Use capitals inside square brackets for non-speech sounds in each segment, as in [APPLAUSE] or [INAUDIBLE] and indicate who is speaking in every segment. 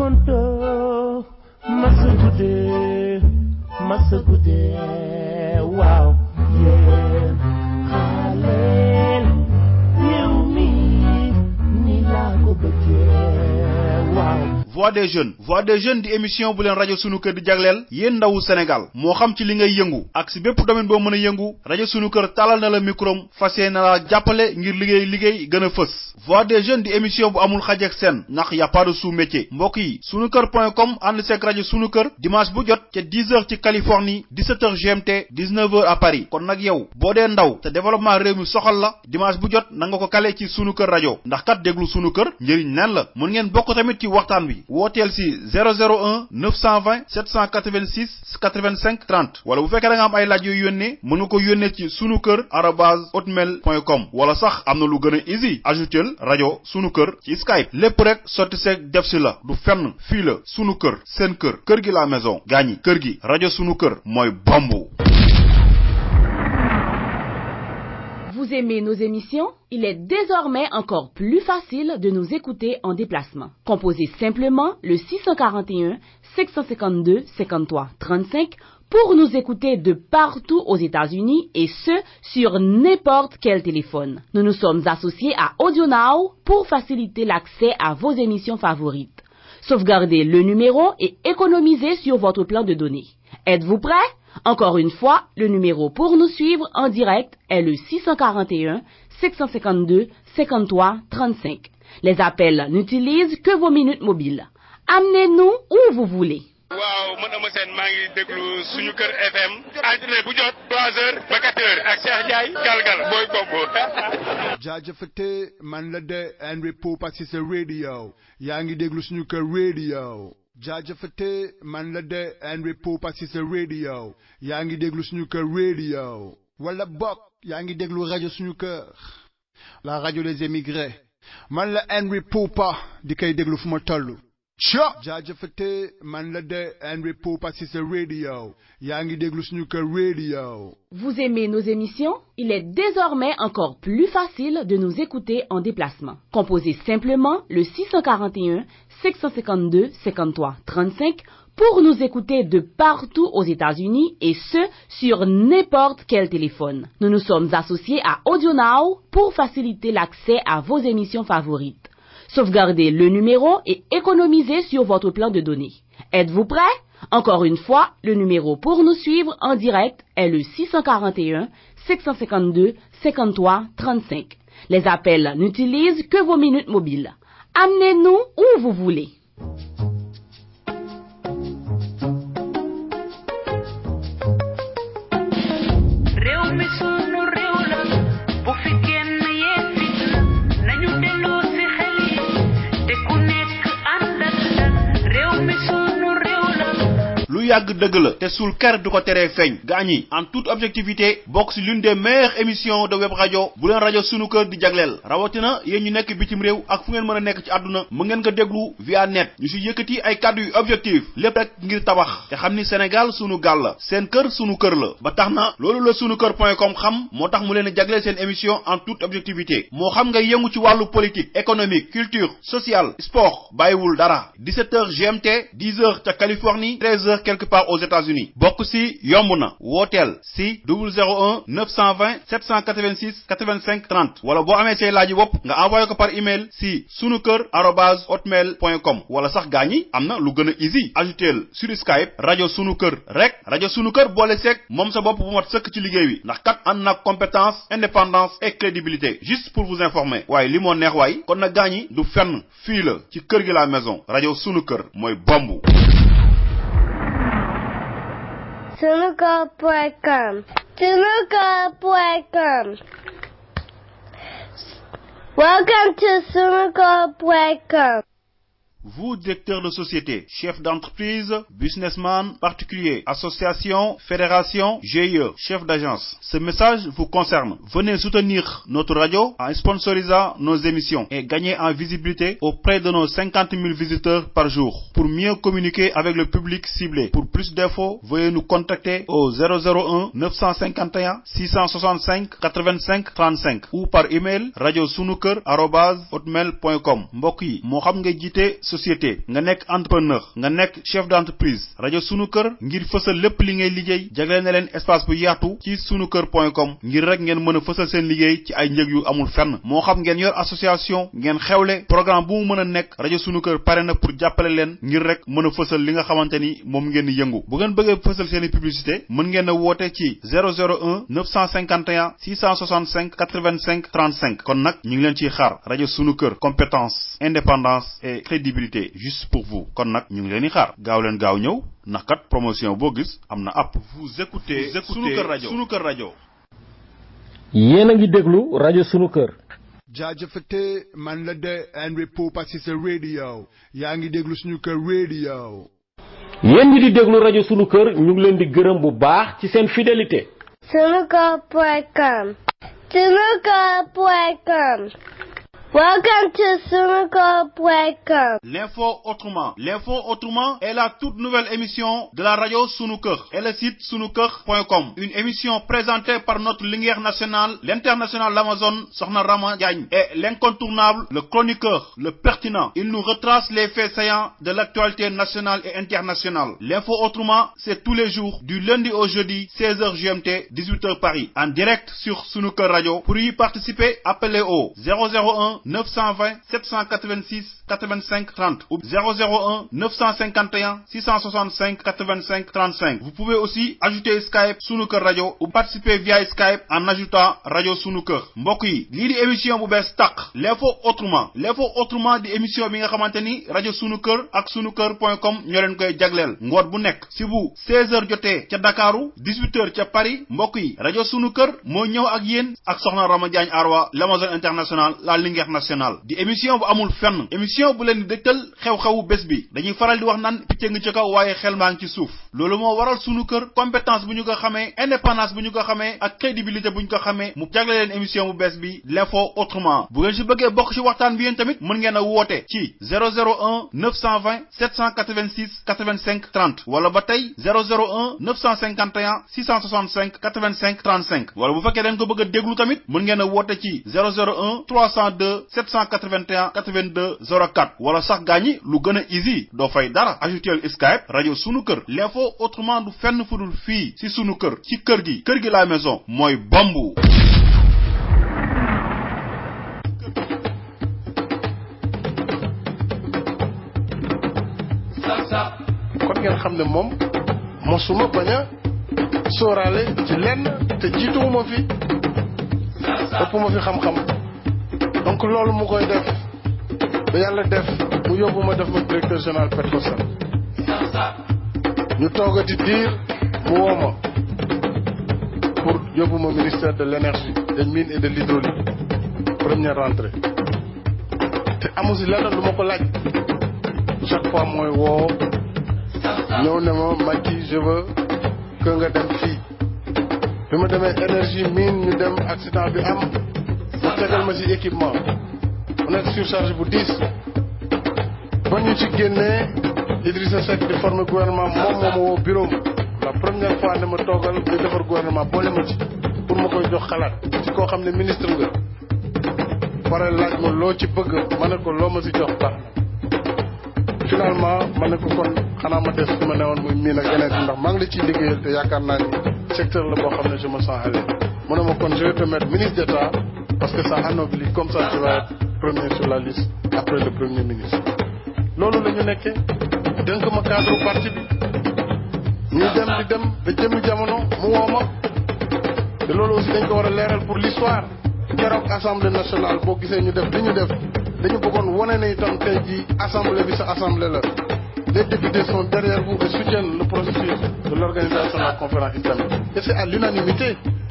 Speaker 1: konto masa guddee masa guddee
Speaker 2: voix des jeunes voix des jeunes di émission bu len radio sunu keur di jaglel yeen ndawu sénégal mo xam ci li ngay yëngu ak ci bépp domaine bo mën a yëngu rajo sunu keur talal na la microm fassé na la jappalé ngir liggéey liggéey gëna a voix des jeunes di émission bu amul xaj ak sen nak ya pas de sous métier mbokk yi sunu kër point com ànd sunu keur dimanche bu jot ci 10 h ci californie 17 h gmt 19 h à paris kon nak yow bo dé ndaw te développement réew mi soxal la dimanche bu jot na nga ko kale ci sunu keur radio ndax kat déglu sunu keur ñëriñ nan la mën ngeen bokk tamit ci waxtaan bi wooteel 001 920 786 85 30 wala bu fekkee da nga am ay laaj yooyu yónnee mën ko ci sunu kër wala sax am lu easy ajoutel rajo sunu kër ci skype lépp rek sotti seeg def si la du fenn la sunu kër seen kër la maison gaañi kër gi rajo sunu kër mooy
Speaker 3: vous aimez nos émissions, il est désormais encore plus facile de nous écouter en déplacement. Composez simplement le 641 652 53 35 pour nous écouter de partout aux États-Unis et ce, sur n'importe quel téléphone. Nous nous sommes associés à AudioNow pour faciliter l'accès à vos émissions favorites. Sauvegardez le numéro et économisez sur votre plan de données. Êtes-vous prêt? Encore une fois, le numéro pour nous suivre en direct est le 641 652 53 35. Les appels n'utilisent que vos minutes mobiles. Amenez-nous où vous voulez.
Speaker 2: Wow, mon nom Sène maa ngi déglu suñu FM. Adre bu jot 3h 4h Cheikh galgal Boy bombo.
Speaker 4: [LAUGHS] Jaja man la Henry Pope ak radio Yangi ngi déglu suñu radio fete man la de Henry Poupa ci radio Yangi Deglu suñu cœur radio wala bok yangi deglu radio suñu cœur la radio des émigrés man la Henry Poupa Dikay deglu fuma tollu vous
Speaker 3: aimez nos émissions? Il est désormais encore plus facile de nous écouter en déplacement. Composez simplement le 641 652 53 35 pour nous écouter de partout aux États-Unis et ce, sur n'importe quel téléphone. Nous nous sommes associés à AudioNow pour faciliter l'accès à vos émissions favorites. Sauvegardez le numéro et économisez sur votre plan de données. Êtes-vous prêt Encore une fois, le numéro pour nous suivre en direct est le 641 652 53 35. Les appels n'utilisent que vos minutes mobiles. Amenez-nous où vous voulez.
Speaker 2: yàgg dëgg la te sul ker du ko teree feeñ en toute objectivité bokk l'une des meilleures émissions de web Radio. bu leen rajo sunu kër di jagleel rawatina yéen ñu nekk bitim réew ak fu ngeen mën a nekk ci àdduna mu ngeen nga déglu via net ñu ci yëkkati ay kàddu yu objectif lépp rek ngir tabax te xam ni Sénégal sunu gaal la seen kër sunu kër la ba tax na loolu la sunu kër point com xam moo tax mu leen jagleel seen émission en toute objectivité moo xam nga yëngu ci wàllu politique économique culture social, sport bàyyiwul dara 17h GMT 10h ca Californie 13h quelque par aux États-Unis beaucoup si yomb ou si 001 920 786 85 30 voilà bon amee say laaj bopp nga envoyé par email si sunu Voilà, ça hotmail point com wala sax easy ajouté sur Skype radio Sunuker. rec Radio Sunuker. bois les secs, mom moom sa vous bu Ce que tu liggéey wi ndax kat compétence indépendance et crédibilité juste pour vous informer Ouais, limon moo neex a kon na gaa du fenn la maison Radio Sunuker. Moi, bambou.
Speaker 5: Senegal bread gum. Senegal bread gum.
Speaker 2: Welcome to
Speaker 3: Senegal bread
Speaker 2: gum. Vous, directeur de société, chef d'entreprise, businessman, particulier, association, fédération, GIE, chef d'agence, ce message vous concerne. Venez soutenir notre radio en sponsorisant nos émissions et gagner en visibilité auprès de nos 50 000 visiteurs par jour. Pour mieux communiquer avec le public ciblé, pour plus d'infos, veuillez nous contacter au 001 951 665 85 35 ou par email radiosunuker@hotmail.com. mbokk société nga nekk entrepreneur nga nekk chef d'entreprise Radio sunu kër ngir fësal lépp li ngay liggéey jagleel na leen espace bu yaatu ci sunu kër point com ngir rek ngeen mën a fësal seen liggéey ci ay njëg yu amul fenn moo xam ngeen yor association ngeen xewle programme bu mu mën a nekk rajo sunu kër pare pour jàppale leen ngir rek mën a fësal li nga xamante ni moom ngeen di bu ngeen bëggee fësal seen publicité mën ngeen a woote ci 001 951 665 85 35 kon nag ñu ngi leen ciy xaar rajo sunu kër compétence indépendance et crédibilité disponibilité juste pour vous kon nak ñu ngi leen di xaar gaaw leen gaaw ñëw nakat promotion bo gis amna app. vous écoutez vous écoutez sunu kër rajo sunu kër rajo. yéen a ngi déglu
Speaker 1: rajo sunu kër.
Speaker 2: jaajëfete man la de Henry Poe Passy radio
Speaker 1: yaa ngi déglu suñu kër radio. yéen ñi di déglu rajo sunu kër ñu ngi leen di gërëm bu baax ci seen fidélité.
Speaker 6: sunukër.com
Speaker 5: sunukër.com
Speaker 2: Welcome to L'info autrement. L'info autrement est la toute nouvelle émission de la radio Sunuker et le site sunuko.com. Une émission présentée par notre lumière nationale, l'international l'Amazon, Sornarama Rama et l'incontournable, le chroniqueur, le pertinent. Il nous retrace les faits saillants de l'actualité nationale et internationale. L'info autrement, c'est tous les jours, du lundi au jeudi, 16h GMT, 18h Paris, en direct sur Sunuko Radio. Pour y participer, appelez au 001 920 786 85 30 ou 001 951 665 85 35. Vous pouvez aussi ajouter Skype Sunuker Radio ou participer via Skype en ajoutant Radio Sunuker. mbokk yi émission vous bees l'info autrement l'info autrement de émission bi nga Radio Sunuker ak sunuker.com ñoo leen koy si vous 16h jotee ca Dakarou 18h ca Paris mbokk yi Sunuker moo ñëw ak yéen ak Arwa l'Amazon international la lingeex international di émission bu amul fenn émission bu leen di dëkkal xew-xewu bés bi dañuy faral di wax naan picc ngi ci kaw waaye xel maa ngi ci suuf loolu moo waral sunu kër compétence bu ñu ko xamee indépendance bu ñu ko xamee ak crédibilité bu ñu ko xamee mu jagle leen émission bu bees bi l'info autrement bu ngeen si bëggee bokk ci waxtaan bi yéen tamit mën ngeen a woote ci 001 920 786 85 30 wala ba tey 001 951 665 85 35 wala bu fekkee dañ ko bëgg a déglu tamit mën ngeen a woote ci 001 302 781 82 04 wala sax gañi lu gëna easy do fay dara ajouteel Skype radio sunu kër l'info autrement du fenn fudul fi ci sunu kër ci kër gi kër gi la maison mooy bombu
Speaker 6: kon ngeen xam ne moom mosuma bañ a sóoraale ci lenn te jiituwuma fi ëpp ma fi xam-xam donc loolu mu koy def ba yalla def mu yobuma def ma directeur général Petrosen ñu toogati dir mu woo pour yobuma ministère de l'énergie, des mines et de l'hydraulique première rentrée te amu si leneen lu chaque fois moy wo ñëw ne ma Macky je veux que nga dem fi bi ma demee énergie mine ñu dem accident bi am on ma si équipement 10. Quand surchargé bu 10 ñu ci Idrissa gouvernement bureau la première fois ne ma toogal gouvernement boole ma ci pour ma koy jox ministre nga ma ko ma jox finalement ma ko kon xanaa ma des fi ma muy ak ministre. ndax ngi la ciy secteur la je kon je vais te mettre ministre d'État parce que ça anoblit comme ça tu vas être premier sur la liste après le premier ministre Lolo la ñu nekkee dénk ma cadre parti bi ñu dem di dem ba jëmi jamono mu aussi dañ ko war pour l'histoire keroog assemblée nationale boo gisee ñu def li def dañu bëggoon wane ne itam tey jii assemblée bi sa assemblée la les députés sont derrière vous et soutiennent le processus de l'organisation de la conférence islamique et c'est à l'unanimité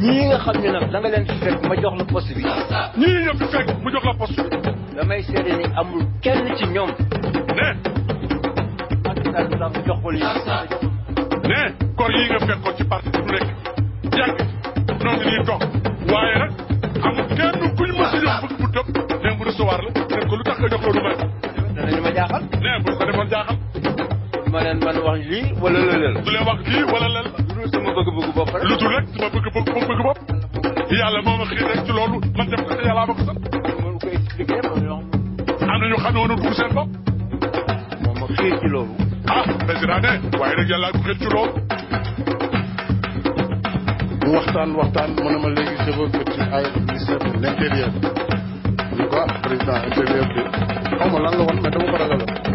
Speaker 4: ñii nga xam ne nag leen fi fekk ma jox la poste bi. ñii nga fi fekk ma jox la poste bi. damay seede ni amul kenn ci ñoom. ne. ak daal mu jox ko lii. ne kor yii nga
Speaker 6: fekkoon ci parti bu nekk yàgg noonu ñuy dox waaye nag amul kenn kuñ mës a jox bëgg bu dëpp ne mu recevoir la ne ko lu tax nga jox ko lu may. bu ko defoon jaaxal. ma leen man wax lii wala lëlël du leen wax lii wala lël lu dul sama bëgg-bëgg bopp rek lu dul rek sama bëgg-bëgg bëgg bopp yàlla moo ma xëy rek ci loolu man def ko te yàlla ma ko sax mën ko expliquer am na ñu xamee woon pour seen bopp moo ma xëy ci loolu ah président ne waaye rek yàlla ko xëy ci loolu bu waxtaan waxtaan mu ne ma léegi jëfoo ko ci ay ministère de l'intérieur ñu ko président intérieur bi xaw ma lan la woon mais dama ko ragaloon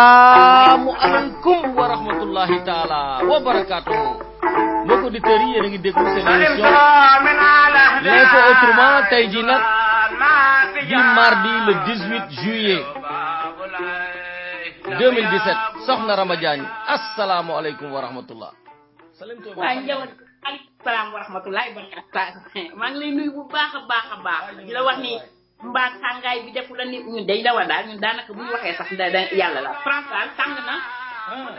Speaker 6: asalaamu aleykum
Speaker 1: wa rahmatullahi taala wa barakaatuhu
Speaker 7: mbokk auditeurs yi yéen a ngi déglu seen émission
Speaker 3: tey jii di mardi
Speaker 7: le 18 juillet 2017 soxna Rama Diagne asalaamu aleykum wa rahmatullah
Speaker 8: waa njawat aleykum mbaa tàngaay bi defu la ni ñun day dawal daal ñun daanaka bu ñu waxee sax yàlla la France daal tàng na ah.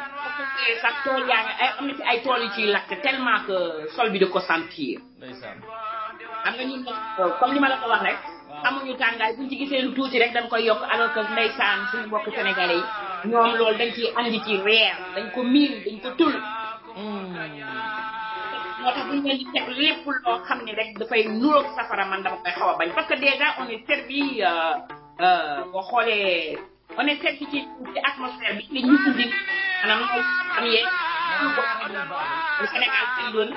Speaker 8: sax tool yaa ngi ay am na fi ay tool yu ciy lakk tellement que sol bi di ko sentir xam nga ñun comme li ma la ko wax rek amuñu tàngaay buñ ci gisee lu tuuti rek dañ koy yokk alors que ndeysaan suñu mbokk sénégalais yi ñoom loolu dañ ciy andi ci reer dañ ko miin dañ ko tul hmm. motax buñ leen di teg lépp loo xam ne rek dafay nuroog safara man dama koy xaw a bañ parce que déjà on est servi boo xoolee on est servi ci ci atmosphère bi li ñu indi maanaam am yee lu Sénégal seen doon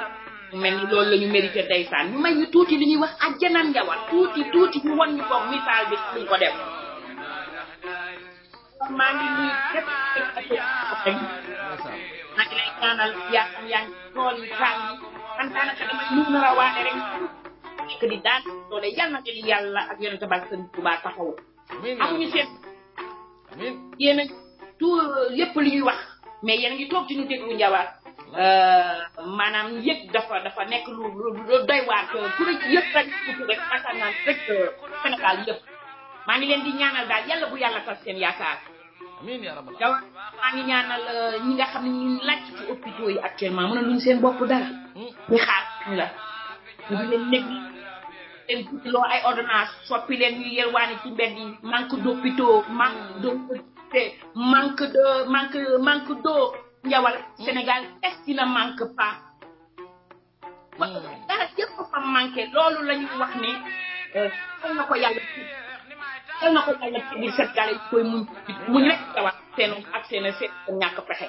Speaker 8: mel ni loolu la ñu mérité ndeysaan ñu may ñu tuuti li ñuy wax ajjanan njawal tuuti tuuti ñu won ñu boog misaal bi duñ ko def maa ngi nuyu képp nak lay ñaanal yaa am yaa ngi tool yi jaam dama lu na rawaane rek que di daan doole yàlla na yàlla ak yonent ba sëñ Tuba taxaw amuñu seen yéen a tout lépp li ñuy wax mais yéen ngi toog ci ñu déglu njawaar maanaam yëg dafa dafa nekk lu doy waar ku rek yëpp rek surtout rek yaakaar rek Sénégal yëpp maa ngi leen di ñaanal daal yàlla bu yàlla tas seen yaakaar amin ya rabbal yaw ma ngi ñaanal ñi nga xam ne ñu lacc ci hôpitaux yi actuellement mën luñ seen bopp dara ñu xaar ñu la ñu di leen nekk leen lo ay ordonnance soppi leen ñu yelwaani ci mbedd yi manque d'hôpitaux manque manque de manque manque d'eau njawal sénégal est ne manque pas dara yépp fa manqué loolu wax ni na ko yàlla dal na ko yàlla ci biir Sénégal yi koy muñ muñ rek tawat seen ak seen seen ñàkk pexe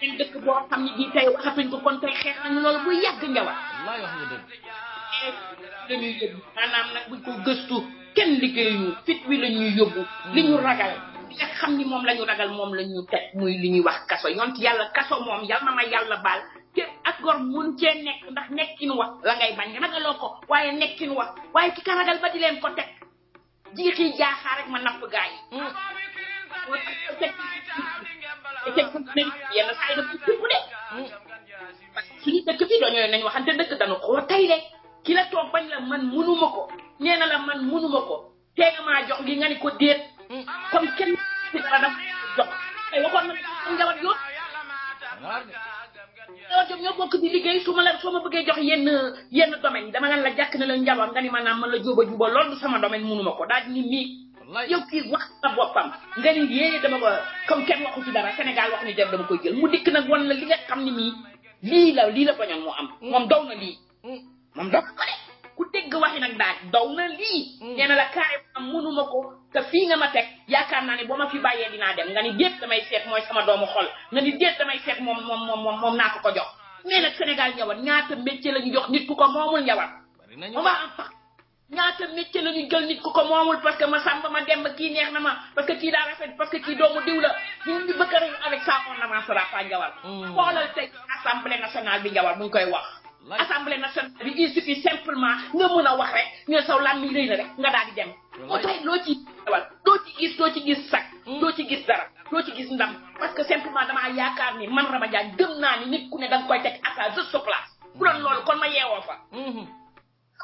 Speaker 8: seen dëkk boo xam ne bii tey waxatuñ ko kon tey xeex nañu loolu bu yàgg njawat dañuy yóbbu maanaam nag buñ ko gëstu kenn liggéeyuñu fit wi la ñuy yóbbu li ñu ragal li nga xam ni moom la ñu ragal moom la ñu teg muy li ñuy wax kaso yonent yàlla kaso moom yal na ma yàlla baal ci ak gor mun ci nek ndax nekkin wa la ngay bañ ragaloo ko waaye nekkin wa waye ki ka ragal ba di len ko teg jiixi jaaxaa rek ma napp gaay yenn saa yi dafa tibb nañ waxante dëkk dañu xoo de ki la bañ la man ko la man nga jox gi nga ni ko hmm. kenn dara jox ay na ñoo bokk di liggéey suma la suma ma bëggee jox yenn yenn domaine dama nga la jàkk na la njabam nga ni maanaam man la jóoba juba loolu sama domaine mënuma ko daal ni mi yow ki wax sa boppam nga ni yéene dama ko comme kenn waxu ci dara sénégal wax ni jar dama koy jël mu dikk nag won la li nga xam ni mii lii la lii la bañoon mu am mm. moom daw na lii mm. moom daw ko de ku dégg waxi nag daaj daw na lii mm. nee na la kaay am mënuma ko te fii nga ma teg yaakaar naa ni boo ma fi bàyyee dinaa dem nga ni déet damay seet mooy sama doomu xol nga ni déet damay seet moom moom moom moom naa ko ko jox mais nag Sénégal ñawat ñaata métier la ñu jox nit ku ko moomul ñawat on va en fa ñaata métier ñu jël nit ku ko moomul parce que ma sàmba ma dem ba kii neex na ma parce que kii daa rafet parce que kii doomu diw la ñu bëgg a rek hmm. assemblée nationale bi ñawal mu ngi koy wax assemblée nationale bi il suffit simplement nga mën a wax rek ñu saw lan mi rëy na rek nga daal di dem moo tax loo ci gis doo ci gis sax hmm. doo ci gis dara doo ci gis ndam parce que simplement damaa yaakaar ni man Rama Diagne gëm naa ni nit ku ne da nga koy teg à sa juste place bu doon loolu kon ma yeewoo fa mhm.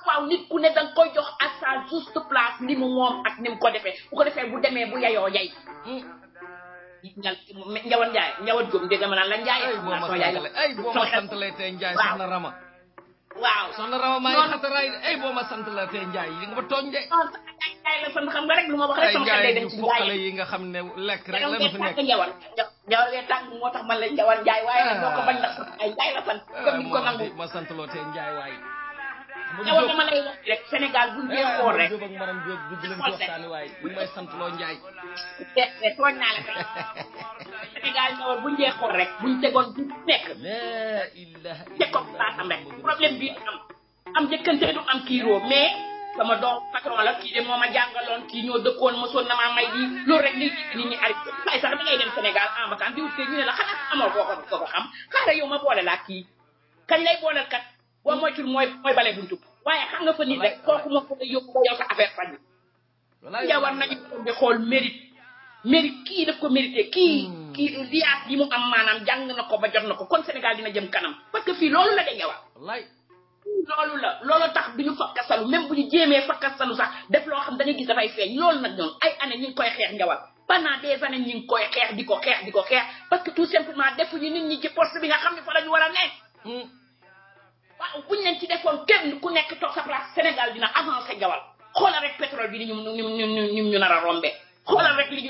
Speaker 8: waaw nit ku ne da nga koy jox à sa juste place li mu moom ak ni mu ko defee bu ko defee bu demee bu yayoo yay mhm. njawan njaay njawan jóom dégg ma naan la njaay ay boo ma sant lay tey njaay soxna Rama
Speaker 7: waaw soxna Rawa
Speaker 8: maa ngi xasaraay ay boo ma sant la tey yi nga ma tooñ de. non Ndiaye la sant xam nga rek lu ma wax rek sama xel day dem ci Ndiaye yi nga xam ne lekk rek la fi nekk njawal njawal ngay tàng moo tax man la njawal Ndiaye waaye nag doo ko bañ ndax sant ah, comme ni ko nangu
Speaker 7: te a dama lay
Speaker 8: wax rek Sénégal buñ dee xool rek. xool rek sant loo Njaay. la tey Sénégal ñëwoon buñ dee xool rek buñ tegoon du nekk. teg ko baasam rek problème bi am am njëkkante du am kiiroo mais sama doom patron la kii de moo ma jàngaloon kii ñoo dëkkoon mosoon na maa may di loolu rek li nit ñi arrêté waaye sax da ngay dem Sénégal en vacances di la xanaa amoo koo ko ko xam xaaral yow ma boole laa kii kañ lay booleel kat. bo moytul moy moy balé buñ tup waye xam nga fa nit rek koku mo ko yobbu yow sa affaire fañ ya war nañu di xol mérite mérite ki daf ko mériter ki hmm. ki liat yi mu am manam jang na ko ba jot na ko kon sénégal dina jëm kanam parce que fi lolu la dégg wa wallahi lolu la lolu tax biñu fakassalu même buñu jémé fakassalu sax def lo xam dañu gis da fay feñ lolu nak ñoom ay ané ñing koy xex njawal pendant des années ñing koy xex diko xex diko xex parce que tout simplement defu ñu nit ñi ci poste bi nga xamni fa lañu wara nek hmm. waaw buñ leen ci defoon kenn ku nekk toog sa place Sénégal dina avancé jawal xoolal rek pétrole bi ni ñu ñu ñu ñu nar a rombee xoolal rek li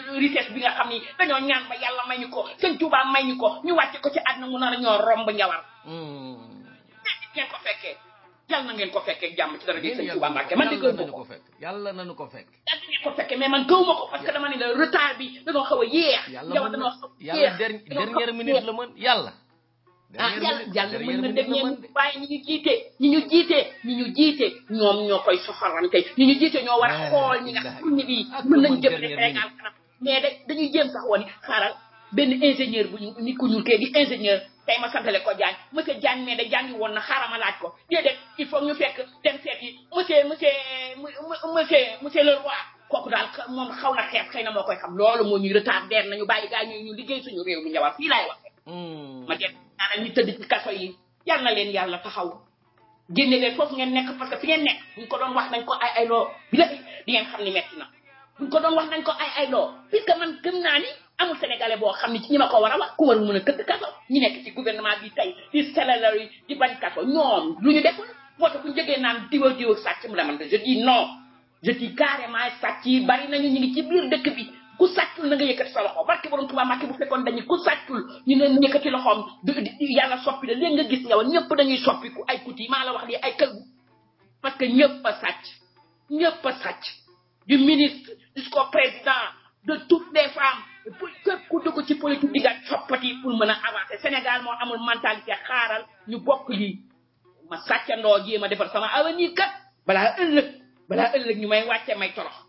Speaker 8: bi nga xam ni dañoo ñaan ba yàlla may ñu ko sëñ Tuubaa may ñu ko ñu wàcce ko ci àdduna mu nar ñoo romb njawar hmm. ngeen ko na ngeen ko fekkee jàmm ci dara ji sëñ Tuubaa Mbàkke man di gën ko fekk yàlla nañu ko fekk yàlla ngeen ko fekkee mais man gëw ko parce que dama ne la retard bi dañoo xaw a yéex yàlla dañoo xaw a yéex dernière la mën yàlla ah yàlla yàlla mën na def ñeen waaye ñi ñu jiite ñi ñu jiite ñi ñu jiite ñoom ñoo koy soxorante ñi ñu jiite ñoo war a ah, xool ñi nga xam ne bii mën nañ jëm Sénégal kanam mais da dañuy jéem sax woon xara benn ingénieur bu ñu nit ku ñuul kee di ingénieur tey ma santale ko Diagne monsieur Diagne mais da jàngi woon na xaaral ma laaj ko déedéet il faut ñu fekk dem seet yi monsieur monsieur monsieur monsieur le roi kooku daal xaw na xeeb xëy na moo koy xam loolu moo ñuy retardé nañu bàyyi gars ñu ñu liggéey suñu réew mi ñëwaat fii laay hmm. ma ñaanal ñu tëdd ci kaso yi yal na leen yàlla taxaw génne leen foofu ngeen nekk parce que fi ngeen nekk buñ ko doon wax nañ ko ay ay loo bi la di ngeen xam ni metti na buñ ko doon wax nañ ko ay ay loo puisque man gëm naa ni amul sénégalais boo xam ne ci ñi ma ko war a wax ku war mën a tëdd kaso ñu nekk ci gouvernement bi tey di salaire yi di bañ kaso ñoom lu ñu deful moo tax buñ naan diwa diwa sàcc mu la man je dis non je dis carrément sàcc yi ñu ngi ci biir dëkk bi ku na nga yëkkati sa loxo barke borom Tuubaa makki bu fekkon dañuy ku ñu ne yëkkati vous yalla soppi la leen nga gis nga ñëpp dañuy ku ay kuti wax li ay kël parce que ñëpp a sàcc ñëpp a sàcc du ministre jusqu'au président de toutes les femmes képp ku dugg ci politique di nga coppati pour mën avancer Sénégal moo amul mentalité xaaral ñu bokk li ma sàccandoo jéem a defar sama avenir kat balaa ëllëg balaa ëllëg ñu may wàcce may torox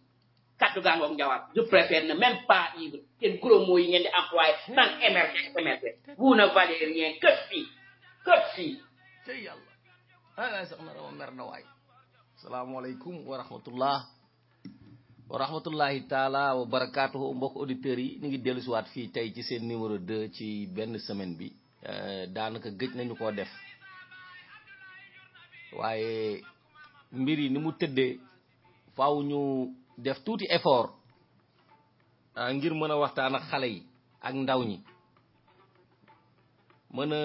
Speaker 8: kaddu gaa ngoog jawab je préfère ne même pas vivre ken gro moy ngén di employé naan émergence émergence vous ne valez rien que fi que fi
Speaker 5: te yalla
Speaker 7: ala soxna dama mer na way assalamu alaykum wa rahmatullah wa rahmatullahi taala wa barakatuh mbok auditeur yi ni ngi dellu wat fi tay ci sen numéro 2 ci benn semaine bi euh danaka gëj nañu ko def waye mbiri ni mu teddé faaw ñu def tuuti effort ah, ngir mën a waxtaan ak xale yi ak ndaw ñi mën a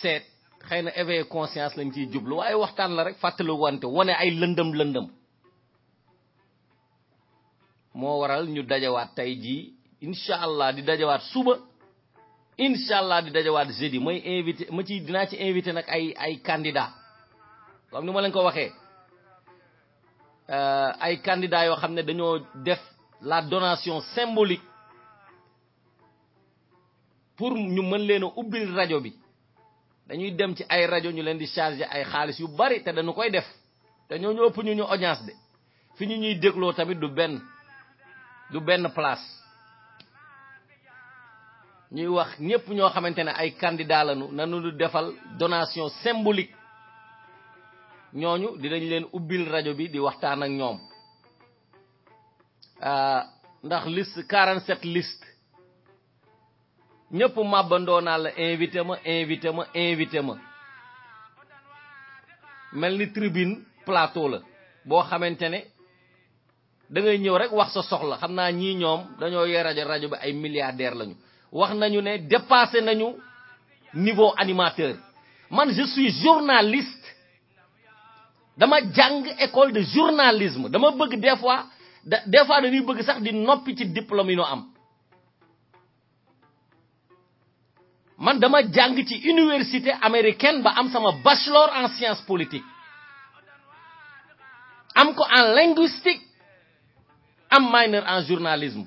Speaker 7: seet xëy na éveillé conscience lañ ciy jublu waaye waxtaan la rek fàttalu wante wane ay lëndëm lëndëm moo waral ñu dajawaat tey jii insha allah di dajawaat suba insha allah di dajawaat jeudi may invité ma ci dinaa ci invité nag ay ay candidat comme ni ma leen ko waxee Euh, ay candidats yoo xam ne dañoo def la donation symbolique pour ñu mën leen a ubbil rajo bi dañuy dem ci ay rajo ñu leen di charger ay xaalis yu bari te dañu koy def te ñoo ñu ñu ñu audience de fi ñu ñuy dégloo tamit du benn du benn place ñuy wax ñëpp ñoo xamante ne ay candidat lañu nanu defal donation symbolique ñooñu dinañ leen ubbil rajo bi di waxtaan ak ñoom ah, ndax liste 47 liste ñëpp màbbandoo naa la invité ma invité ma invité ma mel ni tribune plateau la boo xamante ne da ngay ñëw rek wax sa soxla xam naa ñii ñoom dañoo yee rajo rajo bi ay milliardaire lañu wax nañu ne dépassé nañu niveau animateur man je suis journaliste dama jang école de journalisme dama bëgg des fois des fois dañuy bëgg sax di nopi ci diplôme yi am man dama jang ci université américaine ba am sama bachelor en sciences politiques am ko en linguistique am minor en journalisme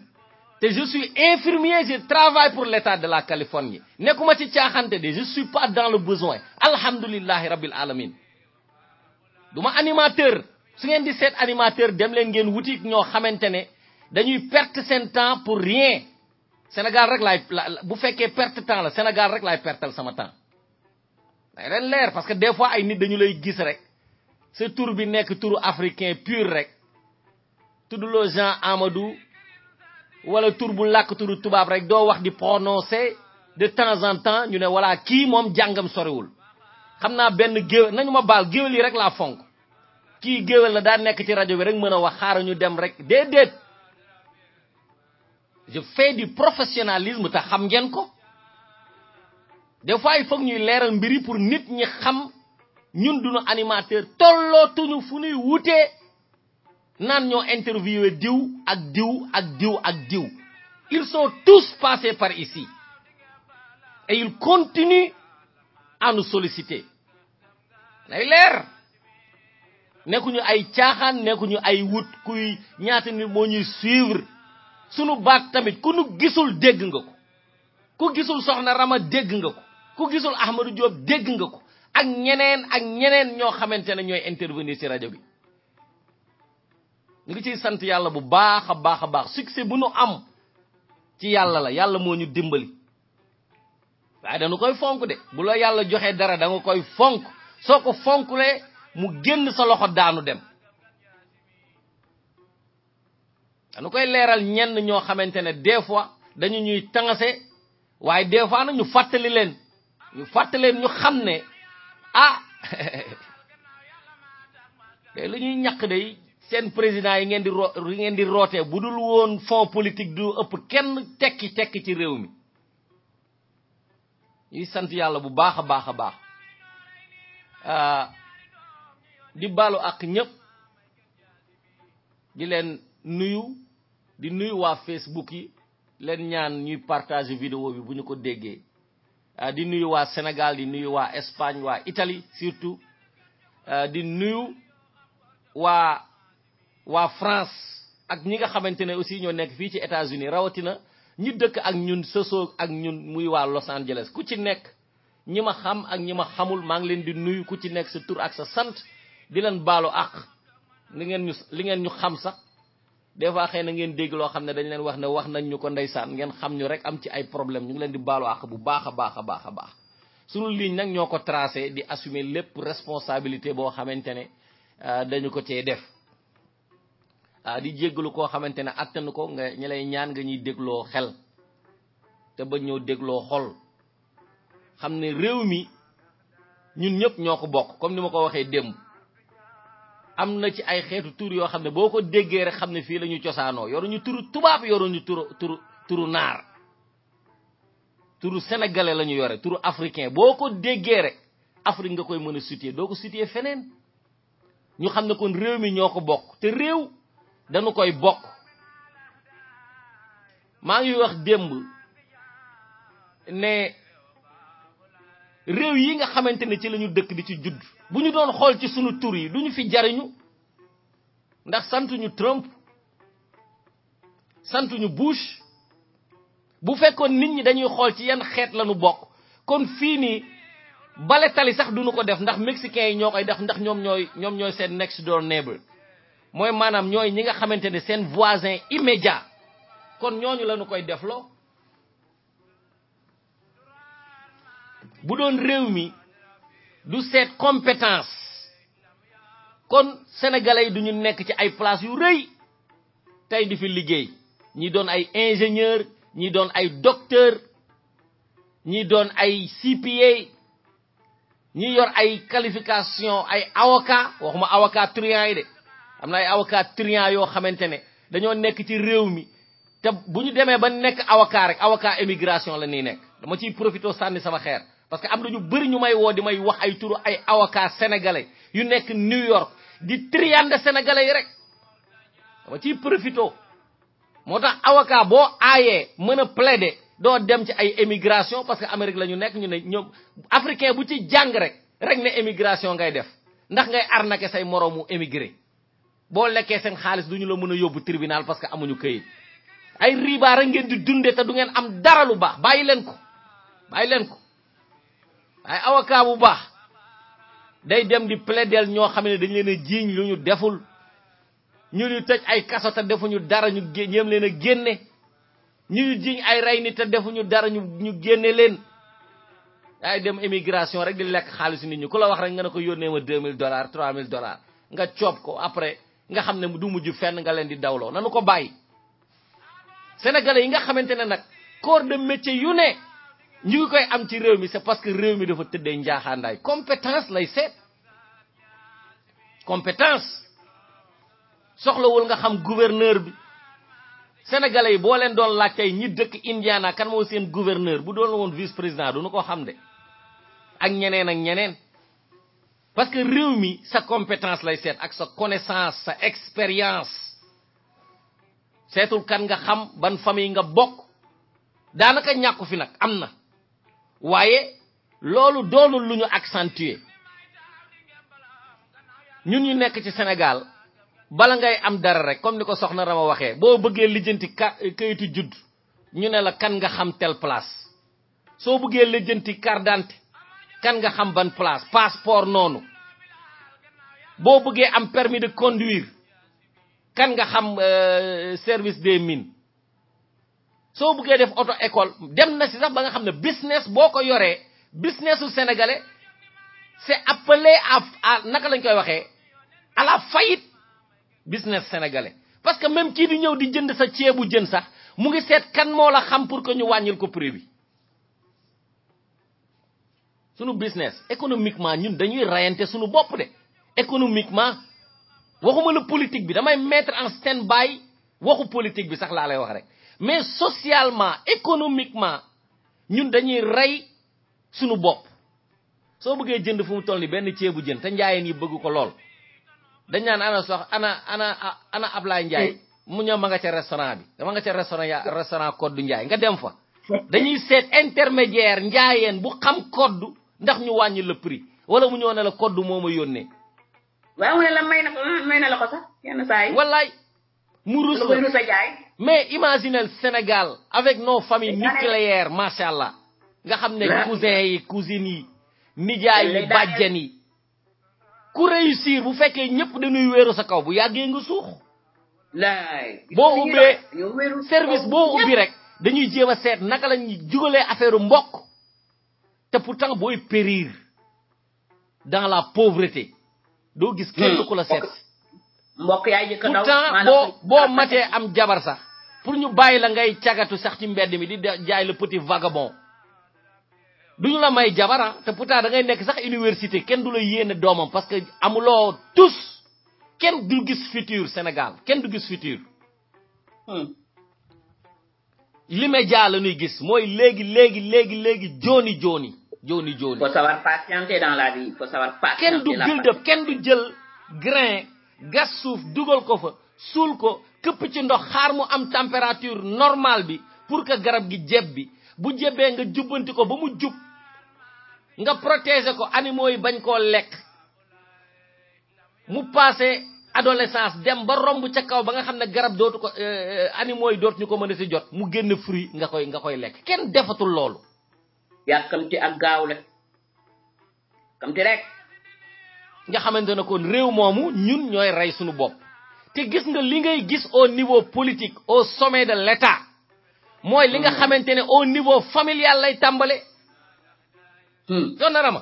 Speaker 7: te je suis infirmier je travaille pour l'état de la Californie nekuma ci tiaxante de je suis pas dans le besoin alhamdulillahi rabbil alamin duma ma animateur su ngeen di seet animateur dem leen ngeen wuti ñoo xamante ne dañuy perte seen temps pour rien Sénégal rek lay bu fekkee perte temps la Sénégal rek lay pertal sama temps day leen leer parce que des fois ay nit dañu lay gis rek sa tour bi nekk turu africain pur rek tuddloo Jean Amadou wala tour bu làkk turu tubaab rek doo wax di prononcer de temps en temps ñu ne voilà kii moom jàngam soriwul xamna ben benn nañuma bal geewel baal yi rek la fonk ki geewel la da nek ci radio bi rek meuna wax xaaral ñu dem rek déedéet je fais du professionnalisme ta xam ngeen ko des fois il faut ñuy leeral mbiri pour nit ñi xam ñun duñu animateur tollootuñu fu ñuy wutee naan ñoo interviewé diw ak diw ak diw ak diw ils sont tous passés par ici et ils continuent à nous solliciter day leer nekkuñu ay caaxaan nekkuñu ay wut kuy ñaata nit moo ñuy suivre sunu baat tamit ku nu gisul dégg nga ko ku gisul soxna Rama dégg nga ko gisul Ahmadou Diop dégg nga ko ak ñeneen ak ñeneen ñoo xamante ne ñooy intervenir ci rajo bi ñu ngi sant yàlla bu baax a baax a baax succès bu nu am ci yàlla la yàlla moo ñu dimbali waaye dañu koy fonk de bu la yàlla joxee dara danga koy fonk soko fonkule mu genn sa loxo daanu dem Anu koy leral ñen ño xamantene des fois dañu ñuy tangase waye des fois nag ñu fàttali ñu fatale ñu ah te [LAUGHS] lu ñuy ñàkk day sen président yi ngeen di ro di roté budul won fond politique du ëpp kenn tekki tekki ci réew mi ñuy sant yalla bu baaxa baaxa baaxa Euh, di baalu ak ñépp di leen nuyu di nuyu waa Facebook yi leen ñaan ñuy partager vidéo bi bu ñu ko déggee euh, di nuyu waa Sénégal di nuyu waa Espagne waa itali surtout euh, di nuyu waa waa France ak ñi nga xamante ne aussi ñoo nekk fii ci États-Unis rawatina ñi dëkk ak ñun sosoo ak ñun muy waa Los Angeles ku ci nekk ñima xam ak ñima xamul ma ngi leen di nuyu ku ci nekk sa tur ak sa sant di leen baalu ak li ngeen ñu li ngeen ñu xam sax des fois xëy na ngeen dégg loo xam ne dañ leen wax ne wax nañ ñu ko ngeen xam ñu rek am ci ay problème ñu ngi leen di baalu ak bu baax a baax a baax a baax sunu ligne nag ñoo ko tracé di assumer lépp responsabilité boo xamante ne euh, dañu ko cee def ah, di jéggalu koo xamante ne attan ko nga ñi lay ñaan nga ñuy dégloo xel te ba ñëw dégloo xol xam ne réew mi ñun ñëpp ñoo ko bokk comme ni ma ko waxee démb am na ci ay xeetu tur yoo xam ne boo ko déggee rek xam ne fii la ñu cosaanoo yoruñu turu tubaab yoruñu turu tur turu naar tur sénégalais la ñu yore turu africain boo ko déggee rek Afrique nga koy mën a situer doo ko situer feneen ñu xam ne kon réew mi ñoo ko bokk te réew dañu koy bokk maa ngi wax démb ne. réew yi nga xamante ne ci la ñu dëkk di ci judd bu ñu doon xool ci suñu tur yi du ñu fi jariñu ndax santuñu Trump santuñu Bush bu fekkoon nit ñi dañuy xool ci yan xeet lañu bokk kon fii nii bale tali sax duñu ko def ndax mexicains yi ñoo koy def ndax ñoom ñooy ñoom ñooy seen next door neighbor mooy maanaam ñooy ñi nga xamante ne seen voisin immédiat kon ñooñu lañu koy defloo bu doon réew mi du seet compétence kon sénégalais yi duñu nekk ci ay place yu rëy tey du fi liggéey ñii doon ay ingénieur ñii doon ay docteur ñi doon ay CPA ñi yor ay qualification ay avocat waxuma avocat truand yi de am na ay avocat truand yoo xamante ne dañoo nekk ci réew mi te bu ñu demee ba nekk avocat rek avocat émigration la ñuy nekk dama ciy profité sànni sama xeer parce que am na ñu bëri ñu may wo di may wax ay turu ay avocat sénégalais yu nekk new york di triande sénégalais rek dama ci profito motax tax avocat boo aayee mën plaider do dem ci ay émigration parce que amérique lañu nekk ñu né ñom africain bu ci jang rek rek ne émigration ngay def ndax ngay arnaqué say moromu émigré bo lekkee sen xaaliss duñu la mëna yobbu tribunal parce que amuñu kayit ay riba rek ngeen di dunde te du ngeen am dara lu baax bayiléen ko bayiléen ko ay avocat bu baax day dem di plaider ñoo xam ne dañ leen a jiiñ lu ñu deful ñu ñu tëj ay kaso te defuñu dara ñu ñeem leen a génne ñu ñu jiiñ ay ray ni te defuñu dara ñu ñu génne leen ay dem immigration rek di lekk xaalis nit ñi ku la wax rek nga ne ko yónnee ma 2000 dollars 3000 dollars nga coob ko après nga xam ne du mujj fenn nga leen di dawloo nanu ko bàyyi sénégalais yi nga xamante ne nag corps de métier yu ne ñu ngi koy am ci réew mi c'est parce que réew mi dafa tëddee njaaxaandaay compétence lay seet compétence soxlawul nga xam gouverneur bi sénégalais yi boo leen doon laaj ñi dëkk indiana kan moo seen gouverneur bu doon woon vice président du nu ko xam de ak ñeneen ak ñeneen parce que réew mi sa compétence lay seet ak sa connaissance sa expérience seetul kan nga xam ban famille nga bokk daanaka ñàkku fi nag am na waye loolu doonul luñu accentuer ñun ñu nekk ci Sénégal bala ngay am dara rek comme niko soxna Rama waxé bo bëggé lijeenti kayitu judd ñu né la kan nga xam tel place So bëggé lijeenti carte d'identité kan nga xam ban place passeport nonu bo bëggé am permis de conduire kan nga xam euh, service des mines so bëggee def auto école dem na si sax ba nga xam ne business boo ko yoree businessu sénégalais c' est appelé à naka lañ koy waxee à la faillite business sénégalais parce que même kii di ñëw di jënd sa ceebu jën sax mu ngi seet kan moo la xam pour que ñu wàññil ko prix bi sunu business économiquement ñun dañuy rayante sunu bopp de économiquement waxuma le politique bi damay mettre en stand by waxu politique bi sax laa lay wax rek mais socialement économiquement ñun dañuy ray suñu bop so bëggé jënd fu mu toll ni ciébu jënd té te yi bëgg ko lool dañ ana sox ana ana ana ablay njaay mu ñoo ma nga ci restaurant bi dama nga ci restaurant ya restaurant code njaay nga dem fa dañuy sét intermédiaire njaayeen bu xam code ndax ñu wàññi le prix wala mu ñoo na la code moma yonne waaw may na may na la ko sax yenn say wallahi mu mais imaginez le Sénégal avec nos familles nucléaires mashallah. nga xamné ne cousins yi cousines yi nijaay yi bàjjen yi ku réussir bu fekkee ñëpp dañuy wéru sa kaw bu yagge nga suux boo ubbee service boo ubbi rek dañuy jéem sét naka lañuy jugalé affaire mbokk Té pourtant boy périr dans la pauvreté Do gis kenn hmm. ko la seet mbokk yaay njëkk a boo boo matee am jabar sax pour ñu bàyyi la ngay cagatu sax ci mbedd mi di jaay le petit vagabond duñu la may jabara ah, te pourtant da ngay nekk sax université kenn du la yéene doomam parce que amuloo tous kenn du gis futur Sénégal kenn du gis futur hmm. li média la ñuy gis mooy léegi léegi léegi léegi jooni jooni jooni
Speaker 8: jooni. faut savoir patienter dans
Speaker 5: kenn du
Speaker 7: kenn du jël grain. gas suuf dugal ko fa suul ko këpp ci ndox xaar mu am température normal bi pour que garab gi jeb bi bu jebee nga jubbanti ko ba mu jub nga protéger ko animaux yi bañ koo lekk mu passé adolescence dem ba romb ca kaw ba nga xam garab dootu ko euh, euh, animaux yi dootuñu ko mën a jot mu génn fruit nga koy nga koy lek kenn defatul loolu yàkkamti ak gaawle lek kamti rek nga xamantene ne kon réew moomu ñun ñooy rey suñu bopp te gis nga li ngay gis au niveau politique au sommet de l' état mooy li nga hmm. xamantene au niveau familial lay tàmbale
Speaker 8: doon hmm. na rama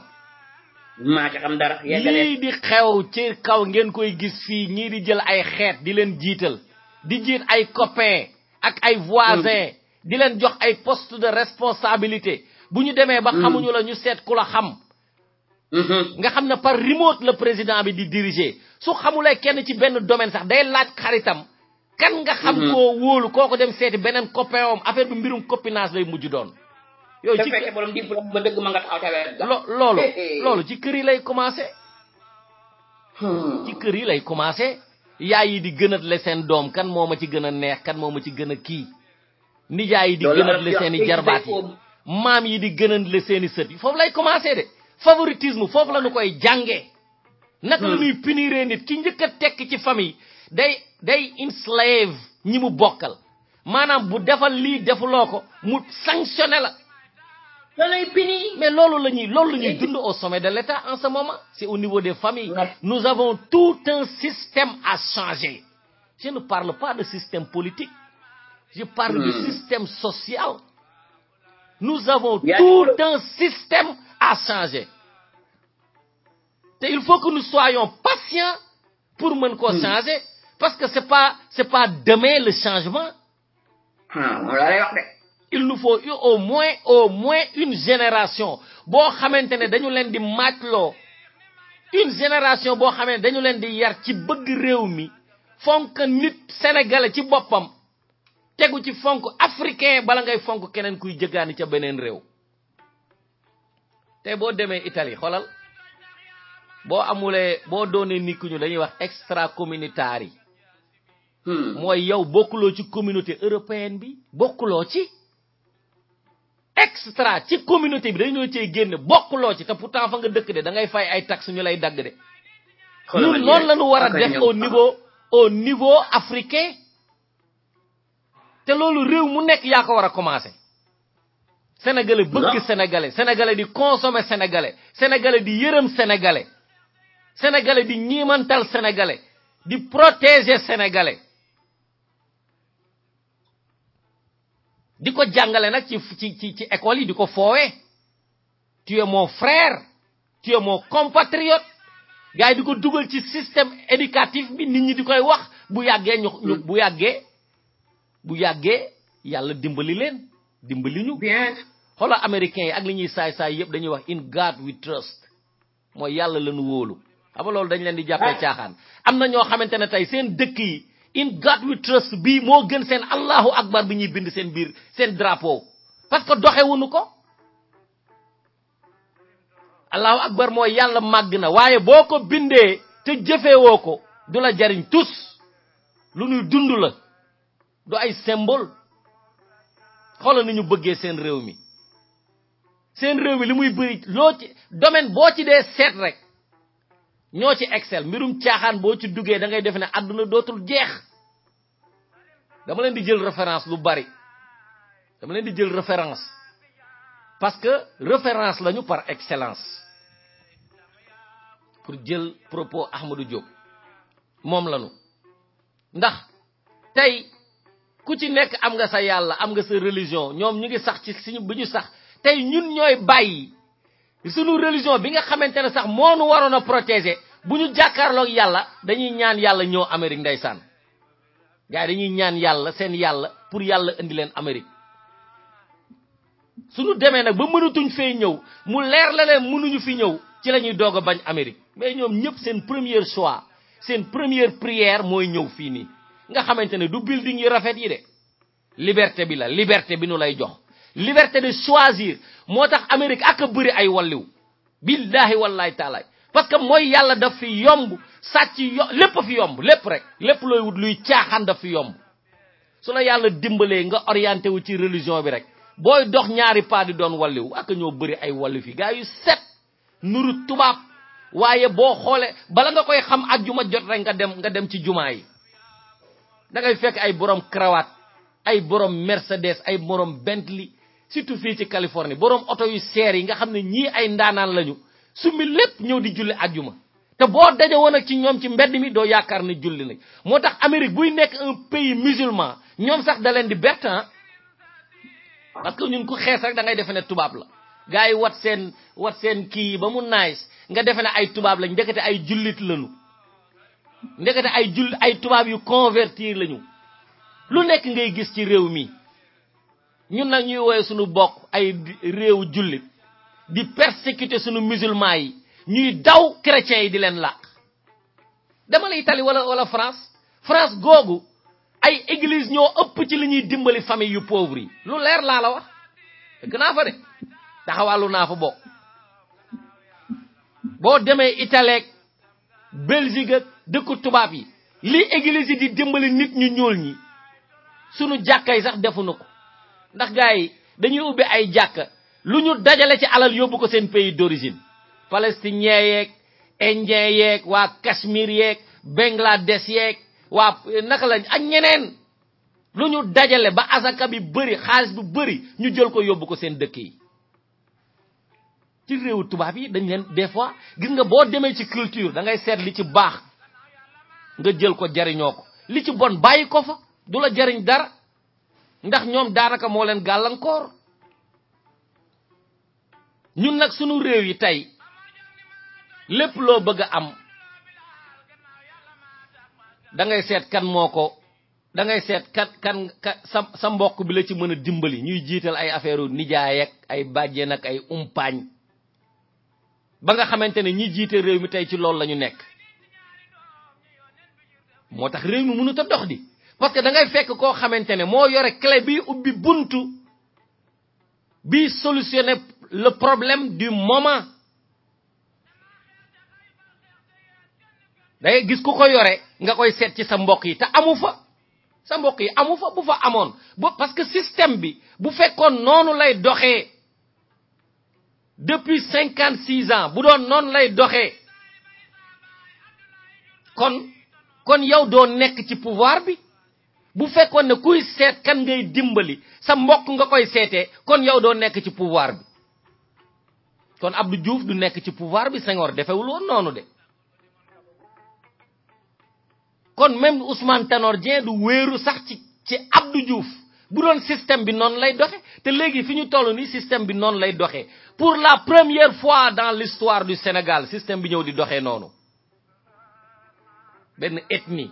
Speaker 8: maa ci xam dara
Speaker 7: Li di xew ci kaw ngeen koy gis fii ñii di jël ay xeet di leen jiital di jiit ay copain ak ay voisin hmm. di leen jox ay poste de responsabilité bu ñu demee ba xamuñu la ñu seet ku la xam Mm-hmm. nga xam par remote le président bi di diriger su xamulay kenn ci benn domaine sax day laaj xaritam kan nga xam mm-hmm. ko wóolu kooko dem seeti benen copéom affaire bi mbirum copinage lay mujj doon
Speaker 8: yooyu ci borom diplôme ba deug ma nga taxaw tawee
Speaker 7: lolu lolu ci kër yi lay commencé hmm. ci kër yi lay commencé yaay yi di gënat le sen dom kan moma ci gëna neex kan moma ci gëna ki nijaay yi di gënat le sen jarbaati mam yi di gënal le sen seut sët lay commencé de favoritisme fofu la koy jàngee. nak la ñuy hmm. puniree nit ki njëkk a ci famille day day enslave ñi mu bokkal maanaam bu defal lii defuloo ko mu sanctionné la. loolu pini mais loolu la ñuy loolu la ñuy dund au sommet de l'État en ce moment c'est au niveau des familles. nous avons tout un système à changer. je ne parle pas de système politique. je parle du hmm. système social. nous avons tout un système à changer. te il faut que nous soyons patients pour mën koo hmm. changer parce que c'est pas c'est pas demain le changement hmm, il nous faut au moins au moins une génération Bon, xamante ne dañu leen di une génération bo xamante dañu len di yar ci bëgg réew mi fonk nit sénégalais ci bopam tegu ci fonk africain bala ngay fonk keneen kuy jëgaani ca benen réew tey bo demee Italie xolal bo amule, bo doonee nit ku ñu dañuy wax extra communautaire hmm moy yow bokkuloo ci communauté européenne bi bokkuloo ci. extra ci communauté bi dañu ci génn bokkuloo ci te pourtant fa nga dëkk de da ngay fay ay taxe ñu lay dag de.
Speaker 5: ñu non lañu wara def
Speaker 7: au niveau au niveau africain. te lolu réew mu nekk ya ko wara commencer sénégalais bëgg sénégalais sénégalais di consommer sénégalais sénégalais di yërëm sénégalais sénégalais di ñiimantal sénégalais di protéger sénégalais di ko jàngale nag ci ci ci ci école yi di ko foowee tu es mon frère tu es mon compatriote gars di ko dugal ci système éducatif bi nit ñi di koy wax bu yàggee ñu bu yàggee bu yàggee yàlla dimbali leen dimbali ñu xoolal américain yi ak li ñuy saay saay dañuy wax in god we trust mooy yàlla lañu wóolu xam loolu dañ leen di jàppee ah. caaxaan am na ñoo xamante seen dëkk in god we trust bi moo gën seen allahu akbar bi ñuy bind seen biir seen drapeau parce que doxewunu ko allahu akbar mooy yàlla màgg na waaye boo ko bindee te jëfeewoo ko du la jariñ tus lu ñuy dund la du ay symbole xolal ni ñu bëggee seen réew mi seen réew mi li muy bëri loo ci domaine boo ci dee seet rek ñoo ci excel mbirum caaxaan boo ci duggee da ngay def ne àdduna dootul jeex dama leen di jël référence lu bari dama leen di jël référence parce que référence lañu par excellence pour jël propos ahmadou diop moom dah, ndax tey ku ci nekk am nga sa yàlla am nga sa religion ñoom ñu ngi sax ci suñu bi ñu sax tey ñun ñooy bàyyi sunu religion bi nga xamante ne sax moo nu waroon a protéger bu ñu jàkkaarloog yàlla dañuy ñaan yàlla ñëw Amérique nday saan yi dañuy ñaan yàlla seen yàlla pour yàlla indi leen Amérique suñu demee nag ba mënatuñ fee ñëw mu leer la leen mënuñu fi ñëw ci la ñuy doog a bañ Amérique mais ñoom ñëpp seen premier choix seen première prière mooy ñëw fii nii nga xamante ne du building yu rafet yi de liberté bi la liberté bi nu lay jox liberté de choisir moo tax Amérique ak a bëri ay walliw billaahi wallaahi taalaay parce que mooy yàlla daf fi yomb sàcc yo lépp fi yomb lépp rek lépp looy wut luy caaxaan daf fi yomb su la yàlla dimbalee nga orienté wu ci religion bi rek booy dox ñaari pas di doon walliw ak ñoo bëri ay walliw fi gaa yu set nuru tubaab waaye boo xoolee bala nga koy xam ak juma jot rek nga dem nga dem ci jumaa yi da ngay fekk ay borom cravate ay borom mercedes ay borom bentley surtout fii ci californie borom auto yu seer yi nga xam ne ñii ay ndaanaan lañu sumi lépp ñëw di julli ajjuma te boo daje woon ak ci ñoom ci mbedd mi doo yaakaar ne julli nañ moo tax amérique buy nekk un pays musulman ñoom sax da leen di bett ah. parce que ñun ku xees rek da ngay defe ne tubaab la gars wat seen wat seen kii ba mu nice nga defe ne ay tubaab lañ ndekete ay jullit lañu ndekete ay jull ay tubaab yu convertir lañu lu nekk ngay gis ci réew mi ñun nag ñuy woowee suñu bokk ay réew jullit di persécuter suñu musulman yi ñuy daw chrétiens yi di leen làq dama itali Italie wala wala France France googu ay église ñoo ëpp ci li ñuy dimbali famille yu pauvre yi
Speaker 8: lu leer laa la wax
Speaker 7: dëgg naa fa de taxawàllu naa fa bokk boo demee Italie ak dëkku tubaab yi li église di dimbali nit ñu ñuul ñi sunu jàkka yi sax defuñu ko ndax gars yi dañuy ubbi ay jàkka lu ñu dajale ci alal yóbbu ko seen pays d'origine palestinien yeeg indien yeek waa Cachemire yeeg Bangladesh yeek waa naka lañ ak ñeneen lu ñu dajale ba asaka bi bari xaalis bu bari ñu jël ko yóbbu ko seen dëkk yi ci réewu tubaab yi dañ leen defois fois gis nga boo demee ci culture da ngay seet li ci baax nga jël ko jariñoo ko li ci bon bayiko fa dula jariñ dara ndax ñoom daanaka mo leen galankor ñun nak sunu rew yi tay lepp lo bëgg am da ngay sét kan moko da ngay sét kan kan sa mbokk bi la ci mëna dimbali ñuy jiital ay affaireu nijaay ak ay bàjjen nak ay umpañ ba nga xamantene ñi jité rew mi tay ci loolu la moo tax réew mi dox di parce que da ngay fekk que clé bi buntu le problème du moment Vous gis ku ko nga koy ci sa parce que système bi bu fekkoon noonu lay depuis cinquante six ans bu doon noonu lay kon yow do nek ci pouvoir bi bu fekkone ne kuy kan ngay dimbali sa mbokk nga koy sété kon yow do nek ci pouvoir bi kon Abdou Diouf du nek ci pouvoir bi Senghor defewul won nonou de kon même Ousmane Tanor du wéru sax ci ci Abdou Diouf bu doon système bi non lay doxé té légui fiñu tollu ni système bi non lay doxé pour la première fois dans l'histoire du Sénégal système bi ñëw di doxé nonou benn ethnie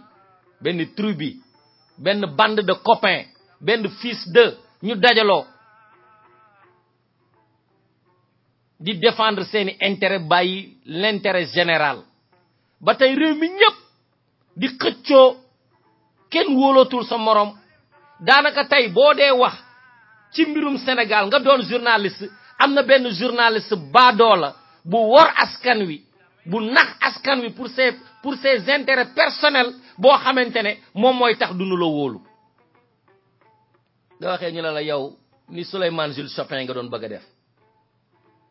Speaker 7: benn tribu benn bande de copains benn fils de ñu dajaloo di défendre seeni intérêt bàyyi l'intérêt général ba tey réew mi ñëpp di xëccoo kenn wóolootul sa morom daanaka tey boo dee wax ci mbirum sénégal nga doon journaliste am na benn journaliste baadoo la bu wor askan wi bu nax askan wi pour ses pour ses intérêts personnels bo xamantene mom moy mooy tax dunu la wolu da waxe ñu la la yow ni Souleymane Jules Chopin nga doon bëgg def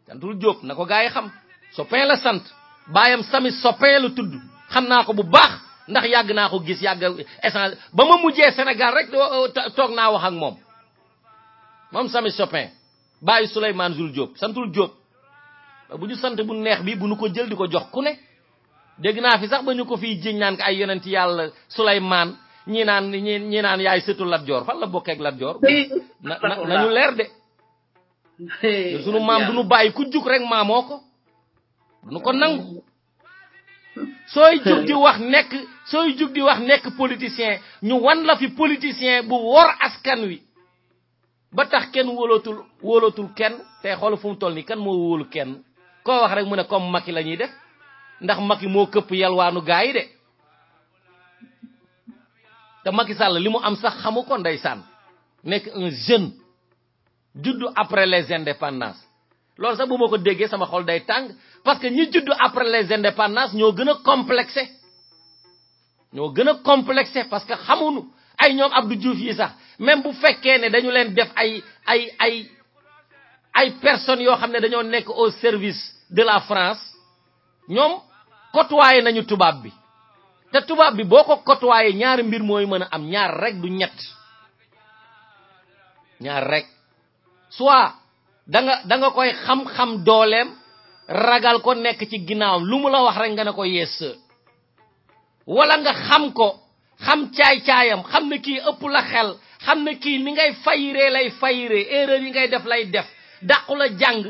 Speaker 7: santul dul na nako gaay xam Chopin la sant bayam sami Chopin lu tudd xamna ko bu baax ndax yag na ko gis yag essence ba ma mujjé Sénégal rek tok na wax ak mom mom sami Chopin bayu Souleymane Jules Diop santul Diop buñu sante bu neex bi buñu ko jël diko jox ku ne dégg naa fi sax bañu ko fi jiñ naan ko ay yonenti yalla sulayman ñi naan ñi naan yaay setul Lat Joor la bokkeeg Lat Joor nañu leer de suñu mam duñu bayyi ku juk rek maamoo ko ko nang soy juk di wax nek soy juk di wax nek politicien ñu wan la fi politicien bu wor askan wi ba tax ken wolotul wolotul ken te xol fu mu toll kan mo wolul ken ko wax rek mu ne comme maki lañuy def ndax maki moo këpp yalwaanu gaay de te maki Sall limu am sax xamu ko ndeysaan nekk un jeune juddu après les indépendances sax bu ko sama xol day tang parce que ñi juddu après les indépendances ño gëna complexé ño gëna complexé parce que xamuñu ay ñom Abdou Diouf yi sax même bu fekkee ne dañu leen def ay ay ay ay personne yo xamné dañu nek au service de la France ñoom côtoyé nañu tubaab bi te tubaab bi boo ko côtoyé ñaari mbir mooy mën a am ñaar rek du ñett ñaar rek soit danga danga koy xam-xam dooleem ragal ko nekk ci ginnaawam lu mu la wax rek nga ne ko yees wala nga xam ko xam caay-caayam xam ne kii ëpp la xel xam na kii ni ngay fayiree lay fayiree erreur yi ngay def lay def dàqu la jàng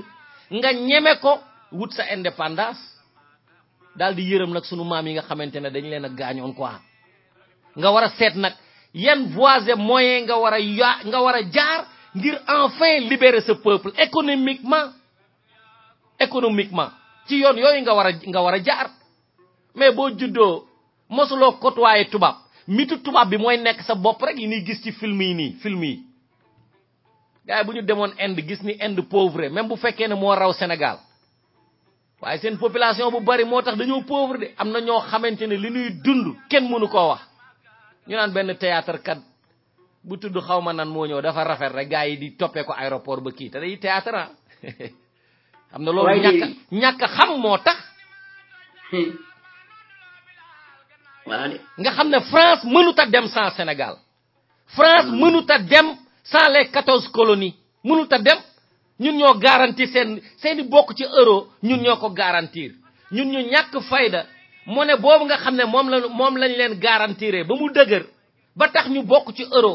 Speaker 7: nga ñeme ko wut sa indépendance dal di yeureum nak sunu mam yi nga xamantene dañ leena a gaañoon quoi nga wara set nak yan moyen nga wara ya, nga wara jar jaar ngir enfin libérer ce peuple économiquement économiquement ci yoon yoy nga wara nga wara jaar mais bo juddo mosulo côtoyé tubab mitu tubab bi moy nek sa bop rek ni gis ci film yi ni film yi gaay buñu demone ñu gis ni Inde pauvre même bu fekke ne mo raw Sénégal waye sen population bu bari motax dañu pauvre de lini ño xamantene li ñuy dund ken mënu ko wax ñu nan ben théâtre kat bu tuddu xawma nan mo dafa rafet rek gaay di topé ko aéroport ba ki té day théâtre ah am ñak ñak xam motax hmm. nga xamne france mënu ta dem sans sénégal france hmm. mënu ta dem sans les 14 colonies mënu ta dem ñun ñoo garantie sen sen ci euro ñun ñoo ko garantir ñun ñu ñak fayda ne bobu nga xamne mom la mom lañ leen garantiré ba mu ba tax ñu ci euro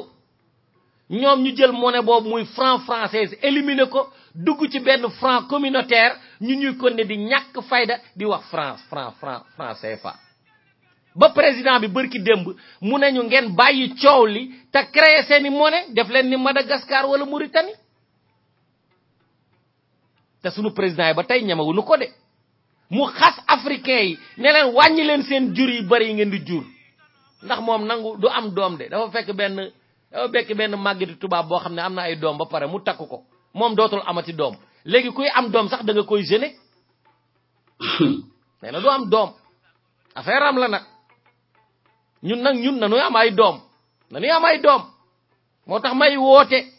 Speaker 7: ñom ñu jël monnaie boobu muy franc française éliminer ko dugg ci benn franc communautaire ñu ñuy konné di ñak fayda di wax france franc franc franc CFA ba président bi bërki demb mu nañu ngeen bayyi ciowli ta créer seeni monnaie def leen ni madagascar wala mauritanie te sunu président yi ba tey ñemewuñu ko de mu xass africain yi ne len wañi len seen jur yi bari ngeen di jur ndax mom nangu du am dom de dafa fekk ben dafa bekk ben màggati tuba bo xam amna ay dom ba pare mu takku ko mom dotul amati dom léegi kuy am dom sax da nga koy gêné [COUGHS] nee la du am dom affaire am la nak ñun nak ñun nañu am ay dom nañu am ay dom motax may wote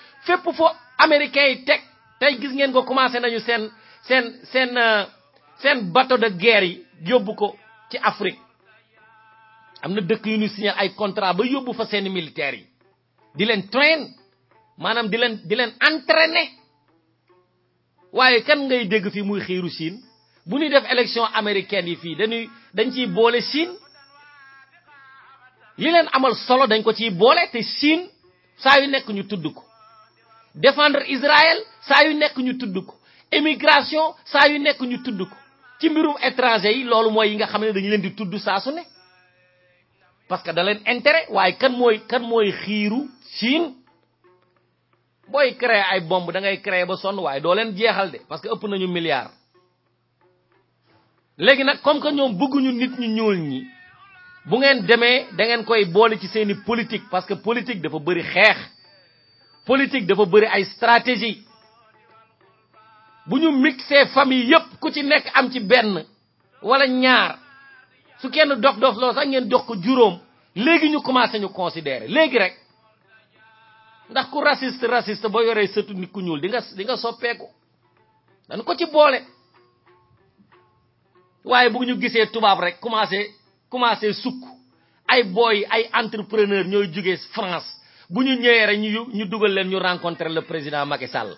Speaker 7: fépp fu américains yi teg tey gis ngeen ko commencé nañu seen seen seen euh, seen bateau de guerre yi yóbbu ko ci Afrique am na dëkk yu ñu signé ay contrat ba yóbbu fa seeni militaires yi di leen train maanaam di leen di leen entraîner waaye kan ngay dégg fii muy xiiru Chine bu ñuy def élection américaine yi fii dañuy dañ ciy boole Chine li leen amal solo dañ ko ciy boole te Chine saa yu nekk ñu tudd ko défendre Israël sa yu nek ñu tudd ko immigration sa yu nek ñu tudd ko ci mbirum étranger yi loolu mooy yi nga xam ne dañu leen di tudd saa su ne parce que da leen intérêt waaye kan mooy kan mooy xiiru Chine booy créer ay bombe da ngay créer ba sonn waaye doo leen jeexal de parce que ëpp nañu milliard léegi nag comme que ñoom bëgguñu nit ñu ñuul ñi bu ngeen demee da ngeen koy boole ci seeni politique parce que politique dafa bëri xeex politique dafa bëri ay stratégie bu ñu mixé famille yépp ku ci nekk am ci benn wala ñaar su kenn dox dox loo sax ngeen jox ko juróom léegi ñu commencé ñu considérer léegi rek ndax ku raciste raciste boo yoree sëtu nit ku ñuul di nga di nga soppeeku danu ko ci boole waaye bu ñu gisee tubaab rek commencé commencé sukk ay booy ay entrepreneur ñooy jóge France buñu ñëwé rek ñu ñu duggal leen ñu rencontrer le président Macky Sall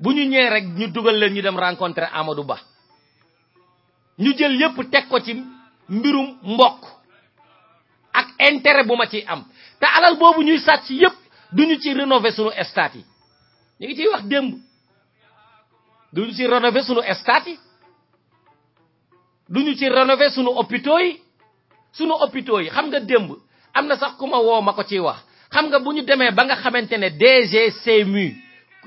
Speaker 7: buñu ñëwé rek ñu duggal leen ñu dem rencontrer Amadou Ba ñu jël yépp tek ko ci mbirum mbokk ak intérêt bu ma am ta alal bobu ñuy sàcc yépp duñu ci rénover suñu estati ñi ngi ci wax demb duñu ci rénover suñu estati duñu ci rénover suñu hôpitaux yi suñu hôpitaux yi xam nga demb amna sax ku wo mako ci wax xam nga buñu démé ba nga xamante ne DGCMU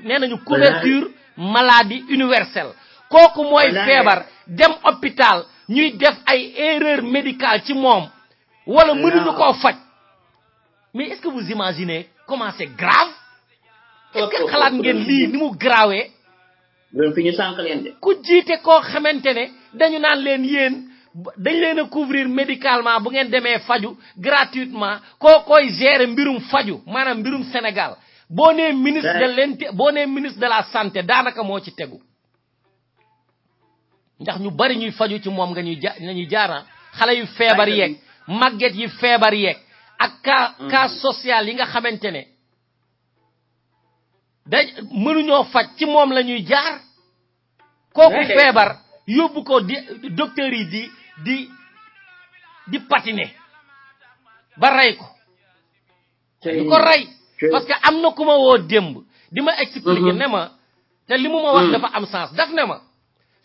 Speaker 7: nee nañu couverture maladie universelle koku moy fièvre dem hôpital ñuy def ay erreur médicale ci mom wala mënuñu ko fajj mais est-ce que vous imaginez comment c'est grave est-ce que xalaat ngeen lii ni mu grawee ku jiite koo xamante ne dañu naan leen yeen dañ leen a couvrir médicalement bu ngeen demee faju gratuitement koo koy gérer mbirum faju maanaam mbirum Sénégal boo nee ministre de boo nee ministre de la santé daanaka moo ci tegu ndax ñu bari ñuy faju ci moom nga ñuy ja nga jaara ah. xale yu feebar yeeg màgget yi feebar yeeg ak cas mm. sociale yi nga xamante ne da mënuñoo faj ci moom lañuy ñuy jaar kooku feebar yóbbu ko di docteur yi di di di patiner ba rey ko ko rey parce que am na ku ma woo démb di ma expliquer mhm. ne ma te li mu ma wax mhm. dafa am sens daf ne ma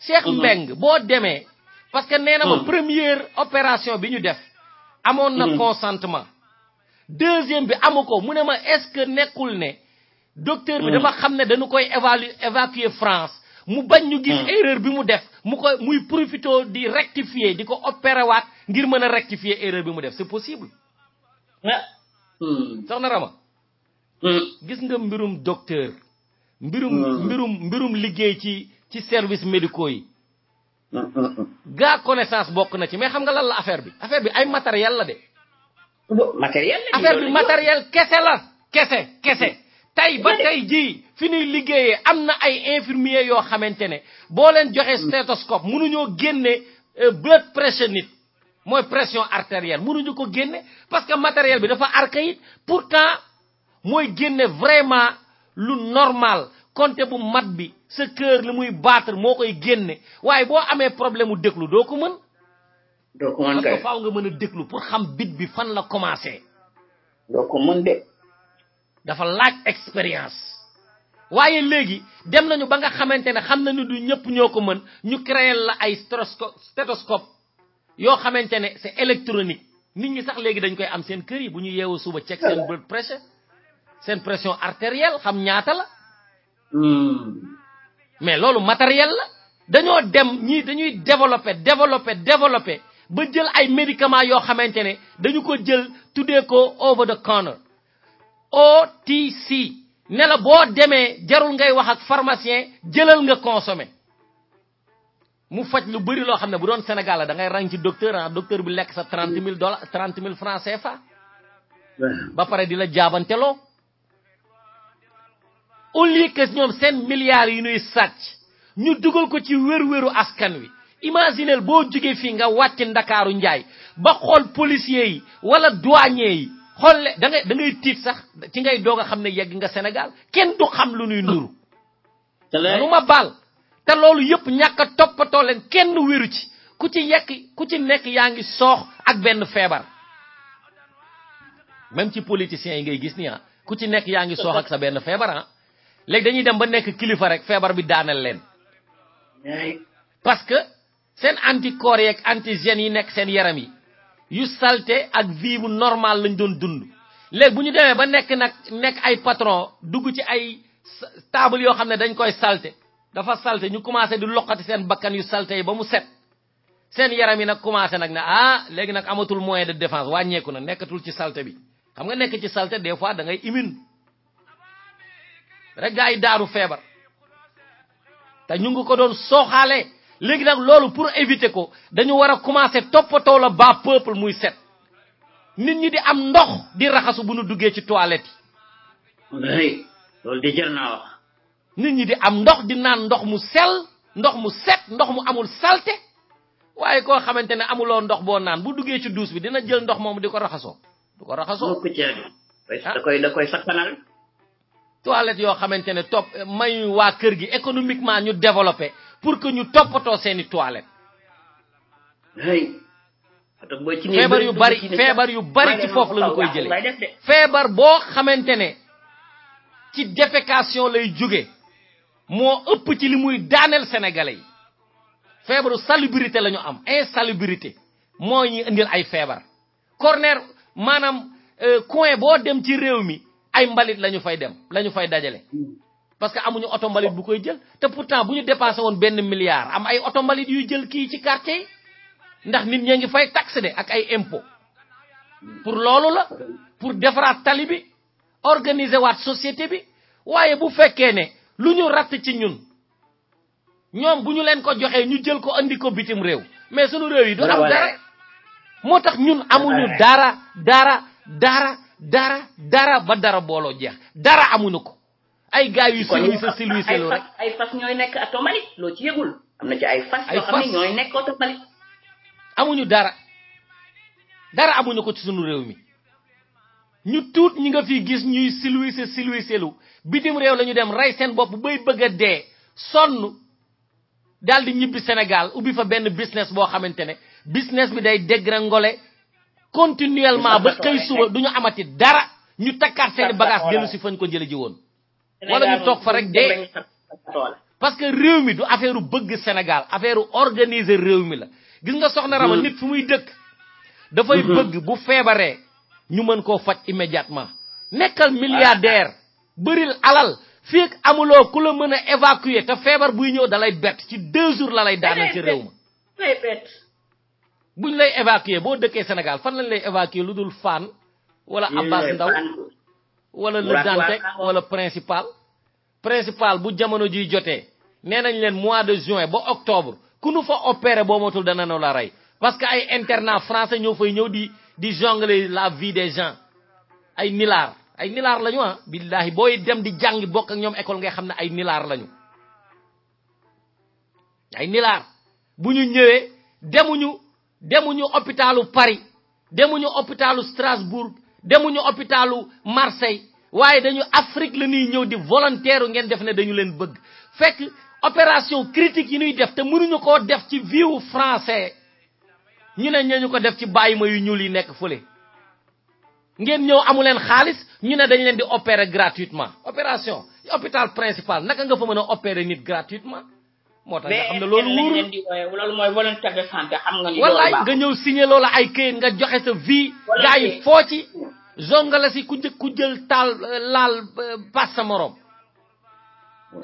Speaker 7: Cheikh mhm. Mbeng boo demee parce que nee na ma première opération bi ñu def amoon na consentement deuxième bi amu ko mu ne ma est que nekkul ne docteur bi dafa xam ne dañu koy évaluer évacuer France mu bañ ñu gis hmm. erreur bi mu def mu ko muy profito di rectifier di ko opéré waat ngir mëna rectifier erreur bi mu def c'est possible ah. hmm. soxna rama hmm. gis nga mbirum docteur mbirum mbirum mbirum liggéey ci ci service médicaux yi ga connaissance bokk na ci mais xam nga lan la affaire bi affaire bi ay matériel la de matériel affaire bi matériel kese la kese kese tey ba tey jii fi ñuy liggéeyee am na ay infirmier yoo xamante ne boo leen joxee mm. stéthoscope mënuñoo génne euh, blood pressure nit mooy pression artérielle mënuñu ko génne parce que matériel bi dafa pour temps mooy génne vraiment lu normal compte bu mat bi sa cœur li muy battre moo koy génne waaye boo amee problème mu déglu doo ko mën. doo ko nga mën a déglu pour xam bit bi fan la commencé.
Speaker 5: doo ko mën de.
Speaker 7: dafa laaj experience. waaye léegi dem nañu ba nga xamante ne xam nañu du ñëpp ñoo ko mën ñu créer la ay stethoscope yoo xamante ne c' est électronique nit ñi sax léegi dañ koy am seen kër yi bu ñu yeewoo suba cek seen [LAUGHS] blood pressure seen pression artérielle xam ñaata la hmm. mais loolu matériel la dañoo dem ñii dañuy développer développer développer ba jël ay médicaments yoo xamante ne dañu ko jël tuddee ko over the corner OTC ne la bo demee jarul ngay wax ak pharmacien jëlal nga consommer mu fajj lu bari lo xam bu doon Sénégal la da ngay rang ci docteur ah docteur bi lek sa 30000 dollars 30000 francs CFA. ba paré dila la jaabanteloo au lieu que ñom sen milliards yi ñuy sacc ñu duggal ko ci wër wëru askan wi imaginer bo fi nga wacc ndakaru njaay ba xol policier yi wala douanier yi xol da ngay da ngay tit sax ci ngay doga xamne yegg nga senegal ken du xam lu nuy nuru lu ma baal te loolu yëpp ñàkk a len ken kenn ci ku ci yek ku ci nek yaangi sox ak ben febar même ci politiciens yi ngay gis ni ha ah. ku ci nek yaangi sox ak sa ben febar ha ah. leg dañuy dem ba nek kilifa rek febar bi daanal Len, parce que sen anticorps yeeg antigènes yi nek sen yaram yi yu salte ak vie bu normal lañ doon dund léegi bu ñu demee ba nekk nag nekk ay patron dugg ci ay table yoo xam ne dañ koy salte dafa salte ñu commencé di loqati seen bakkan yu salte yi ba mu set seen yaram yi nag commencé nag ne ah léegi nag amatul moyen de défense wàññeeku na nekkatul ci salte bi xam nga nekk ci salte des fois da ngay immune rek yi daaru feebar te ñu ngi ko doon sooxaale légui nak lolu pour éviter ko dañu wara commencer topoto purple la ba peuple muy set nit ñi di am ndox di raxasu bu nu duggé ci toilette
Speaker 5: yi lolu di jar wax
Speaker 7: nit ñi di am ndox di naan ndox mu sel ndox mu set ndox mu amul salte waye ko xamantene amul lo ndox bo naan bu duggé ci bi dina jël ndox mom di ko diko du ko raxasoo ko ci
Speaker 8: ah. da koy da koy sakkanal
Speaker 7: toilette yo xamantene top may wa kër gi économiquement ñu développer pour que ñu toppatoo seeni toilette
Speaker 1: feebar yu bari feebar
Speaker 7: yu bari ci foofu la ñu koy jëlee feebar boo xamante ne ci défécation lay jóge moo ëpp ci li muy daaneel sénégalais yi feebaru salubrité la ñu am insalubrité moo ñu indil ay feebar corner maanaam euh, coin boo dem ci réew mi ay mbalit la ñu fay dem la ñu fay dajale hmm. parce que amuñu auto mbalit bu koy jël té pourtant buñu miliar dépassé won ben milliard am ay auto mbalit yu jël ki ci quartier ndax nit ñi ngi fay taxe de ak ay impôt pour lolu la pour defaraat talibi bi organiser wat société bi waye bu féké né luñu rat ci ñun ñom buñu ko joxé ñu jël ko andi ko bitim réew mais suñu réew yi do am dara motax ñun amuñu dara dara dara dara dara ba dara bolo jeex dara amuñu ko
Speaker 8: ay gaay yu siluy sa siluy sa rek ay fas ñoy nek ato lo ci yegul amna ci ay fas yo xamni ñoy nek auto malik amuñu dara dara amuñu ko ci
Speaker 7: sunu rew mi ñu tout ñi nga fi gis ñuy siluy sa siluy selu bitim rew lañu dem ray sen bop bay bëgg dé sonu dal di ñibbi Sénégal ubi fa benn business bo xamantene business bi day dégrangolé continuellement ba kay suba duñu amati dara ñu takkaat seen bagage delu ci fañ ko jël ji won wala ñu toog fa rek dee parce que réew mi du affaire bëgg Sénégal affaire organiser réew mi la gis nga soxna Rama mm. nit fu muy dëkk dafay mm-hmm. bëgg bu feebaree ñu mën koo faj immédiatement nekkal milliardaire bëril alal fii ak amuloo ku la mën a évacuer te feebar buy ñëw dalay bett ci deux jours lalay lay ci réew ma buñ lay évacuer boo dëkkee Sénégal fan lañ lay évacuer lu dul Fann wala Abbas Ndao wala le Dantec wala principal principal bu jamono jiy jotee nee nañ leen mois de juin ba octobre ku nu fa opéré boo matul dana nu la rey parce que ay internat français ñëw fay ñëw di di jongler la vie des gens ay nilaar ay nilaar lañu ah billahi booy dem di jàngi bokk ak ñoom école ngay xam ne ay nilaar lañu ay nilaar bu ñu ñëwee demuñu demuñu hôpitalu Paris demuñu hôpitalu Strasbourg demuñu hôpitalu Marseille waaye dañu Afrique la ñuy ñëw di volontaire ngeen def ne dañu leen bëgg fekk opération critique yi ñuy def te mënuñu koo def ci viwu français ñu ne ñu ko def ci bàyyi ma yu ñuul yi nekk fële ngeen ñëw amu leen xaalis ñu ne dañu leen di opérer gratuitement opération hôpital principal naka nga fa mën a opérer nit gratuitement motax nga xam ne loolu wóorul loolu mooy volontaire de santé xam nga ni wallaay nga ñëw signé loolu ay këyit nga joxe eh, eh, sa vie gars yi ci zongala si ku ku jël taal laal pas morom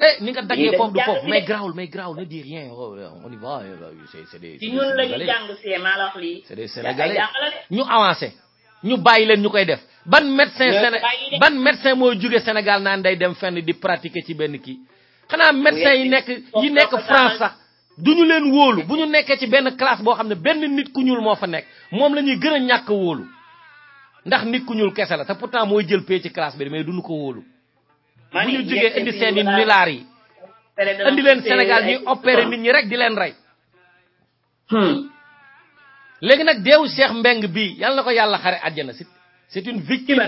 Speaker 7: eh ni nga dagee foofu du foofu mais grawul mais grawul ne dis rien oh, ya, on y va ya, c'est c'est des ci ñun lañu jàng
Speaker 8: c'est ma la wax lii c'est des sénégalais
Speaker 7: ñu avancé ñu bàyyi leen ñu def ban médecin ban médecin mooy jóge sénégal naan day dem fenn di pratiquer ci benn kii xanaa médecin yi nekk yi nekk France sax du ñu leen wóolu bu ñu nekkee ci benn classe boo xam ne benn nit ku ñuul moo fa nekk moom la ñuy gën a ñàkk wóolu ndax nit ku ñuul kese la te pourtant mooy jël pee ci classe bi mais duñu ko wóolu
Speaker 1: bu ñu jógee indi seen i milliards yi indi leen Sénégal ñuy opéré nit ñi rek di leen rey
Speaker 7: hmm. léegi nag deewu Cheikh Mbeng bi yal na ko yàlla xare àjjana c'est une victime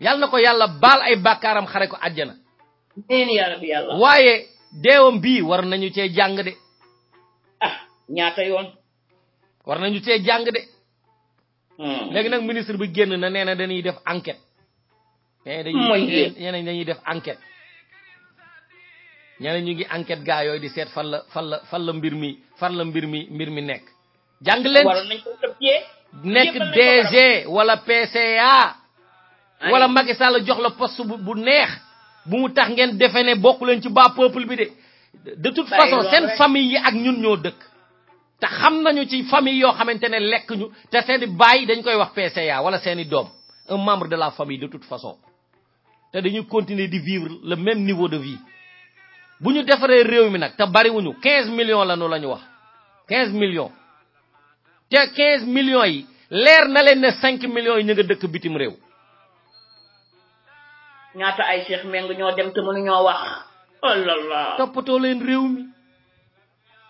Speaker 7: yal na ko yàlla baal ay bàkkaaram xare ko àjjana amiin yaa rabbi deewam bi war nañu ci jang de ah ñaata yoon war nañu ci jang de hmm. léegi nak ministre bi genn na neena dañuy def enquête Né dañuy ñeneen dañuy def enquête ñeneen ñu ngi enquête ga yoy di set fan la fan la fan la mbir mi fan la mbir mi mbir mi nek jang leen
Speaker 5: nek DG
Speaker 7: wala PCA wala Macky Sall jox la poste bu neex bu mu tax ngeen defene bokku len ci ba peuple bi de de toute façon sen famille yi ak ñun ñoo dëkk te xam nañu ci famille yo xamantene ne ñu te seen i baay dañ koy wax PCA wala seen dom doom un membre de la famille de toute façon te dañuy continuer di vivre le même niveau de vie bu ñu defaree réew mi nag te wuñu quinze millions la nu la wax quinze millions te quinze millions yi leer na leen ne cinq millions yi ñu nga dëkk bitim réew
Speaker 8: ñaata ay cheikh meng ñoo dem te mënu ñoo wax
Speaker 5: allah
Speaker 8: topato leen réew mi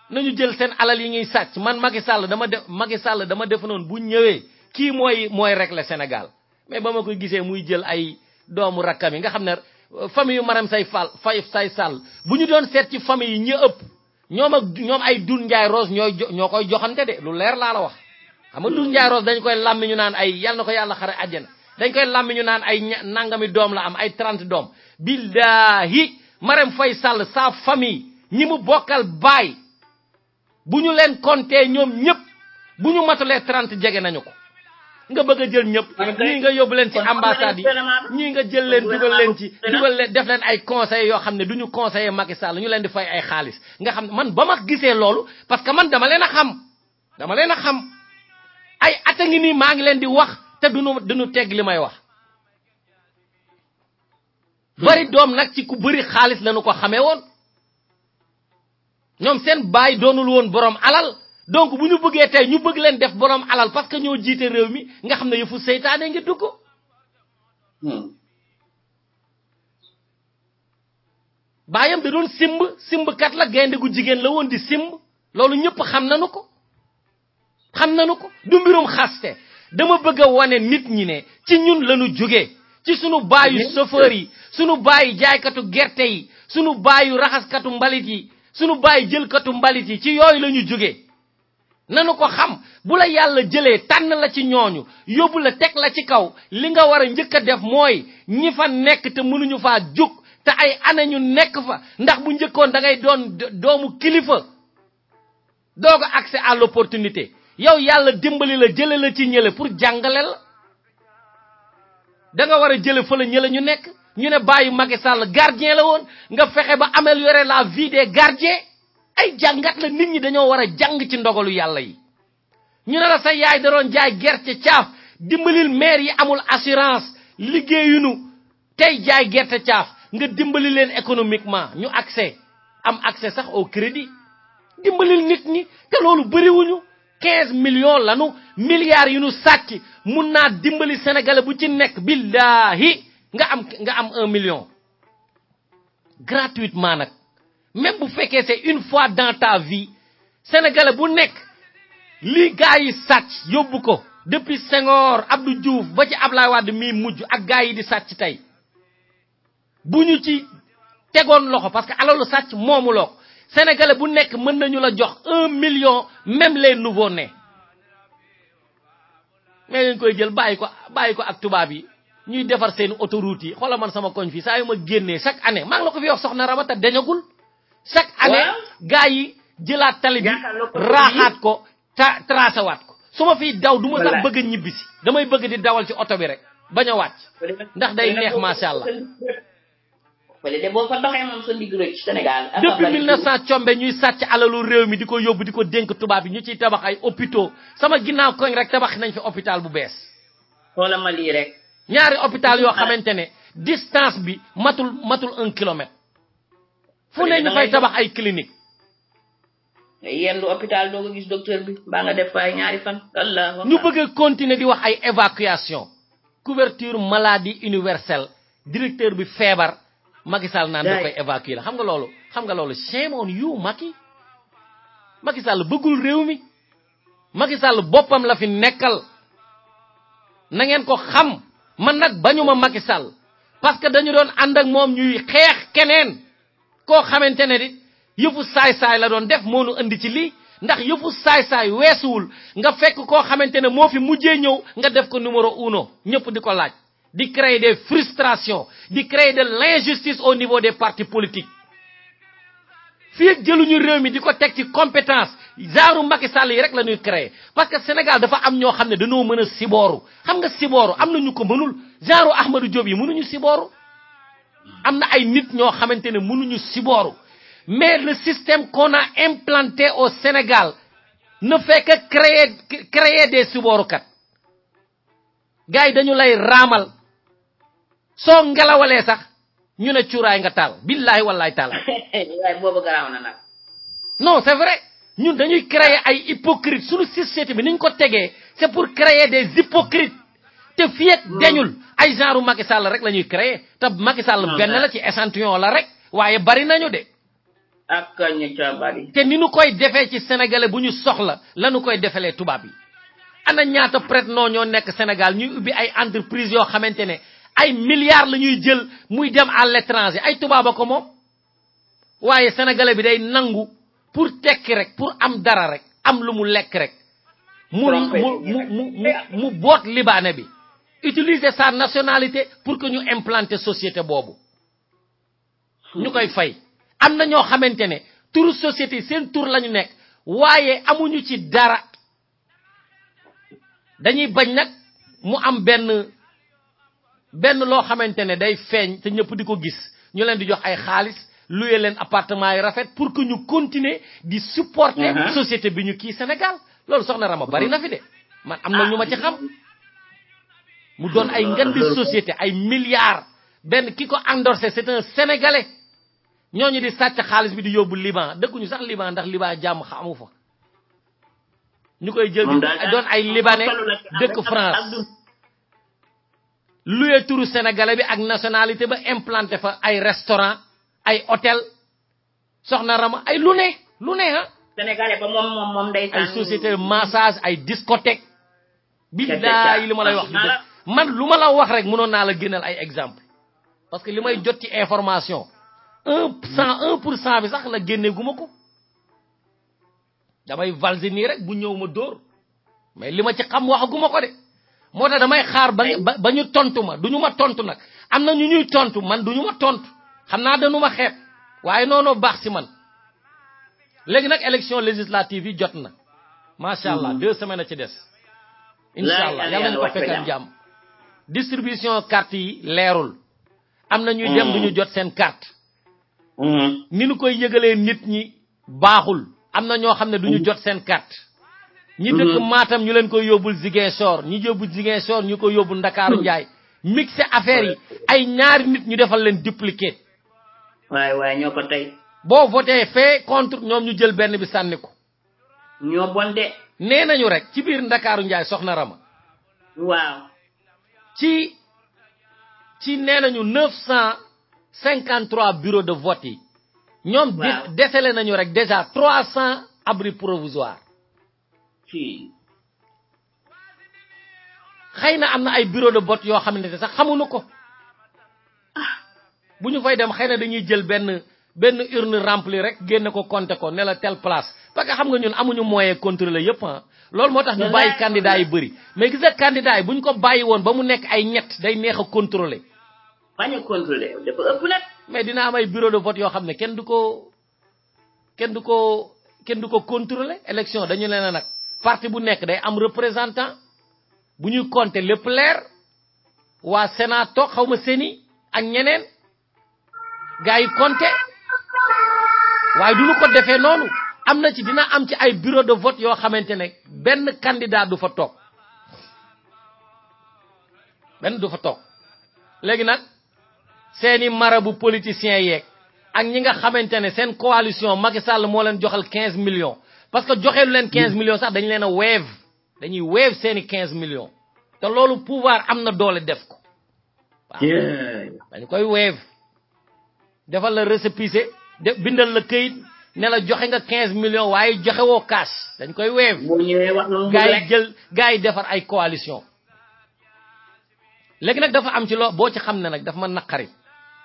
Speaker 8: nañu jël
Speaker 7: seen alal yi ñuy sàcc man Macky Sall dama def Macky Sall dama def noonu bu ñëwee kii mooy mooy régler Sénégal mais ba ma koy gisee muy jël ay doomu rakkam yi nga xam ne famille yu maram say fal fay say sall bu ñu doon seet ci famille yi ñi ëpp ñoom ak ñoom ay dun njaay rose ñooy ñoo koy joxante de lu leer laa la wax xam nga dun njaay dañ koy làmmi ñu naan ay yàlla na ko yàlla xare dañ koy lam ñu naan ay nangami dom la am ay 30 dom billahi marem fay sal sa famille ñi mu bay baay bu ñu leen compté ñoom ñëpp bu ñu matalee 30 jege nañu ko nga bëgg jël ñep ñi nga yobul len ci ambassade yi ñii nga jël len duggal len ci duggal len def len ay conseil yo xamné duñu conseiller Macky Sall ñu len di fay ay xaaliss nga xam man bama gisé lolu loolu parce que man dama leen a xam dama leen xam ay atangi ni ma ngi len di wax te duñu duñu tegg limay wax bari dom nak ci ku bari xaaliss lañu ko xamé won ñom seen baay doonul won borom alal donc buñu bëggé tay ñu bëgg leen def borom alal parce que ñoo jité réew mi nga xamné ne yëfu seytaane nga dugg hmm. baayam da doon simb kat la gaynde gu jigen la won di simb loolu ñepp xam nañu ko xam nañu ko du mbirum xaste dama bëgg a wane nit ñi ne ci ñun lañu jóge ci sunu baayu chauffeur yi sunu baayu jaaykatu gerte yi sunu baayu raxaskatu mbalit yi sunu baayu jëlkatu mbalit yi ci yooyu lañu jóge nanu ko xam bu la yàlla jëlee tànn la ci ñooñu yóbbu la teg la ci kaw li nga war a njëkk a def mooy ñi fa nekk te mënuñu faa jug te ay ana ñu nekk fa ndax bu njëkkoon da ngay doon doomu kilifa doog a accès à l'opportunité yow yalla dimbali la jele la ci ñele pour jangalel da nga wara jele fa la ñele ñu nek ñu ne bayu Macky Sall gardien la won nga fexé ba améliorer la vie des gardiens ay jangat la nit ñi dañoo wara jang ci ndogalu yalla yi ñu ne la sa yaay da ron jaay gerte caaf dimbalil maire yi amul assurance liggéeyunu tay jaay gerte caaf nga dimbali len économiquement ñu accès am accès sax au crédit dimbalil nit ñi te loolu wuñu quinze millions lanu milliards yu nu sàcc mun naa dimbali sénégalais bu ci nekk billaahi nga am nga am un million gratuitement nag même bu fekkee c'est une fois dans ta vie sénégalais bu nekk li gars yi sàcc yóbbu ko depuis Senghor Abdou Diouf ba ci Ablaye Wade mii mujj ak gars yi di sàcc tey bu ñu ci tegoon loxo parce que alalu sàcc moomu loo sénégalais bu nekk mën nañu la jox un million même les nouveaux nés mais ngeen koy jël bàyyi ko bàyyi ko ak tubaab yi ñuy defar seen autoroute yi xoolal man sama koñ fi saa yu ma génnee chaque année maa ngi la ko fi wax soxna rabata dañagul chaque année gars yi jëlaat tali bi raaxaat ko ta tracewaat ko su ma fiy daw du ma sax bëgg a ñibbisi damay bëgg di dawal ci oto bi rek bañ a wàcc ndax day neex macha allah
Speaker 8: wala de boo fa doxee moom sa ndigg rëcc Sénégal. depuis
Speaker 7: 1900 combe ñuy réew mi di ko yóbbu di ko dénk tubaab yi ñu ciy tabax ay hôpitaux sama ginnaaw koñ rek tabax nañ fi hôpital bu bees. wala Mali ñaari hôpital yoo ah. xamante ne distance bi matul matul un kilomètre.
Speaker 8: fu ne ñu fay tabax ay clinique nga yendu hôpital doo ko gis nga def ay ñaari fan. allah ñu
Speaker 7: bëgg a di wax ay évacuation couverture maladie universelle directeur bi feebar. Macky Sall nan da koy évacuer xam nga lolu xam nga lolu shame on you Macky Macky Sall bëggul réew mi Macky Sall bopam la fi nekkal na ngeen ko xam man nak bañuma Macky Sall parce que dañu doon and ak mom ñuy xex keneen ko xamantene di say la doon def moo andi ci li ndax yëfu say say weesuwul nga fekk ko xamantene mo fi mujjé ñew nga def ko numéro uno ñepp di laaj di créer des frustrations di créer de l'injustice au niveau des partis politiques fii ak jëluñu réew mi ci compétence zaaru Macky Sall yi rek la créer parce que Sénégal dafa am ño xamné dañu mëna siboru xam nga siboru amna ñu ko mënul zaaru Ahmadou Diop yi mënuñu siboru amna ay nit ño xamantene mënuñu siboru mais le système qu'on a implanté au Sénégal ne fait que créer créer des siboru kat gaay dañu lay ramal. soo ngelawalee sax ñu ne ciuray nga tal billahi wallahi taala bobu graw na nak non c'est vrai ñun dañuy créer ay hypocrite suñu société bi niñ ko téggé c'est pour créer des hypocrites te fii ak hmm. deñul ay genre Macky Sall rek lañuy créer te Macky Sall hmm. ben la ci échantillon la rek waaye bari nañu de
Speaker 1: ak ñu ci bari
Speaker 7: te ni koy défé ci sénégalais buñu soxla lanu koy défélé tuba bi ana ñaata prêt noo ñoo nekk sénégal ñuy ubi ay entreprise yo xamantene ne ay milliards la ñuy jël muy dem à l'étranger ay tubaaba ko moom waaye sénégalais bi day nangu pour tekki rek pour am dara rek am lu mu lekk rek mu mu mu mu boot libaane bi utiliser sa nationalité pour que ñu implanter société boobu ñu koy fay am na ñoo xamante ne turu société seen tur lañu nekk waaye amuñu ci dara dañuy bañ nag mu am benn Ben lo xamantene day feñ te ñepp diko gis ñu leen di jox ay xaaliss loué leen appartement yi rafet pour que ñu continuer di supporter uh-huh. société bi ñu ki Sénégal loolu soxna Rama bari na fi de man amna ñuma ci xam mu doon ay ngandi société ay milliards ben kiko endorsé c'est un sénégalais ñoñu di sacc xaaliss bi di yobbu Liban dëkkuñu sax Liban ndax Liban jàmm xamu fa jël doon ay libanais dekk France luye turu sénégalais bi ak nationalité ba implanté fa ay restaurant ay hôtel soxna Rama ay lu né lu né ha ah. sénégalais ba mom mom moom day. ay société massage ay discothèque billahi li ma lay wax man luma la wax rek mënoon naa la gënal ay exemple parce que limay may jot ci information un cent bi sax la génne guma ko damay valse nii rek bu ñëw ma dóor mais lima ci xam waxaguma ko de motax damay xaar bañu tontu ma duñu ma tontu nak amna ñu ñuy tontu man duñu ma tontu xamna dañu ma xeeb waye nono bax ci man léegi nak élection législative yi jotna ma sha allah mm-hmm. deux semaines ci dess
Speaker 6: inshallah allah ñu ko fekkal jàmm
Speaker 7: distribution carte yi lérul amna ñuy dem mm-hmm. duñu jot sen carte mm-hmm. ni ñu koy yëgele nit ñi baxul amna ño xamne duñu jot sen carte ñi dëkk mm-hmm. Matam ñu leen koy yóbbul Ziguinchor ñi yóbbu Ziguinchor ñu koy yóbbu Ndakaaru Njaay mixé affaire yi ay ñaari nit ñu defal leen dupliqué. waaye waay ñoo ko tey. boo voté fee contre ñoom ñu jël benn bi sànni ko. ñoo bon nee nañu rek ci biir Ndakaaru Njaay soxna Rama. waaw. ci ci nee nañu neuf cent cinquante bureau de vote yi. ñoom. desele nañu rek déjà trois cent abri provisoire. kii xëy na am na ay bureau de vote yoo xamante ne sax xamuñu ko bu ñu fay dem xëy na dañuy jël benn benn urne remplie rek génne ko compté ko ne la telle parce que xam nga ñun amuñu moyen contrôler yëpp ah. lool moo tax ñu bàyyi candidat yi bëri mais gis nga yi bu ñu ko bàyyi woon ba mu nekk ay ñett day neex a contrôler.
Speaker 8: bañ a dafa ëpp nag. mais dina am
Speaker 7: ay bureau de vote yoo xam ne kenn du ko kenn du ko kenn du ko contrôler élection dañu leen a nag. parti bu nekk day am représentant bu ñuy compter lépp leer waa Sénat toog xaw ma seni ak ñeneen gars yi compter waaye du ñu ko defee noonu am na ci dina am ci ay bureau de vote yoo xamante ne benn candidat du fa toog benn du fa toog léegi nag seeni bu politiciens yeeg ak ñi nga xamante ne seen coalition Macky Sall moo leen joxel 15 millions. parce que joxeelu leen 15 mm. millions sax dañ leen a weev dañuy weev seeni 15 millions te loolu pouvoir am na doole def ko. dañ koy weev defal la récépissé de bindal la këyit ne la joxe nga 15 millions waaye joxe kaas dañ koy weev. gaa yi jël gaa yi defar ay coalition léegi nag dafa am ci loo boo ci xam ne nag daf ma naqari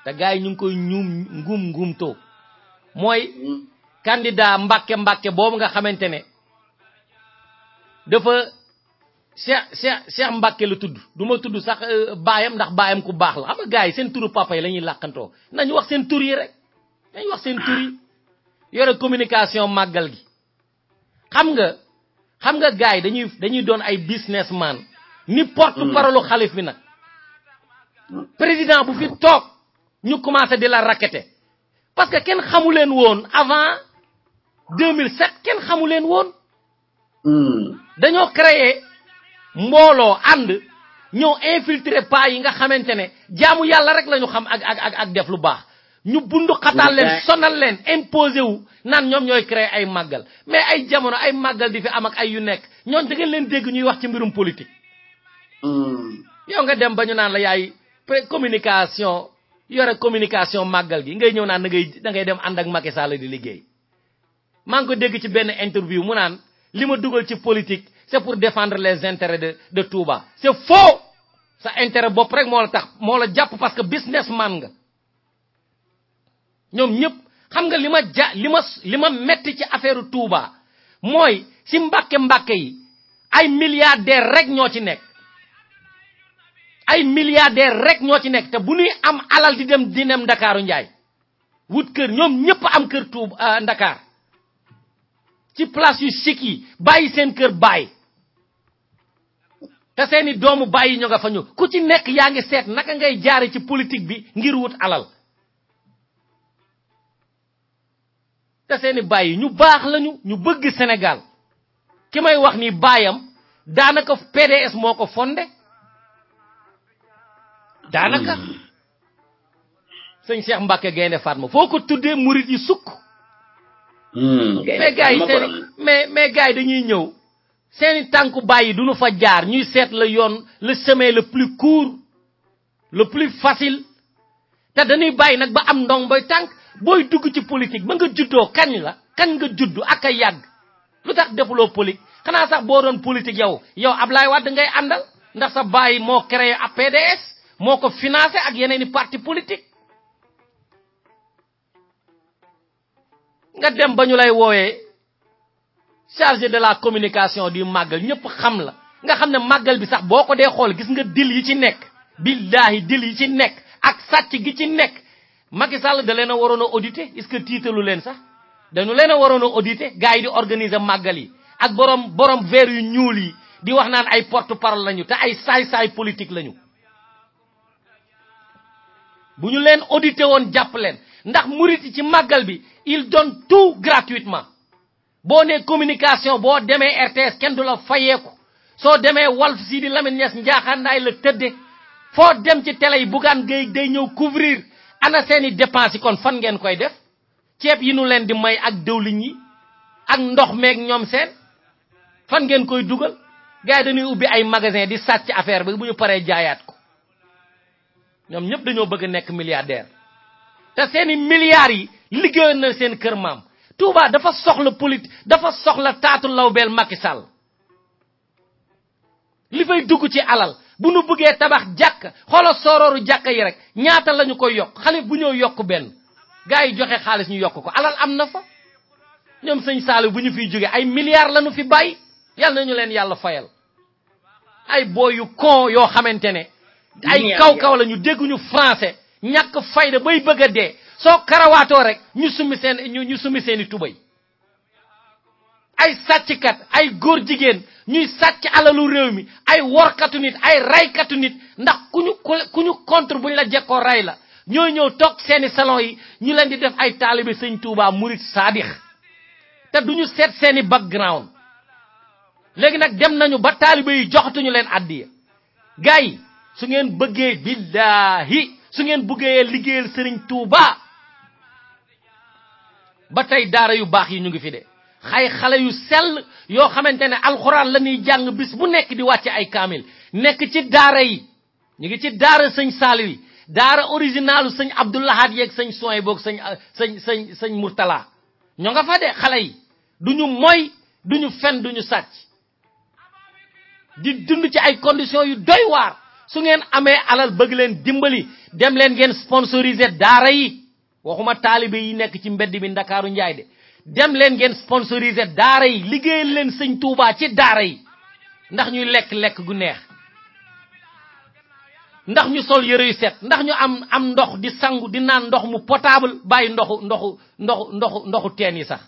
Speaker 7: te gaa yi ñu ngi koy ñuum nguum nguum too mooy. Mm. candidat mbacke mbacke boobu nga xamantene dafa cheikh cheikh cheikh mbacke lu tuddu duma tuddu sax euh, bayam ndax bayam ku bax la xam nga gars sen papa yi lañuy lakanto nañ wax sen tur yi rek nañu wax sen tur yi yore communication magal gi xam nga xam nga gars dañuy dañuy don ay businessman ni porte parole Khalifina, hmm. bi nak président bu fi tok ñu commencé di la raqueter parce que ken xamulen won, avant 2007 kenn xamu leen woon. Hmm. dañoo créer mbooloo ànd ñëw infiltrer pas yi nga xamante ne jaamu yàlla rek la ñu xam ak ak ak def lu baax. ñu bundu xataal leen sonal leen imposé wu naan ñoom ñooy créer ay màggal mais ay jamono ay màggal di fi am ak ay yu nekk ñoon da ngeen leen dégg ñuy wax ci mbirum politique.
Speaker 5: Hmm.
Speaker 7: yow nga dem ba ñu naan la yaay communication yore communication màggal gi ngay ñëw naan da ngay da ngay dem ànd ak Macky Sall di liggéey. man ko dégg ci benn interview mu naan li ma dugal ci politique c'est pour défendre les intérêts de de Touba c'est faux sa intérêt bopp rek moo la tax moo la jàpp parce que businessman nga ñoom ñëpp xam nga li ma ja li ma li ma metti ci affaire Touba mooy si mbàkke mbàkke yi ay milliardaire rek ñoo ci nekk ay milliardaire rek ñoo ci nekk te bu am alal di dem di dem ndakaaru wut kër ñoom ñëpp am kër Touba euh, dakar ci place yu chic yi bàyyi seen kër bàyyi te seeni doomu bàyyi ñu nga fa ñu ku ci nekk yaa ngi seet naka ngay jaare ci politik bi ngir wut alal te seeni bàyyi ñu baax lañu ñu bëgg Sénégal ki may wax ni baayam daanaka PDS moo ko fonde daanaka hmm. sëñ Cheikh Mbacke Gaynde Fatma foo ko tuddee murit yi sukk
Speaker 3: Hmm. mais gars yi seen
Speaker 7: mais mais gars yi dañuy ñëw seeni tànku bàyyi duñu fa jaar ñuy seet la yoon le chemin le plus court le plus facile te dañuy bàyyi nag ba am ndong boy tànk booy dugg ci politique ba nga juddoo kañ la kañ nga juddu ak a yàgg lu tax defuloo politique xanaa sax boo doon yaw yow yow Ablaye Wade ngay àndal ndax sa bàyyi moo créé a PDS moo ko financé ak yeneen i parti politique nga dem bañu lay wowe chargé de la communication du magal ñepp xam la nga xamne magal bi sax boko ko xol gis nga dil yi ci nek billahi dil yi ci nek ak sàcc gi ci nek Macky Sall da leena warono audité est ce que lu leen sax dañu audité gaay di organiser magal yi ak borom borom ver yu ñuul yi di wax naan ay porte parole lañu te ay say say politique lañu buñu audité won japp leen ndax murit yi ci màggal bi il done tout gratuitement boo nee communication boo demee RTS kenn du la fayeeku soo demee Walf Sidi Lamine Niass njaaxaandaay la tëdde foo dem ci télé yi Bougane Gueye day ñëw couvrir ana seeni dépenses yi kon fan ngeen koy def ceeb yi nu leen di may ak dëwlin yi ak ndox meek ñoom seen fan ngeen koy dugal gars yi dañuy ubbi ay magasin di sàcc affaire bi bu ñu paree jaayaat ko ñoom ñëpp dañoo bëgg nekk milliardaire te seeni milliards yi liggéeyoon na seen kër maam Touba dafa soxla politique dafa soxla taatu lawbeel Macky Sall li fay dugg ci alal bu nu buggee tabax jàkk xoola sorooru jàkk yi rek ñaata lañu koy yokk xalif bu ñëw yokk benn gaa yi joxe xaalis ñu yokk ko alal am na fa ñoom sëñ Saliou bu ñu fiy jógee ay milliards lañu fi bàyyi yàlla nañu leen yàlla fayal ay booy yu con yoo xamante ne
Speaker 5: ay kaw-kaw
Speaker 7: lañu dégguñu français ñak fayda bay bëgg dé so karawato rek ñu summi seen ñu ñu summi seen tubay ay kat ay gor jigen ñuy sàcc alalu réew mi ay katu nit ay katu nit ndax kuñu kuñu contre buñ la jekko ray la ñoy ñew tok seen salon yi ñu leen di def ay talibé seigne touba mourid sadikh té duñu seen background légui nak dem nañu ba talibé yi joxatuñu leen addiya gars su ngeen bëggee billahi su ngeen buggee liggéeyal sëriñ Touba ba tey daara yu baax yi ñu ngi fi de xay xale yu sell yoo xamante ne la ñuy jàng bis bu nekk di wàcce ay kaamil nekk ci daara yi ñu ngi ci daara sëñ Saliou daara originalu sëñ Abdoulahad yeeg sëñ Soy boog sëñ sëñ sëñ sëñ Murtala ñoo nga fa de xale yi duñu moy duñu fen duñu sàcc di dund ci ay condition yu doy waar su ngeen amee alal bëgg leen dimbali dem leen ngeen sponsoriser daara yi waxuma taalibe yi nekk ci mbedd bi ndakaaru njaay de dem leen ngeen sponsoriser daara yi liggéeyal leen sëñ Touba ci daara yi ndax ñu lekk lekk gu neex ndax ñu sol yëre yu set ndax ñu am am ndox di sangu di naan ndox mu potable bàyyi ndoxu ndoxu ndoxu ndoxu ndoxu teen yi sax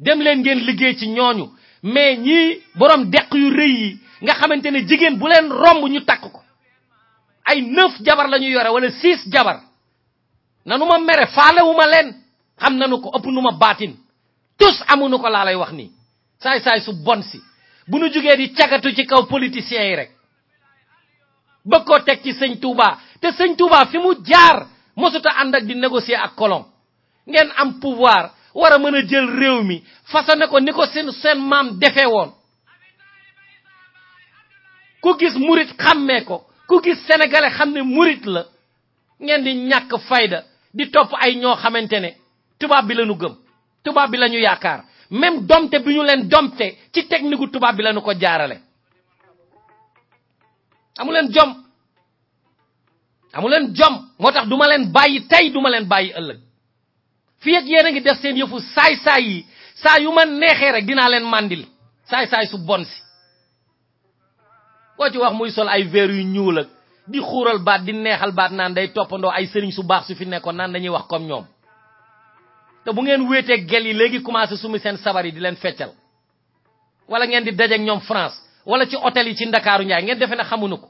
Speaker 7: dem leen ngeen liggéey ci ñooñu mais ñii borom deq yu rëy yi nga xamantene jigen bu len romb ñu takku ko ay neuf jabar lañu yoré wala six jabar nanu ma mere faalewuma len xam nanu ko ëpp nu ma baatin tous amunu ko lalai lay wax ni say say su bon si bu nu jugee di cagatu ci kaw politiciens yi rek bëgg koo ci sëñ Touba te sëñ Touba fi mu jaar mosut a ak di négocier ak colon ngeen am pouvoir wara mëna jël réew mi façonné ko ni ko sen ku gis murid xamé ko ku gis sénégalais xamné murid la ngén di ñak fayda di top ay ño xamantene ne bi lañu gëm tuba bi lañu yaakar même domté biñu len domté ci technique tuba bi lañu ko jaarale amulen jom amulen jom motax duma len bayyi tay duma len bayyi ëlëk fi ak ngi def seen yofu say say yi yu ma nexé rek dina len mandil say say su bonsi ko ci wax muy sol ay verre yu ñuul ak di xural baat di neexal baat naan day topando ay serigne su baax su fi nekkon naan dañuy wax comme ñom te bu ngeen wété gel yi légui commencé sumi sen sabari di len feccal wala ngeen di ak ñom france wala ci hôtel yi ci ndakaaru ñay ngeen defé na xamuñu ko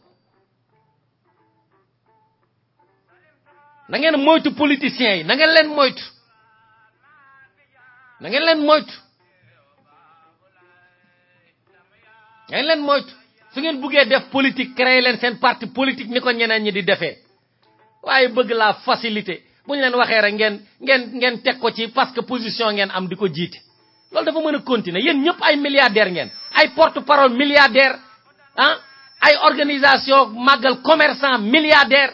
Speaker 7: na ngeen moytu politiciens yi na ngeen len moytu na ngeen len moytu ngeen len moytu su ngeen buggee def politique créé leen seen parti politique ni ko ñeneen ñi di defee waaye bëgg la facilité bu ñu leen waxee rek ngeen ngeen ngeen teg ko ci parce que position ngeen am di ko jiite loolu dafa mën a continuer yéen ñëpp ay milliardaire ngeen ay porte parole milliardaire ah ay organisation màggal commerçant milliardaire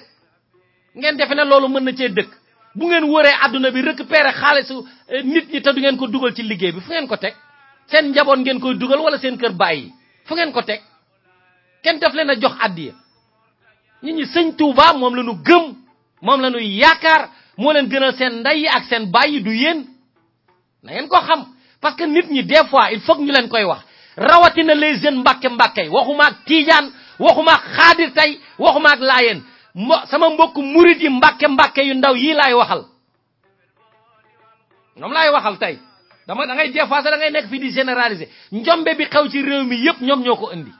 Speaker 7: ngeen defe ne loolu mën na cee dëkk bu ngeen wëree àdduna bi récupérer xaalisu eh, nit ñi te du ngeen ko dugal ci liggéey bi fu ngeen ko teg seen njaboot ngeen koy dugal wala seen kër bàyyi fu ngeen ko teg kenn def leen a jox addiya nit ñi sëñ Touba moom la gëm moom la yaakaar moo leen gënal seen ndey yi ak seen bàyyi du yéen na ngeen ko xam parce que nit ñi des il foog ñu leen koy wax rawatina les jeunes mbàkke mbàkke waxuma ak tiijaan waxuma ak xaadir tey waxuma ak laayeen sama mbokk murit yi mbàkke mbàkke yu ndaw yii laay waxal ñoom laay waxal tey dama da ngay des fois da ngay nekk fii di généraliser njombe bi xew ci réew mi yëpp ñoom ñoo ko indi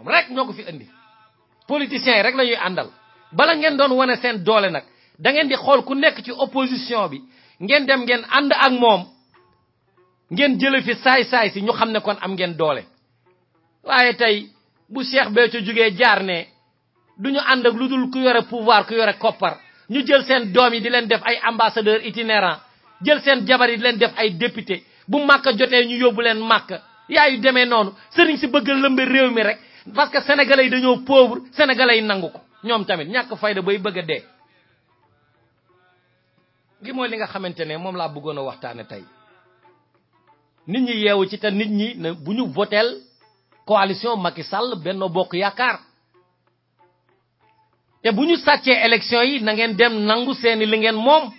Speaker 7: ñoom rek ñoo ko fi indi politiciens yi rek lañuy àndal bala ngeen doon wane seen doole nag dangeen di xool ku nekk ci opposition bi ngeen dem ngeen ànd ak moom ngeen jële fi saay-saay si ñu xam ne kon am ngeen doole waaye tey bu Cheikh Béthio jógee jaar ne du ñu ànd ak lu dul ku yore pouvoir ku yore koppar ñu jël seen doom yi di leen def ay ambassadeur itinérant jël seen jabar yi di leen def ay député bu màkk jotee ñu yóbbu leen màkk yaayu demee noonu sëriñ si bëgg lëmbe réew mi rek parce que sénégalais yi dañoo pauvre sénégalais yi nangu ko ñoom tamit ñàkk fayda bay bëgg a dee gi mooy li nga xamante ne moom laa bëggoon a waxtaane tey nit ñi yeewu ci te nit ñi ne bu ñu voteel coalition Macky Sall benno bokk yaakaar te bu ñu élection yi na ngeen dem nangu seeni li ngeen moom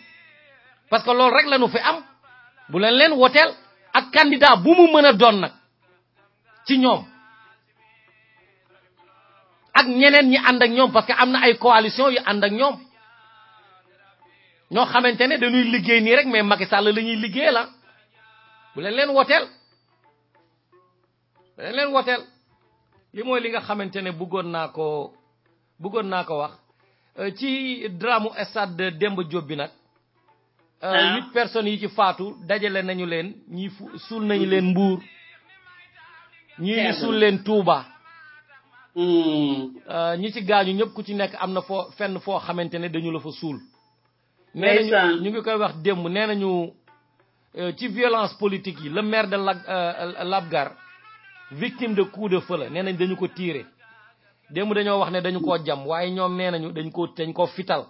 Speaker 7: parce que loolu rek lañu fi am bu leen leen woteel ak candidat bu mu mën a doon ci ñoom ak ñeneen ñi ànd ak ñoom parce que am na ay coalition yu ànd ak ñoom ñoo xamante ne dañuy liggéey nii rek mais Macky Sall la ñuy liggéey la ah. bu leen leen woteel bu leen leen woteel li mooy li nga xamante ne bëggoon naa ko bëggoon naa ko wax euh, ci dramu stade Demba Diop bi nag euh, ah. huit personnes yi ci faatu dajale nañu leen ñi sul nañu leen mbuur
Speaker 1: ñii ñu len leen
Speaker 7: Touba Hmm. Euh, ñi ci gaañu ñëpp ku ci nekk am na foo fenn foo xamante ne dañu la fa suul. nee nañu ñu ngi koy wax démb nee nañu euh, ci violence politique yi le maire de euh, Labgar victime de coup de feu la nee nañ dañu ko tiire démb dañoo wax ne dañu ko jam waaye ñoom nee nañu dañ ko dañ koo fital.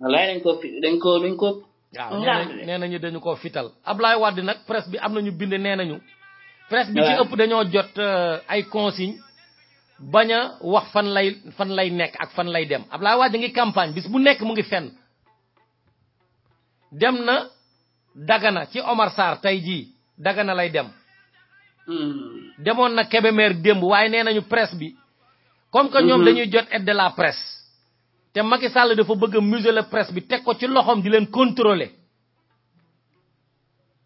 Speaker 7: wallaay dañ ko fi dañ ko dañ koo. waaw nee nañu dañu ko fital Ablaye Wade nag presse bi am na ñu bind nee nañu. presse bi ci ëpp dañoo jot ay consignes. baña wax fan lay fan lay nek ak fan lay dem abla wad ngi campagne bis bu nek mu ngi fen dem na dagana ci Omar sar tay ji dagana lay dem hmm. demon na kebe mer demb nee nenañu presse bi comme que ñom hmm. dañuy jot aide de la presse té Macky Sall dafa bëgg a le presse bi teg ko ci loxom di len contrôler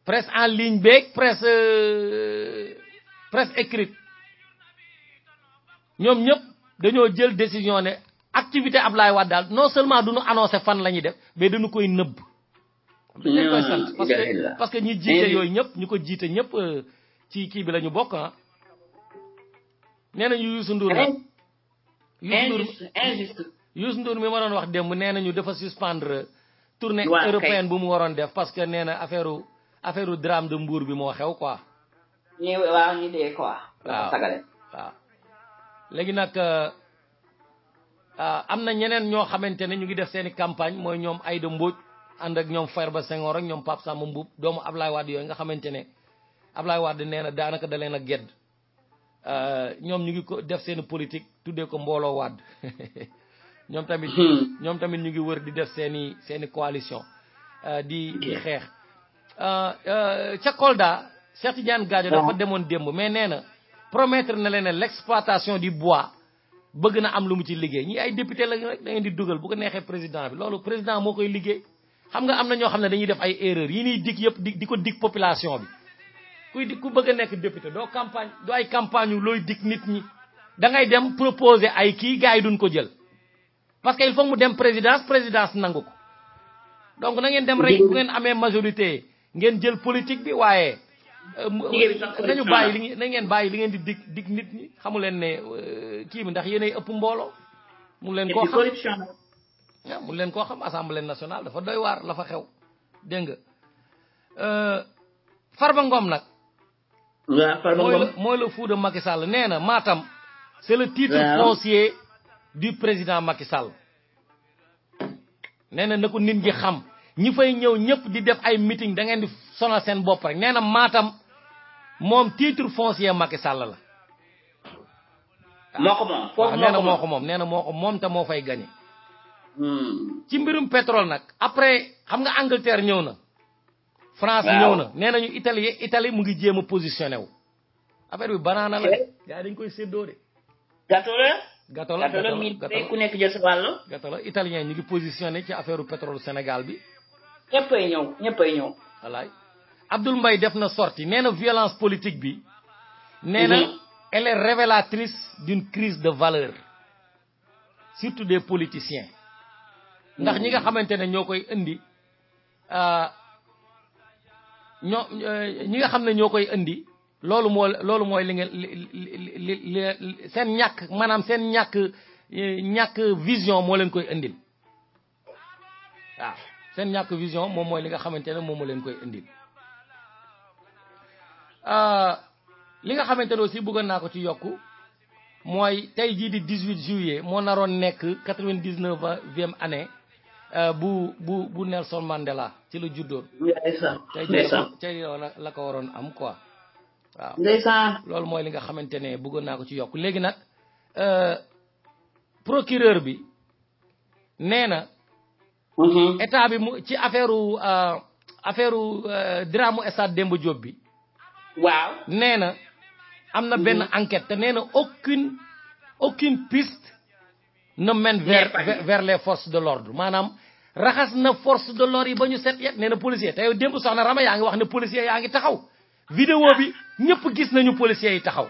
Speaker 7: presse en ligne bék presse euh, presse écrite ñom ñep dañoo jël décision né activité Ablaye wad dal non seulement duñu annoncer fan lañuy def mais dañu koy neub dañ koy sant parce que parce que ñi jité yoy ñep ñuko jité ñep euh, ci ki bi lañu ñu bokk ah nee nañu Youssou Ndour nag Youssou Ndour mi ma doon wax dem nee dafa suspendre tournée européenne bu mu waron def parce que nee na affaireu drame de mbour bi mo xew quoi
Speaker 8: ñi waaw ñi dé quoi
Speaker 7: waaw léegi nak euh eh, eh, amna ñeneen ño xamantene ñu ngi def seen campagne mooy ñoom Aïda Mbodj and ak ñoom Farba Senghor ak ñom pap sam mbub doomu Ablaye wad yoy nga xamantene ne Ablaye Wade nee na daanaka da leen a gedd eh, ñoom ñu ngi ko def seen politique tuddé ko mbolo wad [LAUGHS] ñom tamit hmm. ñom tamit ñu ngi wër di def seen seen coalition di di xex euh euh ca Kolda Cheikh Tidiane Gadio dafa ah. demone démb mais neena promettre na leen l'exploitation du bois bëgg na am lu mu ci liggéey ñi ay député la rek da ngeen di duggal bu ko neexee président bi loolu président moo koy liggéey xam nga am na ñoo xam ne dañuy def ay erreur yi ñuy dig yëpp di di ko dig population bi kuy di ku bëgg a nekk député doo campagne doo ay campagne looy dig nit ñi da ngay dem proposer ay kii gars yi duñ ko jël parce que il faut mu dem présidence présidence nangu ko donc na ngeen dem rek bu ngeen amee majorité ngeen jël politique bi waaye Euh, nañu bàyyi li na ngeen bàyyi li ngeen di dig dig nit ñi xamu leen ne euh, kii bi ndax yéenay ëpp mbooloo mu leen ko xam waaw ah, leen koo xam assemblée nationale dafa doy waar la fa xew dégg nga euh, Farba Ngom nag mooy la fuuda Macky Sall nee na Matam c'est le titre foncier du président Macky Sall na na ko nit ñi xam ñi fay ñew ñëpp di def ay meeting da ngeen di sonal seen bop rek neena matam mom titre foncier Macky Sall la.
Speaker 1: moko mom fofu neena moko
Speaker 7: mom neena moko mom ta mo fay gagné hmm ci mbirum pétrole nak après xam nga angleterre ñew na france ñew na neena ñu italie italie mu ngi jema positionné wu affaire bi banana la
Speaker 1: ya dañ koy seddo de
Speaker 7: gâteau la gâteau la la ku nek jëss walu gâteau la italien ñu ngi positionné ci affaireu pétrole sénégal bi
Speaker 1: ñëppay ñëw ñëppay ñëw. wallaay
Speaker 7: Abdoul Mbaye def na sortie néna violence politique bi. néna mhm. elle est révélatrice d'une crise de valeur surtout des politiciens. ndax ñi nga mhm. xamante ne ñoo koy indi euh, ñoo euh, ñi nga xam ne indi lolu moo loolu mooy li ngeen li li seen ñàkk ñak seen euh, vision mo leen koy indil waaw. sen ñak vision mom moy li nga xamantene mom mo leen koy ah li nga xamantene aussi bëggoon naa ko ci yokku moy tay ji di 18 juillet mo naron nek 99e année euh, bu bu bu Nelson Mandela ci la juddoon. tey tay tey la ko waron am quoi. waaw loolu moy li nga xamantene ne bëggoon naa ko ci yokk léegi nag euh, procureur bi nee Mm-hmm. état bi mu ci affaire euh, affaire euh, diraamu stade Demba Diop bi. waaw nee na am na benn mm-hmm. enquête te nee na aucune aucune piste ne mène vers vers les forces de l'ordre maanaam raxas na force de l'ordre yi ba ñu set yet nee na policier te yow démb soxna Rama yaa ngi wax ne policier yaa ngi taxaw. vidéo bi ñëpp gis nañu policiers yi taxaw.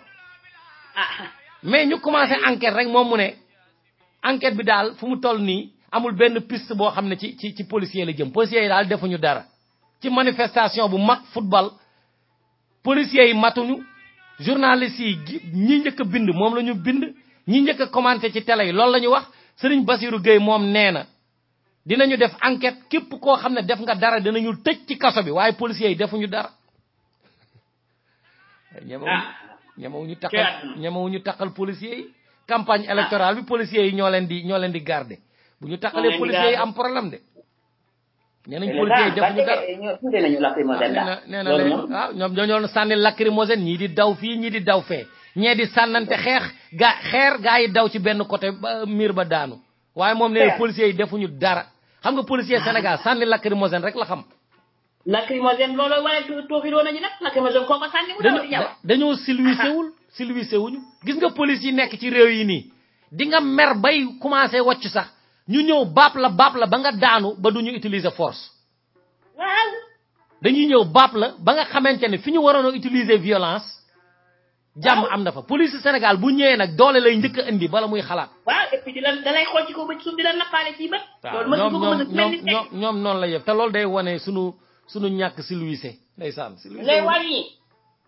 Speaker 7: Ah. mais ñu commencé enquête rek moom mu ne enquête bi daal fu mu toll nii. amul benn piste boo xam ne ci ci ci policier la jëm policier yi daal defuñu dara ci manifestation bu mag football policier yi matuñu journaliste yi ñi njëkk bind moom la ñu bind ñi njëkk commenter ci télé yi loolu la ñu wax sëriñ basiru gay moom nee na dinañu def enquête képp koo xam ne def nga dara dinañu tëj ci kaso bi waaye policier yi defuñu dara ah. ñemawuñu takal ñemawuñu takal policier yi campagne électorale bi policier yi ñoo leen di ñoo di garder buñu takalé takkalee yi am problème dé nee nañ policiers yi defuñu
Speaker 1: dara
Speaker 7: nee na leen waaw ñoom ñoo ñoon sànni lacrymogène ñii di daw fi ñi di daw fé ñee di sanante xex ga xeer ga yi daw ci benn côté mur ba daanu waye mom né policiers yi defuñu dara xam nga policier sénégal ah. sanni lacrimogène rek la xam lacrymogène
Speaker 8: loolu wala tooxiroo nañu nak lacrimogène ko ko sanni mu daw di ñaw
Speaker 7: dañoo silwisé wul silwisé wuñu gis nga police yi nekk ci réew yi ni di nga mer
Speaker 8: bay commencé wacc sax
Speaker 7: ñu ñëw baap la baap la ba nga daanu ba du ñu utiliser force waaw dañuy ñëw baap la ba nga xamante ne fi ñu waroon a utiliser violence jàmm am na fa police Sénégal bu ñëwee nag doole lay njëkk a
Speaker 8: indi bala muy xalaat. waaw et puis di la da lay xool ci ñoom
Speaker 7: ñoom noonu la te loolu day wane sunu sunu ñàkk si luy see ndeysaan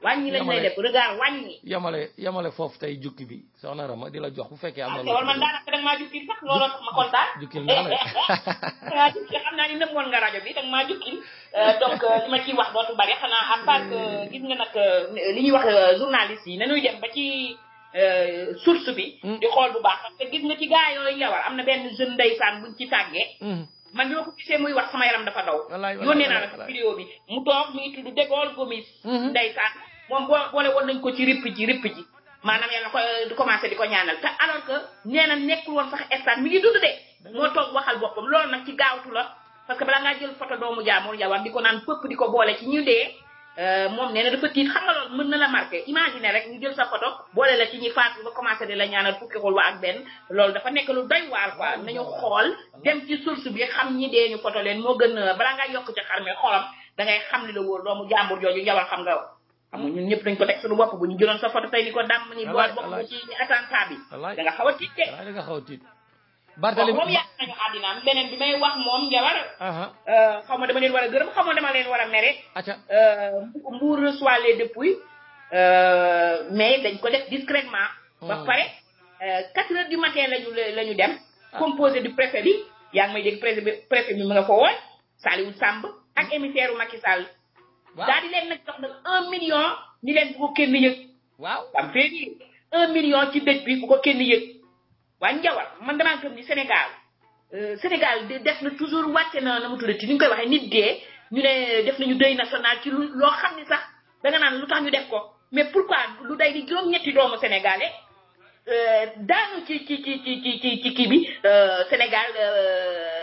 Speaker 8: wàññi lañ lay def regard wàññi
Speaker 7: yamale yamale foofu tey jukki bi soxna rama di la jox bu fekkee am na loolu ah, man
Speaker 8: daanaka dag maa jukkil sax looloo tax ma kontaan jukkil naa la
Speaker 3: [LAUGHS] dangaa
Speaker 8: jukki xam ni nëmmoon nga rajo bi dag maa jukkil euh, donc euh, li ma ciy wax dootu bari xanaa à part que hmm. gis nga nag euh, li ñuy wax journaliste yi nanuy dem ba ci source bi hmm. di xool bu baax parce que gis nga ci gaa yooyu nga war am na benn jeune ndeysaan buñ ci tàggee hmm. man bi ma ko gisee muy wax sama yaram dafa daw yónnee naa la vidéo bi mu toog mi ngi tudd dégool gomis ndeysaan moom boo boole woon nañ ko ci ripp ji ripp ji maanaam yàlla ko euh, commencé di ko ñaanal te alors que nee na nekkul woon sax instant mi ngi dund de moo toog waxal boppam loolu nag ci gaawtu la parce que balaa ngaa jël photo doomu jaamoor jabar di ko naan pëpp ko boole euh, moom nee na dafa tiit xam nga loolu mën na la marqué imagine rek jël sa photo boole la ci ñi faatu ba commencé di la ñaanal fukki xol wa ak benn lu doy waar quoi nañu xool dem ci source ñi dee ñu photo leen moo gën euh, balaa ngaa yokk ci xar mi xolam xam li la wóor doomu jàmbur jooju jabal xam nga am ñun ñëpp dañ ko teg suñu bopp bu ñu jëloon sa photo tey di ko dàmm ni bool bokk ci attentat bi da nga xaw a tiit de da nga xaw a tiit bartali moom yàq nañu àddinaam beneen bi may wax moom njabar xaw ma dama leen war a di xaw ma dama leen war a ah. mere mbuur reçoit les depuis mais dañ ko def discrètement ba pare 4 heures du matin lañu lañu dem composé du préfet bi yaa ngi may dégg préfet bi préfet nga fa woon Saliou Samb ak émissaire Macky Sall daa di leen nag jox nag un million ñi leen bu ko kenn yëg waaw am million ci bi bu ko kenn yëg waa njawar man damaa gëm ni Sénégal euh, Sénégal def na toujours wàcce na na mu tuddati ni ñu koy waxee nit dee ñu ne def nañu deuil national ci lu loo xam ne sax danga naan lu tax ñu def ko mais pourquoi lu day di juróom-ñetti doomu sénégalais euh, daanu ci ci ci ci ci ci kii bi euh, Sénégal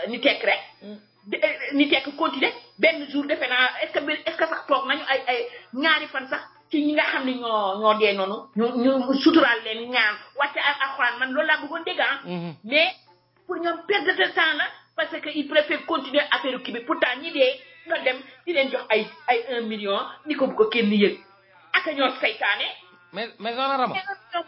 Speaker 8: ni tekk rek mm. Eh, ni tekk continuer benn jour defe naa est-ce que sax toog nañu ay ay ñaari fan sax ci ñi nga xam ne ñoo ñoo dee noonu. ñu ñu suturaal leen ñaan wàcce ak alxuraan man loolu laa bëggoon dégg ah. mhm. mais pour ñoom perte de temps la parce que il préfère continuer affaire kii pour pourtant ñi dee ñoo dem di leen jox ay ay un million ni ko bu ko kenn yëg ak ñoo saytaane. mais mais soxna Rama.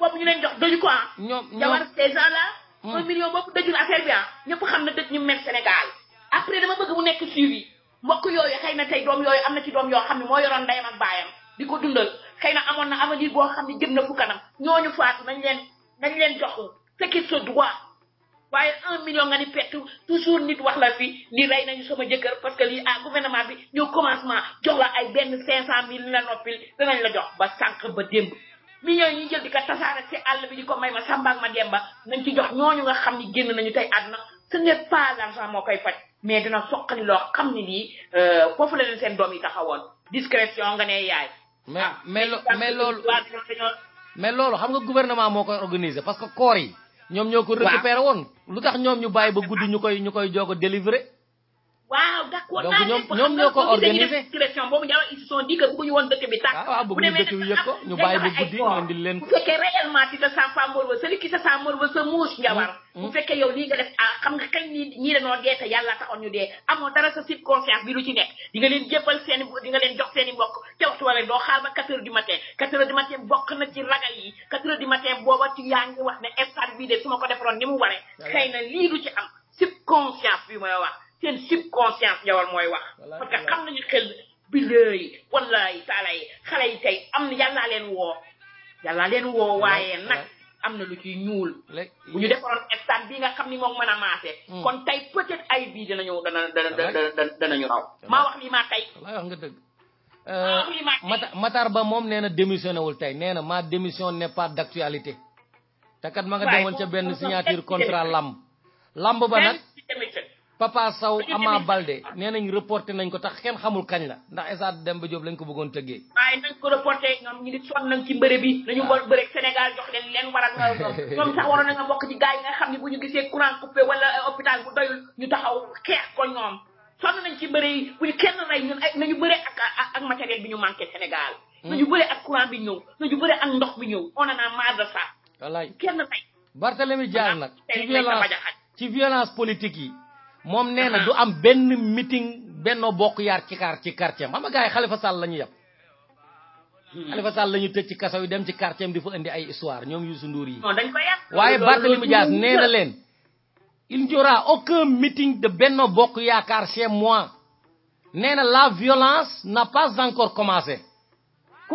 Speaker 8: boobu ñu leen jox doju ko ah. ñoom ñoom jawar ces gens là. un mm. million boobu dojul bi ah ñëpp xam na dëj ñu mel Sénégal. après dama bëgg mu nekk suivi mbokk yooyu xay na tey doom yooyu am na ci doom yoo xam ne moo yoroon ndeyam ak di ko dundal xëy na amoon na avenir boo xam ne jëm na fu kanam ñooñu faatu nañ leen nañ leen jox ce qui se waaye un million nga ni pett toujours nit wax la fi ni rey nañu sama jëkkër parce que lii ah gouvernement bi ñoo commencement ay benn cinq cent mille la noppil la jox ba sànq ba ñuy jël di ko tasaare ci àll bi ko may ma Samba ak nañ ci jox ñooñu xam ne génn nañu tey àdduna ce n'est pas l'argent moo koy faj mais dina soqali loo xam ne nii euh, foofu la leen seen doom yi taxawoon discrétion nga ne yaay. ah mais mais loolu mais loolu xam nga
Speaker 7: gouvernement moo koy organisé parce que koor yi. ñoom ñoo ko récupéré woon. lu tax ñoom ñu bàyyi ba guddi ñu koy ñu koy joog a
Speaker 8: waaw d' accord naa ñoom ñoom ñoo ko organisé direction boobu ñaaw ils se sont dit que bëgguñu woon dëkk bi tàkk waaw bëgguñu dëkk bi yëg ko ñu bàyyi ba guddi ñu indil leen ko bu fekkee réellement ci sa femme morve celui qui sa sang morve sa mouche njabar bu fekkee yow lii nga def ah xam nga kañ nii ñii dañoo dee te yàlla taxoon ñu dee amoo dara sa sub conscience bi lu ci nekk di nga leen jébbal seen di nga leen jox seen i mbokk te waxtu wala doo xaar ba 4 heures du matin 4 heures du matin bokk na ci ragal yi heures du matin booba ci yaa ngi wax ne instant bii de su ma ko defaroon ni mu waree xëy na lii du ci am bi wax seen subconscience yowal mooy wax parce que xam nañu xel billaay wallaay taalay xale yi tey am na yàllaa leen woo yàllaa leen woo waaye nag am na lu ciy ñuul bu ñu defaroon bi nga xam ni moom mën a maase hmm. kon tey peut-être ay bii danañu dana dana danañu raw maa wax lii maa
Speaker 7: euh, Matar Ba moom nee na démissionné wul tey nee na ma démission n'est pas d'actualité te ma nga demoon ca benn signature contrat lamb lamb ba nag Papa Sow Ama Balde nee nañ reporté nañ ko tax kenn xamul kañ la ndax dem ba Diop lañ ko bëggoon tëggee.
Speaker 8: waaye nañ ko reporté ñoom ñu ngi sonn nañ ci mbëre bi. nañu bool bëre Sénégal jox leen leen waral ñoom. [LAUGHS] ñoom sax na nga ñu gisee courant coupé wala euh, hôpital bu ñu taxaw xeex ko ñoom. sonn nañ ci mbëre yi bu ñu kenn rey ñun ay ak ak matériel bi ñu manqué Sénégal. Hmm. nañu bëre ak courant bi ñëw nañu bëre ak ndox bi ñëw on en a marre de ça. wallaay kenn na Barthélémy Dias nag ci violence ci violence politique yi
Speaker 7: mom neena du am benn meeting ben bokk yar ci car ci quartier mama xam khalifa sall lañu ñu hmm. khalifa sall lañu tecc ci kasso dem ci quartier am di fa indi ay histoire ñoom Youssou Ndour yi waye Barthélémy Dias jass neena len il n'y aura aucun meeting de ben bokk yaakaar chez moi neena la violence n'a pas
Speaker 8: encore commencé ku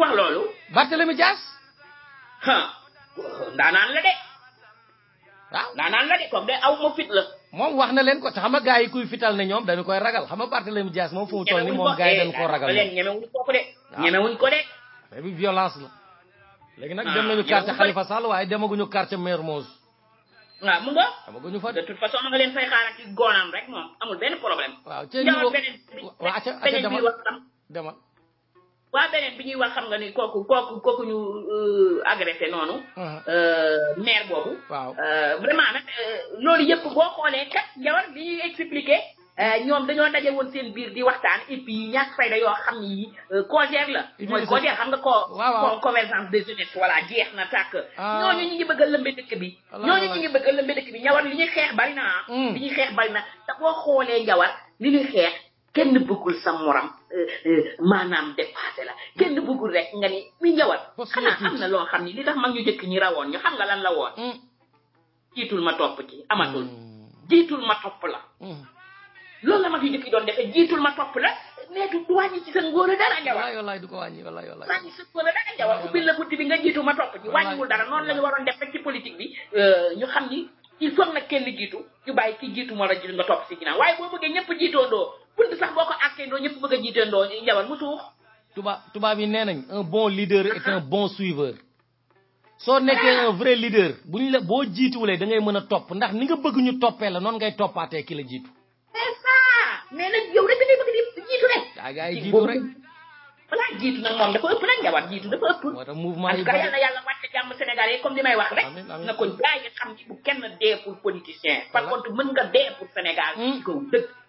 Speaker 8: wax jass ha da nan la de da nan la de comme de aw fit la moom wax na leen
Speaker 7: ko te xam nga gars yi kuy fital ne ñoom dañu koy ragal xam nga Barthélemy Dias moom fu mu toll ni moom gars yi dañu ragal ñemewuñ
Speaker 8: eh, eh, ko de ñemewuñ ko de mais bi violence la léegi nag ñu ah, nañu quartier Khalifa Sall
Speaker 7: waaye demaguñu quartier Mermoz
Speaker 8: waaw mu nga demaguñu fa de toute façon a nga leen fay xaar ak ci rek moom amul benn problème waaw ci beneen a aca aca demal demal waa beneen bi ñuy wax xam nga ni kooku kooku kooku ñu euh, agressé noonu. Uh-huh. Euh, maire boobu. waaw euh, vraiment nag loolu yëpp boo xoolee kat jawar li ñuy expliqué. ñoom dañoo daje woon seen biir di waxtaan et puis ñàkk fayda yoo xam ni cogère la. mooy cogère xam nga ko convergence des jeunesse voilà jeex na tàkk. Ah. ñooñu ñu ngi bëgg a lëmbe dëkk bi. ñooñu ñu ngi bëgg a lëmbe dëkk bi ñawar li ñuy xeex bari na mm. li ñuy xeex bari na te boo xoolee njawar li ñuy xeex. kenn bëggul sa moram euh, euh, maanaam dépassé la kenn bëggul rek nga ni mi njawal xanaa am na loo xam ni li tax mag ñu jëkk ñi rawoon ñu xam nga lan la woon mm. jiitul ma topp ci amatul mm. jiitul ma topp la mm. loolu la mag ñu jëkk defee jiitul ma topp la mais du wàññi ci sa ngóor a dara njawal du ko wàññi wallaay a bi nga ma topp ci wàññiwul dara noonu la ñu waroon def rek ci politique bi euh, ñu xam ni kenn jiitu ñu bàyyi ki jiitu moo la jiitu nga topp si ginnaaw waaye boo bëggee ñëpp jiitoo doo bunt sax boo ko àkkee ñëpp bëgg a jiite ndoo njabar mu tuux
Speaker 7: tubaab tubaab yi nee nañ un bon leader est un bon suiveur soo nekkee un vrai leader bu ñu la boo jiituwulee da ngay mën a topp ndax ni nga bëgg ñu toppee la noon ngay toppaatee ki la
Speaker 8: jiitu c'est rek da jiitu yi jiitu rek voilà jiitu nag moom dafa ëpp nag njabar jiitu dafa ëpp na yàlla yi comme li wax rek na ko gaa yi xam ci kenn dee pour politicien par contre mën nga dee pour Sénégal hmm. ci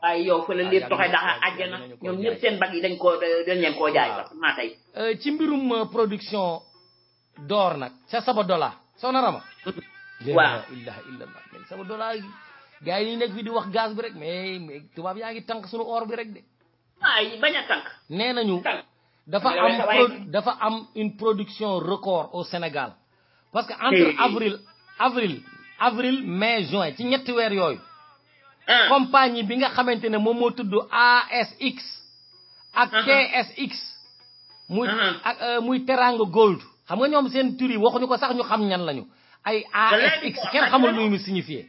Speaker 8: ay yow fa la lépp toxé daxa aljana ñom ñep seen bag yi dañ ko dañ leen ko jaay sax ma tay euh ci mbirum production
Speaker 7: d'or nak sa saba dola sona rama wa
Speaker 8: ilaha illallah men saba dola
Speaker 7: gaay ni nek fi di wax gaz bi rek mais tubab yaangi tank sunu or bi rek de ay baña tank nenañu dafa am dafa am une production record au Sénégal parce que entre avril avril avril mai juin ci ñetti wër yoyu Ah. compagnie bi nga xamantene ne mo tuddu ASX ak ah. KSX muy ah. euh, muy Terang Gold xam nga ñom seen turi waxu ñuko sax ñu xam ñan lañu ay ASX kenn xamul lu muy signifier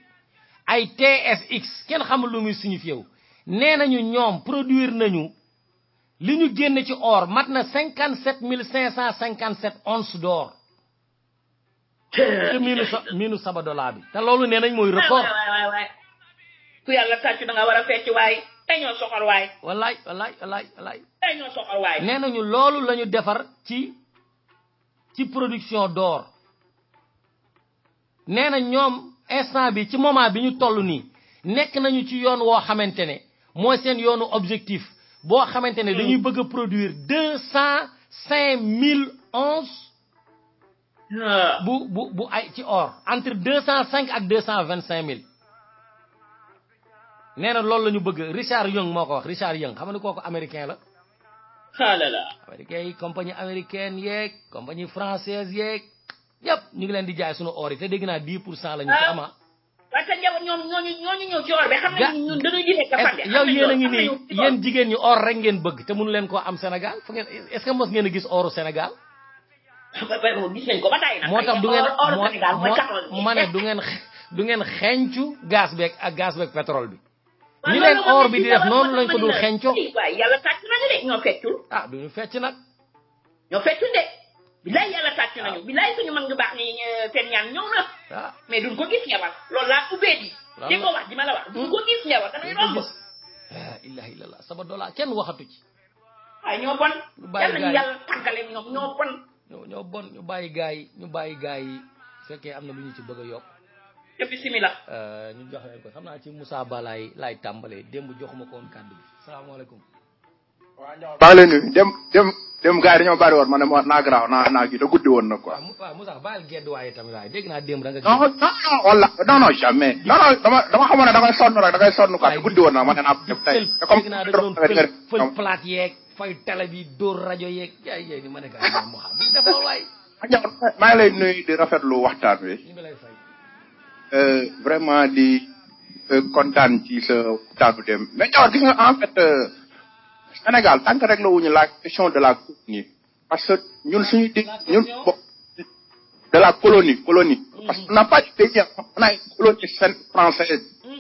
Speaker 7: ay TSX kenn xamul lu muy signifier wu nenañu ñom produire nañu li ñu genn ci or mat na 57557 onces d'or minus minus minu saba bi te lolou nenañ moy record
Speaker 8: ku yàlla tàccu da nga war a fecc waay tey ñoo soxor waay. wallaay wallaay wallaay wallaay. tey ñoo
Speaker 7: nañu loolu lañu defar ci ci production d'or nee na ñoom instant bi ci moment bi ñu toll nii nekk nañu ci yoon woo xamante ne mooy seen yoonu objectif boo xamante ne dañuy hmm. bëgg a produire deux cent cinq mille onze. Ah. bu bu bu ay ci or entre deux cent cinq ak deux cent vingt cinq mille. neena na loolu la bëgg Richard Young moo ko wax Richard Young xam nga kooku américain la xaalala ah américain yi compagnie américaine yeeg compagnie française
Speaker 8: yeeg ñëpp
Speaker 7: ñu ngi leen di jaay sunu or yi te dégg naa dix pour cent la ah. ama
Speaker 8: parce que ñoom ñooñu ñooñu ñëw ci or bi xam nga ñun dañuy di nekk fàtte yow yéen a ngi nii
Speaker 7: yéen jigéen ñi or rek ngeen bëgg te mënu leen koo am Sénégal fu ngeen est ce que mos ngeen a gis oru Sénégal moo tax du ngeen or Sénégal 14 du ngeen du ngeen xencu gaz beeg ak gaz beeg pétrole bi
Speaker 8: Bila orang or bi eh, di def noonu lañ ko dul xenco waay yàlla nañu de ah duñu fecc nag ñoo feccul de bilaay yàlla tàcc nañu bilaay suñu mag ñu baax ni seen ñaan ñëw na mais duñ ko gis ñewal loolu laa ubbee di di ko wax di ma la wax duñ ko gis ñewal danañ romb
Speaker 7: la ilaha illallah saba dola kenn waxatu ci
Speaker 8: ay ñoo bon yàlla ñu yàlla tàggale ñoom ñoo bon
Speaker 7: ñoo bon ñu bàyyi gaay ñu bàyyi gaay fekkee am na ci bëgg te ya, bismillah euh ñu jox leen ko xam ci Moussa lay lay tàmbalee démb joxuma ko woon kàddu
Speaker 4: dem dem dem gaay dañoo bari woon ma ne ma naa garaaw naa gi da guddi woon nag quoi
Speaker 7: Moussa baal gedd waaye tamit waaye dégg naa démb da nga non non wala non non
Speaker 4: jamais non non dama dama xamoon da ngay sonn rek da ngay sonn quoi guddi woon nag ma ne def comme da fël
Speaker 7: plate fay télé bi yaay yaay ni xam
Speaker 4: dafa lay di rafetlu waxtaan wi Euh, vraiment di contane euh, ci sa mais en fait euh, Sénégal tant que la question de la colonie parce que la colonie colonie mm-hmm. parce qu'on n'a pas de pays on a une colonie française mm-hmm.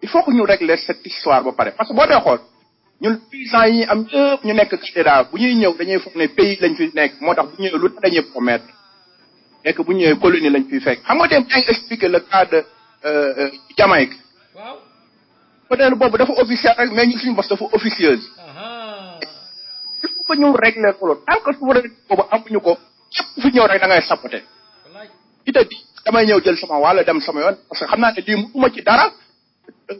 Speaker 4: il faut que nous régler cette histoire parce que bo ñun paysans am ñu bu ñuy dañuy pays nous promettre nek bu ñëwé colonie lañ fi fekk xam nga dem ay expliquer le cas de euh, euh Jamaïque. waaw peut-être boobu dafa officiel rek mais ñu suñu boss dafa officieuse. aha ci ko ñëw régler ko loolu tant que souveraineté boobu amuñu ko ci fu ñëw rek da ngay saboté. ci te di dama ñëw jël sama wala dem sama yoon parce que xam naa ne lii mënuma ci dara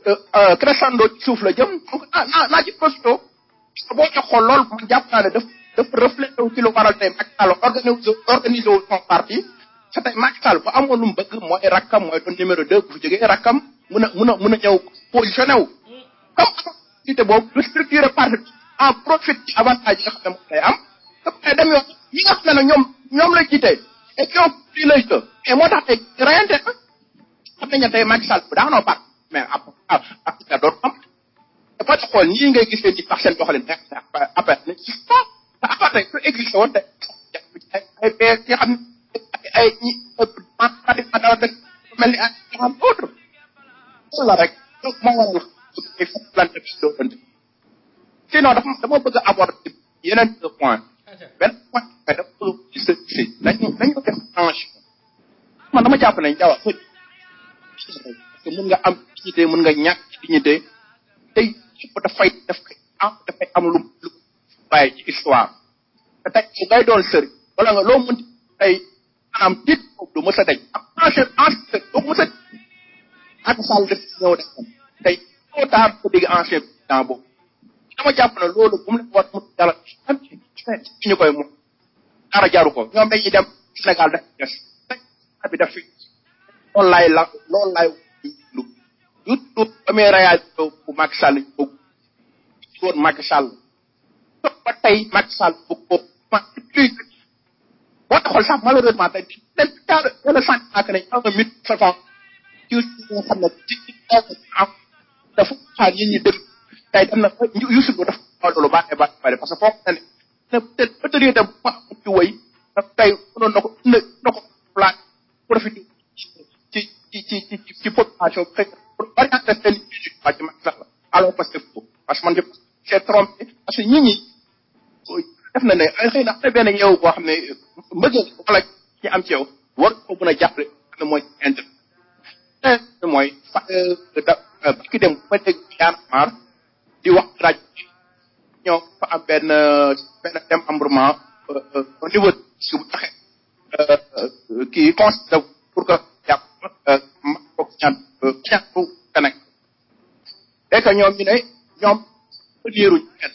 Speaker 4: euh, euh, crescendo ci suuf la jëm ah, ah naa ci posto boo joxoo loolu man jàpp naa ne dafa dafa reflété wu ci lu waral tey Macky Sall organisé organisé wu son parti sa tey Macky Sall bu amoon lu mu bëgg mooy rakkam mooy doon numéro 2 bu jógee rakkam mun a mun a positionné wu comme activité boobu du structuré parti en profit ci avantage yi nga xam ne moom lay am te bu dem yoon ñi nga xam ne ñoom ñoom la jiite et qui ont pris le jeu et moo tax tey rayante na xam nañu tey Macky Sall bu daanoo parti mais ab ab doon am dafa xool ñii ngay gisee ci par seen après ne gis pas apa ne itu église woon de ay bees yoo xam ay ñi ëpp maanaam maanaam dañ mel ni ay autre loolu la rek moo waral ay plante bi doo ënd sinon dafa dama bëgg a aborder yeneen deux points point mais dafa bëgg ci def man dama nga am dignité mun nga ñàkk dignité tey yëpp dafay daf koy am am lu lu waaye ci histoire te tey ci ngay doon sëriñ wala nga loo mën tey maanaam nit boobu du mës a daj du ak def def ko dama bu mu ci ñu koy mu jaru ko ñoom dem def def fi la lu du bu Sall Sall ตกไปใมัดสั่งบุกบุกมาที่วัดขอสับมาเรื่อยมาแต่เด็กเด็กเด็กสั่งอะไรเอามิรสับยูสุนสันติตอาเอาแต่ฟุกฮานยินยืนแต่ทำไมยูสุนก็ต้เอาตัวกบ้านไปบ้านไปเลยเพราะสับนั่นเนี่ยเด็กเด็กเรียนแต่ปากด้วยแต่คนนกนกนกปลาปลาฟิชจิจิจิจิจิจิพุทธาชอบเพื่อไปนั่งแต่เด็กยูสุนไปจมัดสับอารมณ์เป็นสุขอัสมันจะเสียทรมเอาสิยินยิน def na ne xëy na xale benn ñëw boo xam ne mbëgg wala ci am ci yow war ko mën a jàppale ne mooy internet mooy fa da ki dem ba dégg yaan maar di wax raaj ñoo fa am benn benn démembrement au niveau si bu taxe kii conseil pour que jàpp ma ko ñaan ñaan bu connect et que ñoom ñu ne ñoom niiru kenn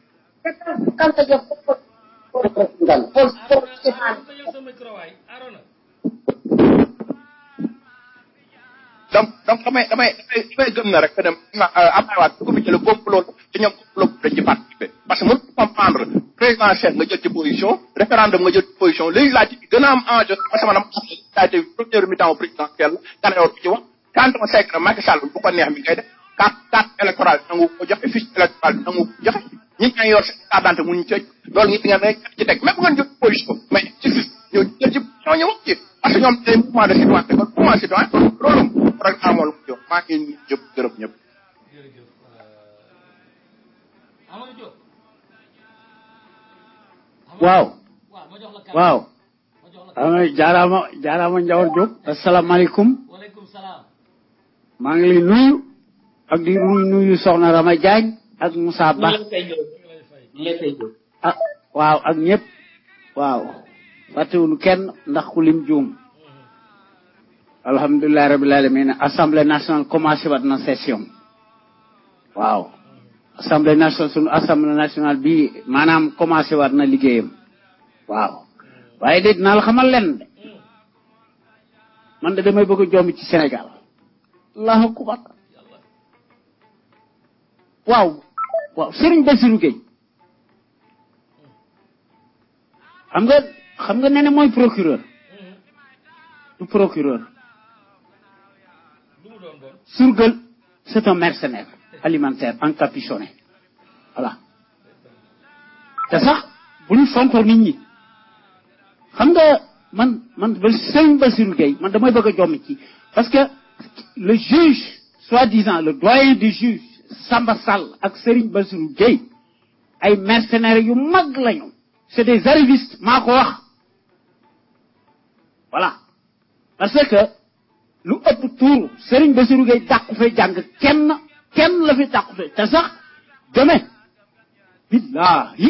Speaker 4: kanta jaf ngal pol pol ci xaan dam dam damay damay damay gëm na rek que ne euh, Abdoulaye Wade ko fi jële complot ci ñoom complot dañ ci participer parce que mën comprendre présidentielle nga jël ci position référendum nga jël ci position législative bi gën a am enjeu parce que maanaam législative bi première mi-temps présidentielle la gana ci wax quand on sait que Macky Sall bu ko neex mi ngay def carte carte électorale nangu joxe fiche électorale nangu joxe ñi nga yor abante mu ñu ci lool ñi nga ci tek même ngeen jot position mais ci ci ñu ci ñoo ñu ci parce ñom tay mouvement de citoyen te kon mouvement citoyen loolu programme wol ko jox ma ñu jëp gërëm
Speaker 1: waaw waaw jaarama
Speaker 5: jaarama assalamualaikum
Speaker 8: waalaikum salam
Speaker 5: ma ngi lay nuyu ak di nuyu soxna rama ak Moussa Ba waaw ak ñëpp waaw fàttewuñu kenn ndax ku lim juum hmm. alhamdulilah rabbil alamin assemblée nationale commencé wat na session waaw assemblée nationale sunu assemblée nationale bi maanaam commencé wat na liggéeyam waaw waaye de dinaa la xamal len de hmm. man de damay bëgg jom ci sénégal allahu akbar waaw waaw Serigne Bassirou Gueye xam nga xam nga nee mooy procureur du procureur surgal c'est un mercenaire alimentaire encapuchonné voilà te sax bu ñu fontoon nit ñi xam nga man man ba Serigne Bassirou Gueye man damay bëgg a jomm ci parce que le juge soi-disant le doyen du juge Samba Sall ak Serigne Bassirou Gueye ay mercenaires yu mag lañu c'est des arrivistes maa ko wax voilà parce que lu ëpp tuuru Serigne Bassirou Gueye dàqu fay jàng kenn kenn la fi dàqu fay te sax deme billahi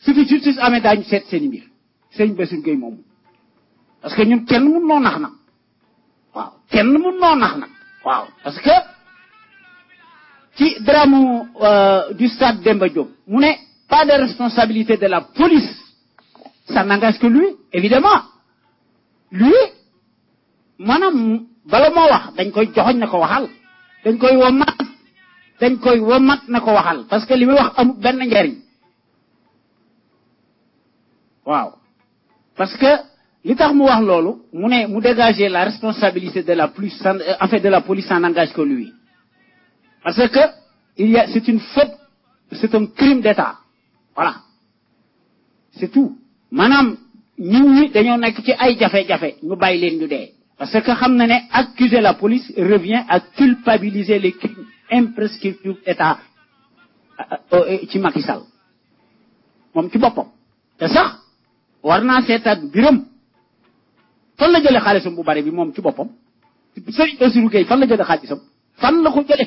Speaker 5: si fi justice amee daañu seet seen i mbir Serigne Bassirou Gueye moomu parce que ñun kenn mun noo nax nag waaw kenn mun noo nax nag waaw parce que ci drame euh, du stade Demba Diop pas de responsabilité de la police ça n'engage que lui évidemment lui manam wax dañ koy joxoñ waxal dañ koy dañ koy waxal parce que li wax waaw parce que li tax mu wax la responsabilité de la police euh, en fait de la police n'engage que lui parce que il y a, c'est une faute, c'est un crime d'État. Voilà. C'est tout. Madame, nous, nous, nous, Parce que, accuser la police revient à culpabiliser les crimes imprescriptibles d'État, euh, euh, ci Macky Sall. moom ci boppam te sax war naa seetaat mbiram fan la jële xaalisam bu bari bi moom ci boppam sëriñ Bassirou Gueye fan la jële xaalisam fan la ko jële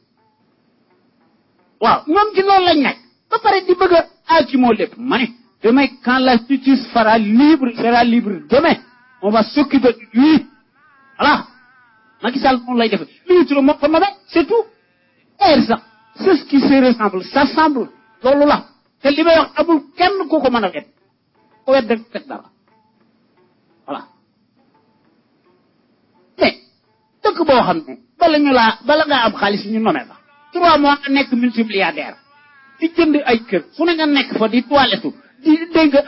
Speaker 5: waaw ñoom ci loolu lañ nekk ba pare di bëgg a aakimoo lépp ma ne demain quand la justice fera libre sera libre demain on va s'occuper de lui voilà Macky Sall moom lay def ministre moom ko nommé c'est tout d'ailleurs sax c'est ce qui se ressemble ça semble loolu la te li may wax amul kenn ku ko mën a wet ko wet rek teg dara voilà mais dëkk boo xam ne bala ñu laa bala nga am xaalis ñu nommé la trois mois nga nekk multimilliardaire di jënd ay kër fu na nga nekk fa di toilette di dégg nga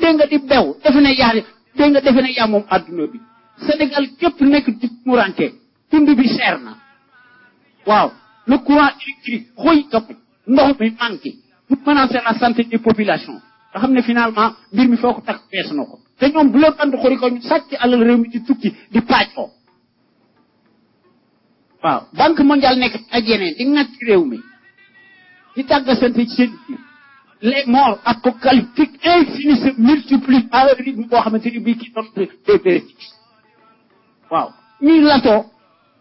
Speaker 5: dégg nga di bew defe ne yaa dégg moom adduna bi Sénégal képp nekk di murante dund bi seer na waaw le courant électrique xooy topp ndox mi manqué mu menacer la santé des populations nga xam ne finalement mbir mi foo ko tax fees na ko te ñoom bu leen and xori ko ñu sàcc alal réew mi di tukki di paaj ko waaw banque mondiale nekk ak yeneen di ŋàcc réew mi di tàggasante ci seen les morts apocalyptiques infinies se multiplie à un rythme boo xamante ni bii kii doon dépéré waaw ñuy latoo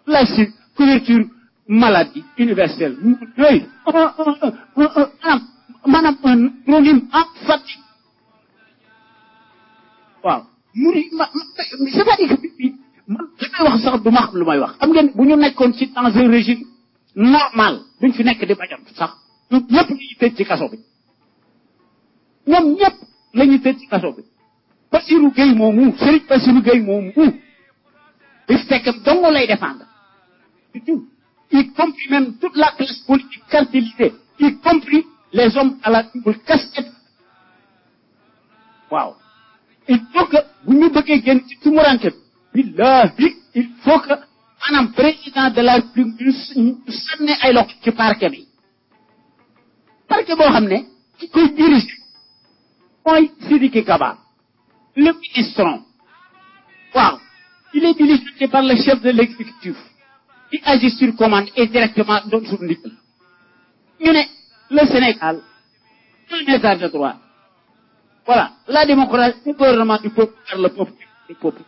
Speaker 5: lasi couverture maladie universelle mu doy maanaam ah, ah, ah, maanaam un problème emphatique waaw mu ni c'est-à-dire que man li may wax sax du ma xam lu may wax am ngeen bu ñu nekkoon ci dans un régime normal duñ fi nekk di bajan sax ñoom ñëpp la ñuy tëj ci kaso bi ñoom ñëpp la ñuy tëj ci kaso bi Bassirou Gueye moomu Serigne Bassirou Gueye moomu bif tekkam dongo lay défendre tout y compris même toute la classe politique cartélisée y compris les hommes à la double casquette waaw il faut que bu ñu bëggee génn ci tumuranke bi il faut que président de la république ñu sànne ay par ci parquet bi parquet boo xam koy dirige le ministre il est dirigé par le chef de l'exécutif il agit sur commande et directement doon sur ndigal ñu le Sénégal un état de droit voilà la démocratie le gouvernement du peuple par le peuple du peuple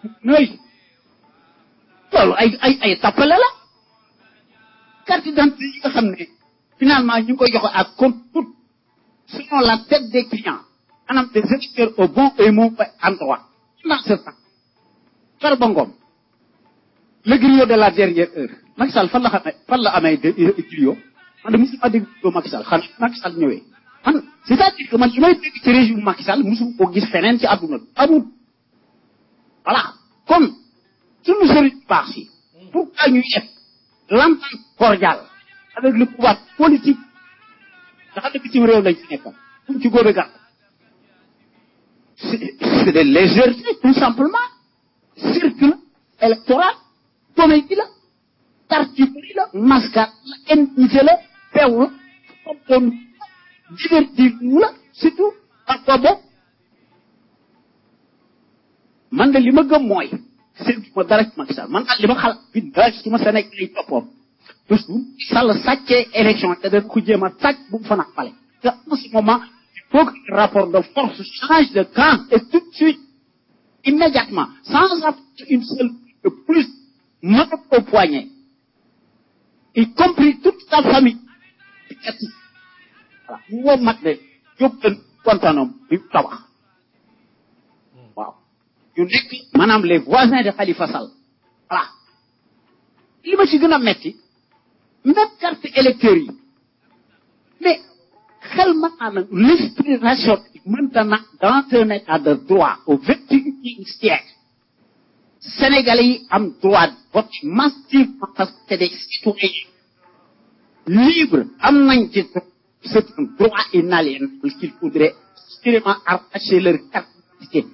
Speaker 5: ay ay ay carte finalement ñu ngi koy joxe compte selon la tête des clients anam des éditeurs au bon et mauvais endroit ce temps le griot de la dernière heure Macky Sall la la euh, man de monsieur Il Macky Sall Macky Sall c'est-à-dire que man li may dégg ci Macky Sall ko ci voilà comme sunu sëriñ baax yi pour que ñu yegg l'entente cordiale avec le pouvoir politique ndax dëkk ci réew lañ fi nekkoon buñ ci góobe gàtt c'est des légèretés tout simplement circuit électoral comédie la tartu bari la maskat la indité la pew la compromis la divertir wu la surtout parfois boobu man de li ma gëm mooy c'est ma dara ci Macky Sall man li ma xalaat bi dara ci ma Sénégal yi toppoon bés bu Sall sàccee élection te dañ ko jéem a sàcc bu mu fa naan fale te en ce moment il faut que rapport de force change de camp et tout de suite immédiatement sans avoir une seule de plus mettre au poignet y compris toute sa famille voilà mu woo mag de jóg leen kontaanam bi tabax yu nekk maanaam les voisins de Khalifa Sall voilà li ma ci gën a metti même carte électorale, mais xel ma ànd l'esprit national maintenant d'entraîner à de droit au vingt qui existent, les sénégalais ont am droit de vote massivement parce que des citoyens libres am nañ ci c'est un droit inalien qu'il faudrait absolument arracher leur carte électorale.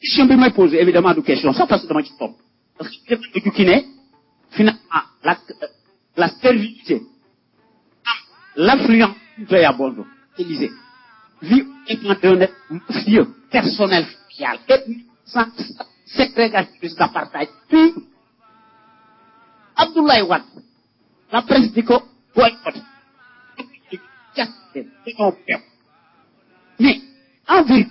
Speaker 5: question bi me posé évidemment des questions, ça passe dans dama ci parce que def na est finalement la euh, la à l'influence de Yabondo, Élysée, vit au d'un monsieur personnel, fial, ethnique, sans ségrégation d'apartheid. Puis, Abdoulaye Watt, la presse dit qu'on peu. Mais, en vérité,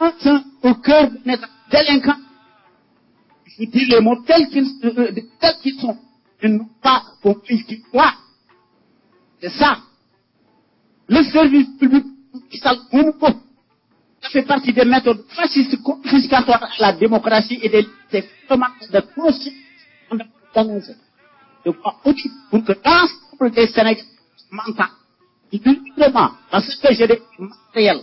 Speaker 5: attention au cœur de délinquants. Je dis les mots tels qu'ils euh, euh, sont. Ils n'ont pas compris qui croient. C'est ça. Le service public qui ça fait partie des méthodes fascistes confiscatoires à la démocratie et des formes de conscience de crois aussi pour que l'ensemble des Sénégalais mentent. Et puis, vraiment, parce que j'ai des matériels,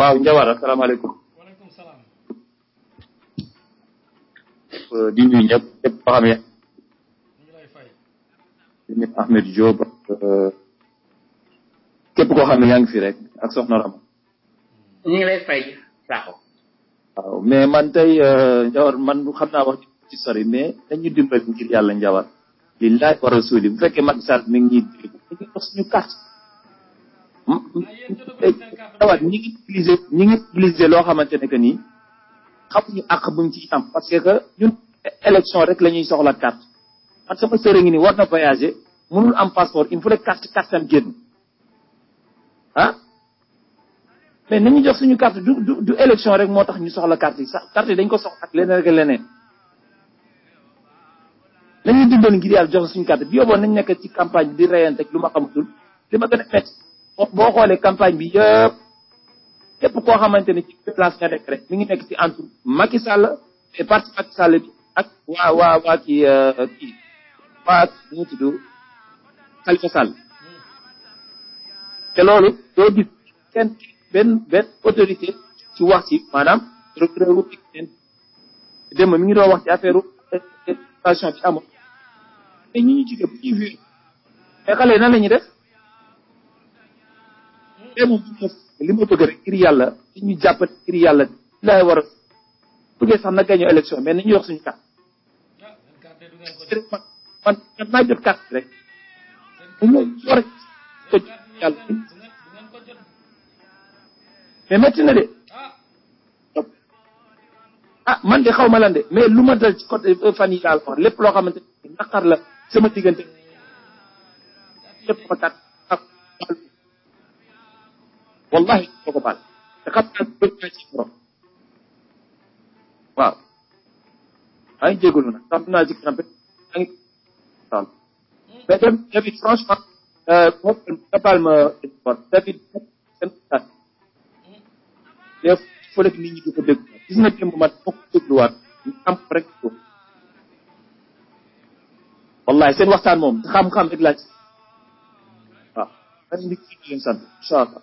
Speaker 2: waaw njawaar asalaamaaleykum
Speaker 1: di nuyu ñëpp ñëpp ya ñu ya, ya? ahmed job képp eh, koo xam ne yaa ngi fi rek ak soxna rama
Speaker 8: ñu ngi lay fay saako
Speaker 1: eh, waaw mais man tey njawar man xam naa wax ci sori mais dañu dimbali ngir yàlla wa rasuli bu fekkee Sall mi ngi dimbali carte tawat ñi ngi utiliser ñi ngi utiliser loo xamante que nii xamuñu àq buñ ci am parce que ñun élection rek la soxla carte man sama ngi ni war na voyager mënul am passeport il faut carte carte am génn ah mais nañu jox suñu carte du du élection rek moo ñu soxla carte sax carte dañ ko sox ak leneen rek leneen nañu dundoon ngir yàlla jox suñu carte bi nañ ci campagne di ak bo xolé campagne bi yëpp képp koo xamante ne ci place nga nekk rek mi ngi nekk ci entre Macky Sall et parti Macky Sall bi ak waa waa waa ki euh, ki waa ñu tudd Khalifa Sall te loolu doo gis kenn benn benn autorité ci wax ci maanaam recréeru bi kenn dem mi ngi doon wax ci affaire station ci amoon te ñi ñu jige bu ñuy vieux mais xale nan la def li ma bëgg rek yàlla ci ñu yàlla laa war a bëggee sax na mais nañu wax suñu carte man man naa a na de ah man de xaw ma lan de mais lu ma dal ci côté euh, fan yi daal lépp loo xamante ni naqar la sama diggante والله تقبل تقبل كل ما تشكره واو هاي جي يقولون طب نازكنا بنك طال بدم تبي تفرش ما قبل ما تبر تبي تفرش يا فلك مين يجي تبدك إذن كم ما تفكر دوار نعم بركتو والله سين وقت عن موم خام خام إدلاج آه هذي نكتب الإنسان شاطر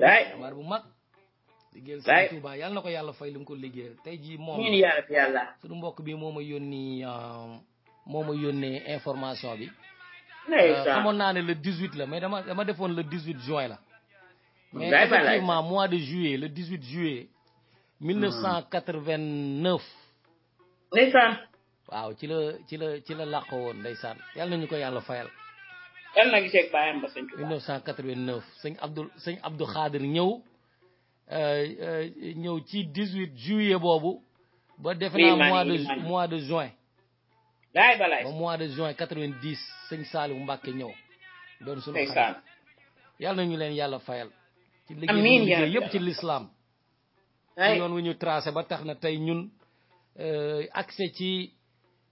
Speaker 7: day bu mag liggéeyal sëñ Touba yàlla na ko yàlla fay li mu ko liggéey tey jii moom yàlla mbokk bi moom ma yónni euh, moo ma yónnee information bi euh, xamoon naa ne le 18 la mais dama dama defoon le 18 juin la
Speaker 3: mais effectivement
Speaker 7: mois de juillet le 18 juillet 1989 ndeysaan waaw ci la ci la ci la làqo woon ndeysaan yàlla nañu ko yàlla fayal
Speaker 8: yal na gisee ak baayam ba sëñ
Speaker 7: Tuubaa sëñ Abdou sëñ ñëw euh, euh, ñëw ci 18 juillet boobu. ba defe naa mois de mois de juin. daay ba mois de juin 90 sëñ Saliou Mbacke ñëw. doon sunu xarit yal na leen yàlla fayal. ci liggéey yëpp ci lislaam ci yoon wu ñu tracé ba tax na tey ñun euh, accès ci.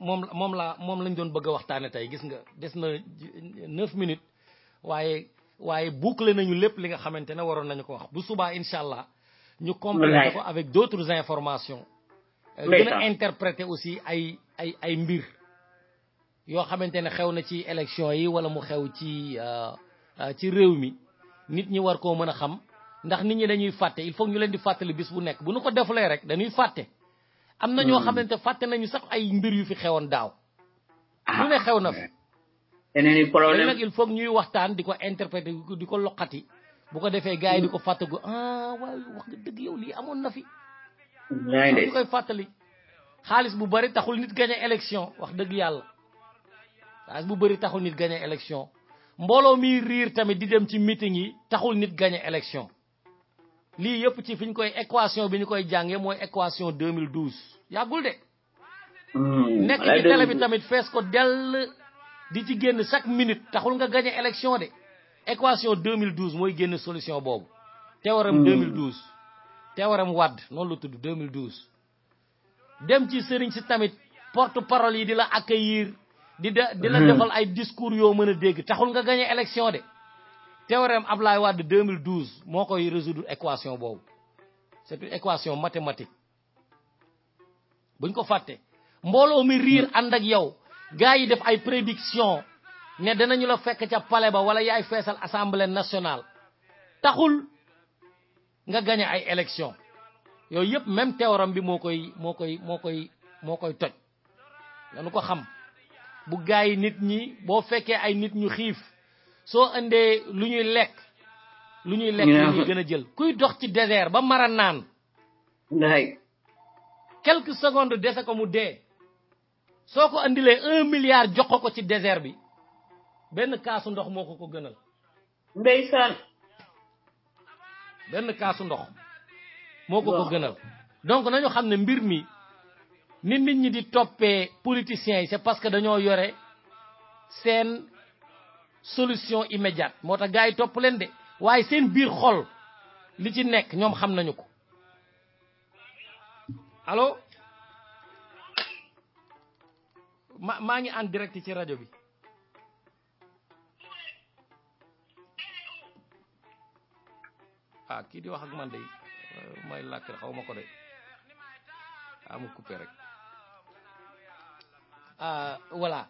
Speaker 7: moom moom laa moom lañ doon bëgg a waxtaane tey gis nga des na neuf minutes waaye waaye boucler nañu lépp li nga xamante ne waroon nañu ko wax bu subaa incha allah ñu compléter ko avec d'autres informations euh, gën a interpréter aussi ay ay ay mbir yoo xamante ne xew na ci élection yi wala mu xew ci euh, euh, ci réew mi nit ñi war koo mën a xam ndax nit ñi dañuy fàtte il faut ñu leen di fàttali bis bu nekk bu nu ko defulee rek dañuy fàtte amna ñoo xamante faté nañu sax ay mbir yu fi xewon daaw lu ne xew
Speaker 5: na fi yeneen problème nak
Speaker 7: il faut ñuy waxtaan diko interpréter diko ko bu ko défé gaay diko faté ko ah way wax nga dëgg yow li amon na fi dé koy fatali xaalis bu bari taxul nit gagné élection wax dëgg yàlla xaalis bu bari taxul nit gagné élection mbolo mi rir tamit di dem ci meeting yi taxul nit gagné élection li yep hmm, ci fiñ koy équation bi koy moy équation 2012 yagul dé
Speaker 1: nek ci télé bi
Speaker 7: tamit fess ko del di ci génn chaque minute taxul nga gagner élection dé équation 2012 moy génn solution bobu théorème 2012 hmm. théorème wad non la tudd 2012 dem ci sëriñ ci tamit porte parole yi di la accueillir di di la hmm. defal ay discours yo mën dégg taxul nga gagner élection de théorème Ablaye Wade 2012 moo koy résoudre équation boobu c'est une équation mathématique buñ ko fàtte mbooloo mi riir ànd ak yow gars yi def ay prédiction ne danañu la fekk ca palais ba wala yaay feesal assemblée nationale taxul nga gañe ay élection yooyu yëpp même théorème bi moo koy moo koy moo koy moo koy toj dañu ko xam bu gars yi nit ñi boo fekkee ay nit ñu xiif soo indee lu ñuy lekk lu ñuy lekk lu ñuy gën a jël kuy dox ci désert ba mara naan ndaay quelques secondes dese ko mu dee soo ko indilee un milliard jox ko ci désert bi benn kaasu ndox moo ko ko gënal ndeysaan benn kaasu ndox moo ko ko gënal donc xam ne mbir mi ni nit ñi di toppee politiciens yi c'est parce que dañoo yore seen solution immédiate moo tax gars yi topp leen de waaye seen biir xool li ci nekk ñoom xam nañu ko alo ma maa ngi en direct ci rajo bi ah kii di wax ak man de euh, xaw ma ko de
Speaker 1: am ah, coupé rek
Speaker 7: ah voilà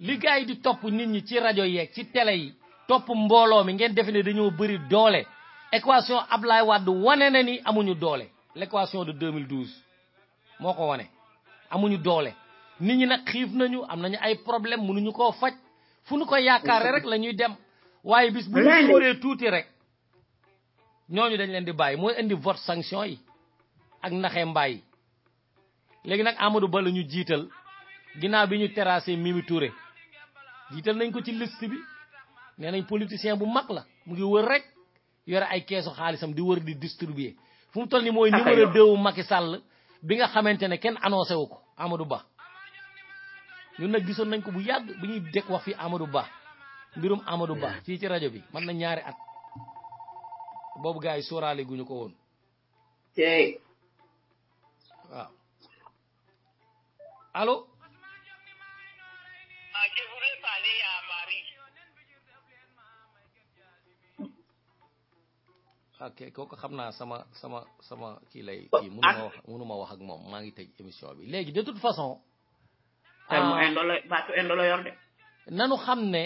Speaker 7: li gars di topp nit ñi ci rajo yeeg ci télé yi topp mbooloo mi ngeen defe ne dañoo bëri doole équation Ablaye Wade wane na ni amuñu doole l'équation de 2012 moo ko wane amuñu doole nit ñi nag xiif nañu am nañu ay problème mënuñu koo faj fu ñu ko yaakaar rek lañuy dem waaye bis bu ñu sóoree tuuti rek ñooñu dañ leen di bàyyi mooy indi vote sanction yi ak naxee mbaay léegi nag amado Ba la ñu jiital ginnaaw bi ñu terrassé Mimi Touré Jital nañ ko ci liste bi nee nañ politicien bu mag la mu ngi wër rek yore ay caisse xaalisam di wër di distribuer fu mu toll ni moy ah, numéro 2 wu Macky Sall bi nga xamantene ken annoncé wuko Amadou Ba ñu nak gisoon nañ ko bu yàgg bi ñuy dëkk wax fi Amadou Ba mbirum Amadou Ba fii ci radio bi man na ñaari at bobu gaay yi guñu ko won
Speaker 1: allo demandé
Speaker 7: à Marie. kooku xam naa sama sama sama kii lay ah. kii mënuma wax mënuma moom maa ngi tëj émission bi léegi de toute façon.
Speaker 1: Ah. terme
Speaker 8: ah. indo
Speaker 7: nanu xam ne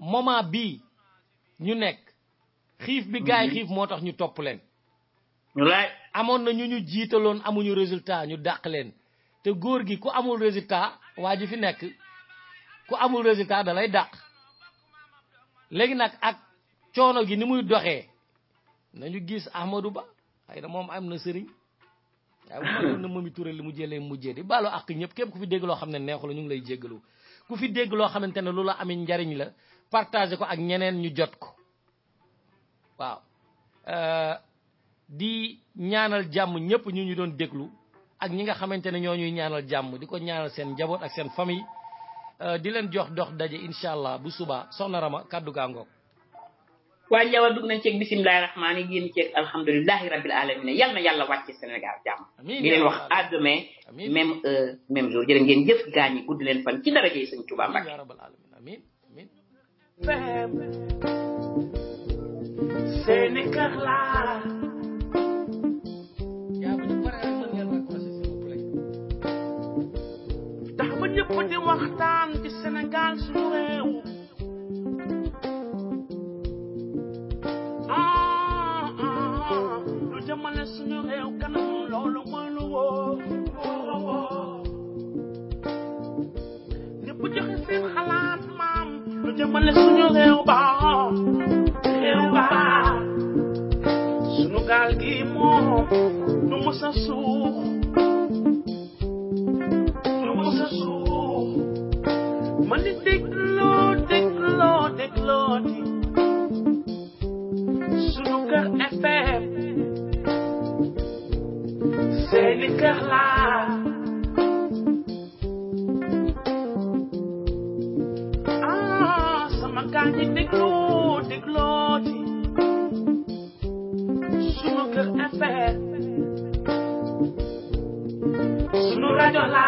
Speaker 7: moment bi ñu nekk. xiif bi gaay mhm. xiif moo tax ñu topp leen. amoon na ñu ñu jiitaloon amuñu résultat ñu dàq leen te góor gi ku amul résultat waa ji fi nekk. ku amul résultat da lay dak légui nak ak choono gi ni muy doxé nañu gis ahmadou ba ay na mom amna na sëriñ waaye bu na momi touré li mu jëlee mujjee di balo ak ñëpp képp ku fi dégg lo xamné ne ñu ngi lay jéggelu ku fi dégg lo xamante ne lu la amee la partager ko ak ñeneen ñu jot ko waaw di ñaanal jamm ñëpp ñu ñu doon déglu ak ñi nga xamante ñoo ñuy ñaanal jamm di ko ñaanal seen njaboot ak seen famille
Speaker 8: Eh, di leen jox dox daje incha allah bu suba soxna Rama kàddu gaa ngoog. waa Njawa dugg nañ ceeg bisimilahi rahmaani génn ceeg alhamdulilahi rabil alamina yal na yàlla wàcce senegal jàmm. amiin leen wax à demain même heure même jour jërë ngeen jëf gaañ yi leen fan ci daraja yi sëñ Tuubaa
Speaker 4: Mbàkke. ñépp di
Speaker 5: waxtaan ci Sénégal suñu réew lu jëmale suñu réew kanam loolu
Speaker 8: mooy lu wóor ñépp joxe seen xalaat maam
Speaker 5: lu jëmale suñu réew ba réew ba suñu gaal gi moom du mës a suux Carla. Ah, sama gaa ñi dégloo dégloo ci
Speaker 4: sunu kër FM
Speaker 6: sunu rajo la.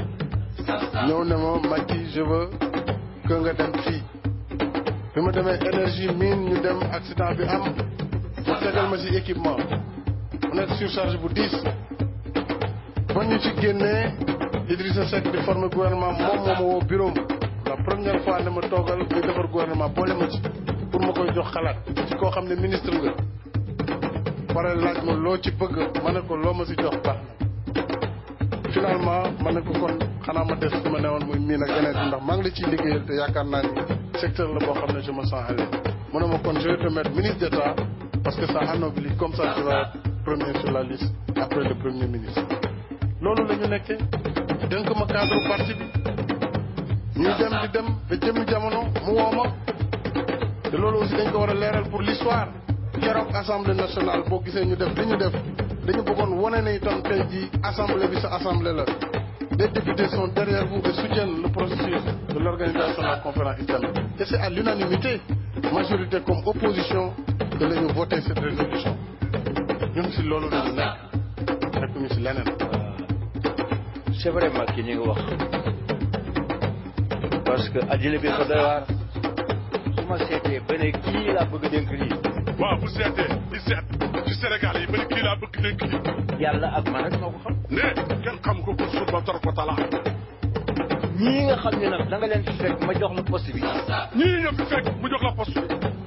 Speaker 6: non non ma je veux que nga dem fii ma énergie mine ñu dem accident bi am ma équipement On est surcharge bu quand ba ñu ci génnee Idrissa Seck di gouvernement bureau la première fois ne ma toogal gouvernement boole ma ci pour ma jox xalaat ci koo ne ministre nga laaj ko finalement ma xanaa ma def ma newoon muy miin ak yeneen ndax maa ngi la liggéeyal te yaakaar naa ni secteur la boo xam ne je me sens allé mu ne ma kon je vais te mettre ministre d'état parce que ça anoblit comme ça tu vas premier sur la liste après le premier ministre loolu la ñu nekkee ma cadre parti bi ñuy dem di dem ba jëmi jamono mu woo ma te loolu aussi dañ ko war a leeral pour l'histoire keroog assemblée nationale boo gisee ñu def li ñu def dañu bëggoon wane ne itam tey jii assemblée bi sa assemblée la les députés sont derrière vous et soutiennent le processus de l'organisation de la conférence islamique. Et c'est à l'unanimité, majorité comme opposition, que nous avons cette résolution. Je sommes l'on a nak nak ñu euh, c'est vrai,
Speaker 4: Makinigo. parce que adjile bi ko doy waar su je seetee ba ne kii laa bëgg dénk lii waaw bu seetee di seet ci Sénégal yi ba ne kii laa a dénk d'un cri ak man je m'en ko xam ne kenn xam ko pour suba tor ko tala ñii nga xam ne nag da nga leen fekk ma jox la poste bi ñii ñoom fi fekk mu jox la poste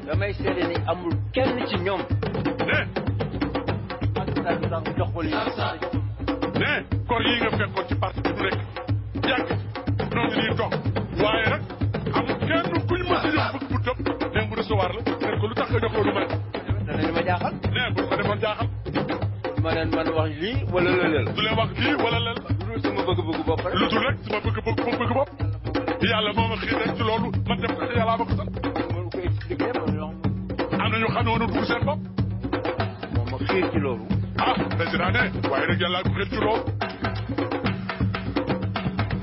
Speaker 4: damay seede ni amul kenn ci ñoom ne ak bi tax jox ko lii ne kor yi nga fekkoon ci
Speaker 6: parti bi rek yàgg noo ngi waaye nag kenn kuñ jox bëgg bu tëb ne mu recevoir la lu tax nga jox ma jaaxal ne bu ko defoon jaaxal ma leen man wax lii wala lëlël du leen wax lii wala lël lu dul sama bëgg-bëgg bopp rek lu dul rek sama bëgg-bëgg bëgg bopp yàlla moo ma xëy rek ci loolu man dem ko yàlla ma ko sant mënu ko expliqué ma ñoo am na ñu xam ne woon dugg seen bopp moo ma xëy ci loolu ah président ne waaye nag yàlla ko xëy ci loolu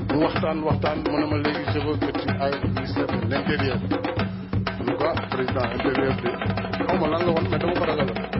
Speaker 6: bu waxtaan waxtaan mu ne ma léegi je veux que tu ailles ministère de l'intérieur en tout cas président intérieur bi xaw ma lan la woon mais dama ko ragal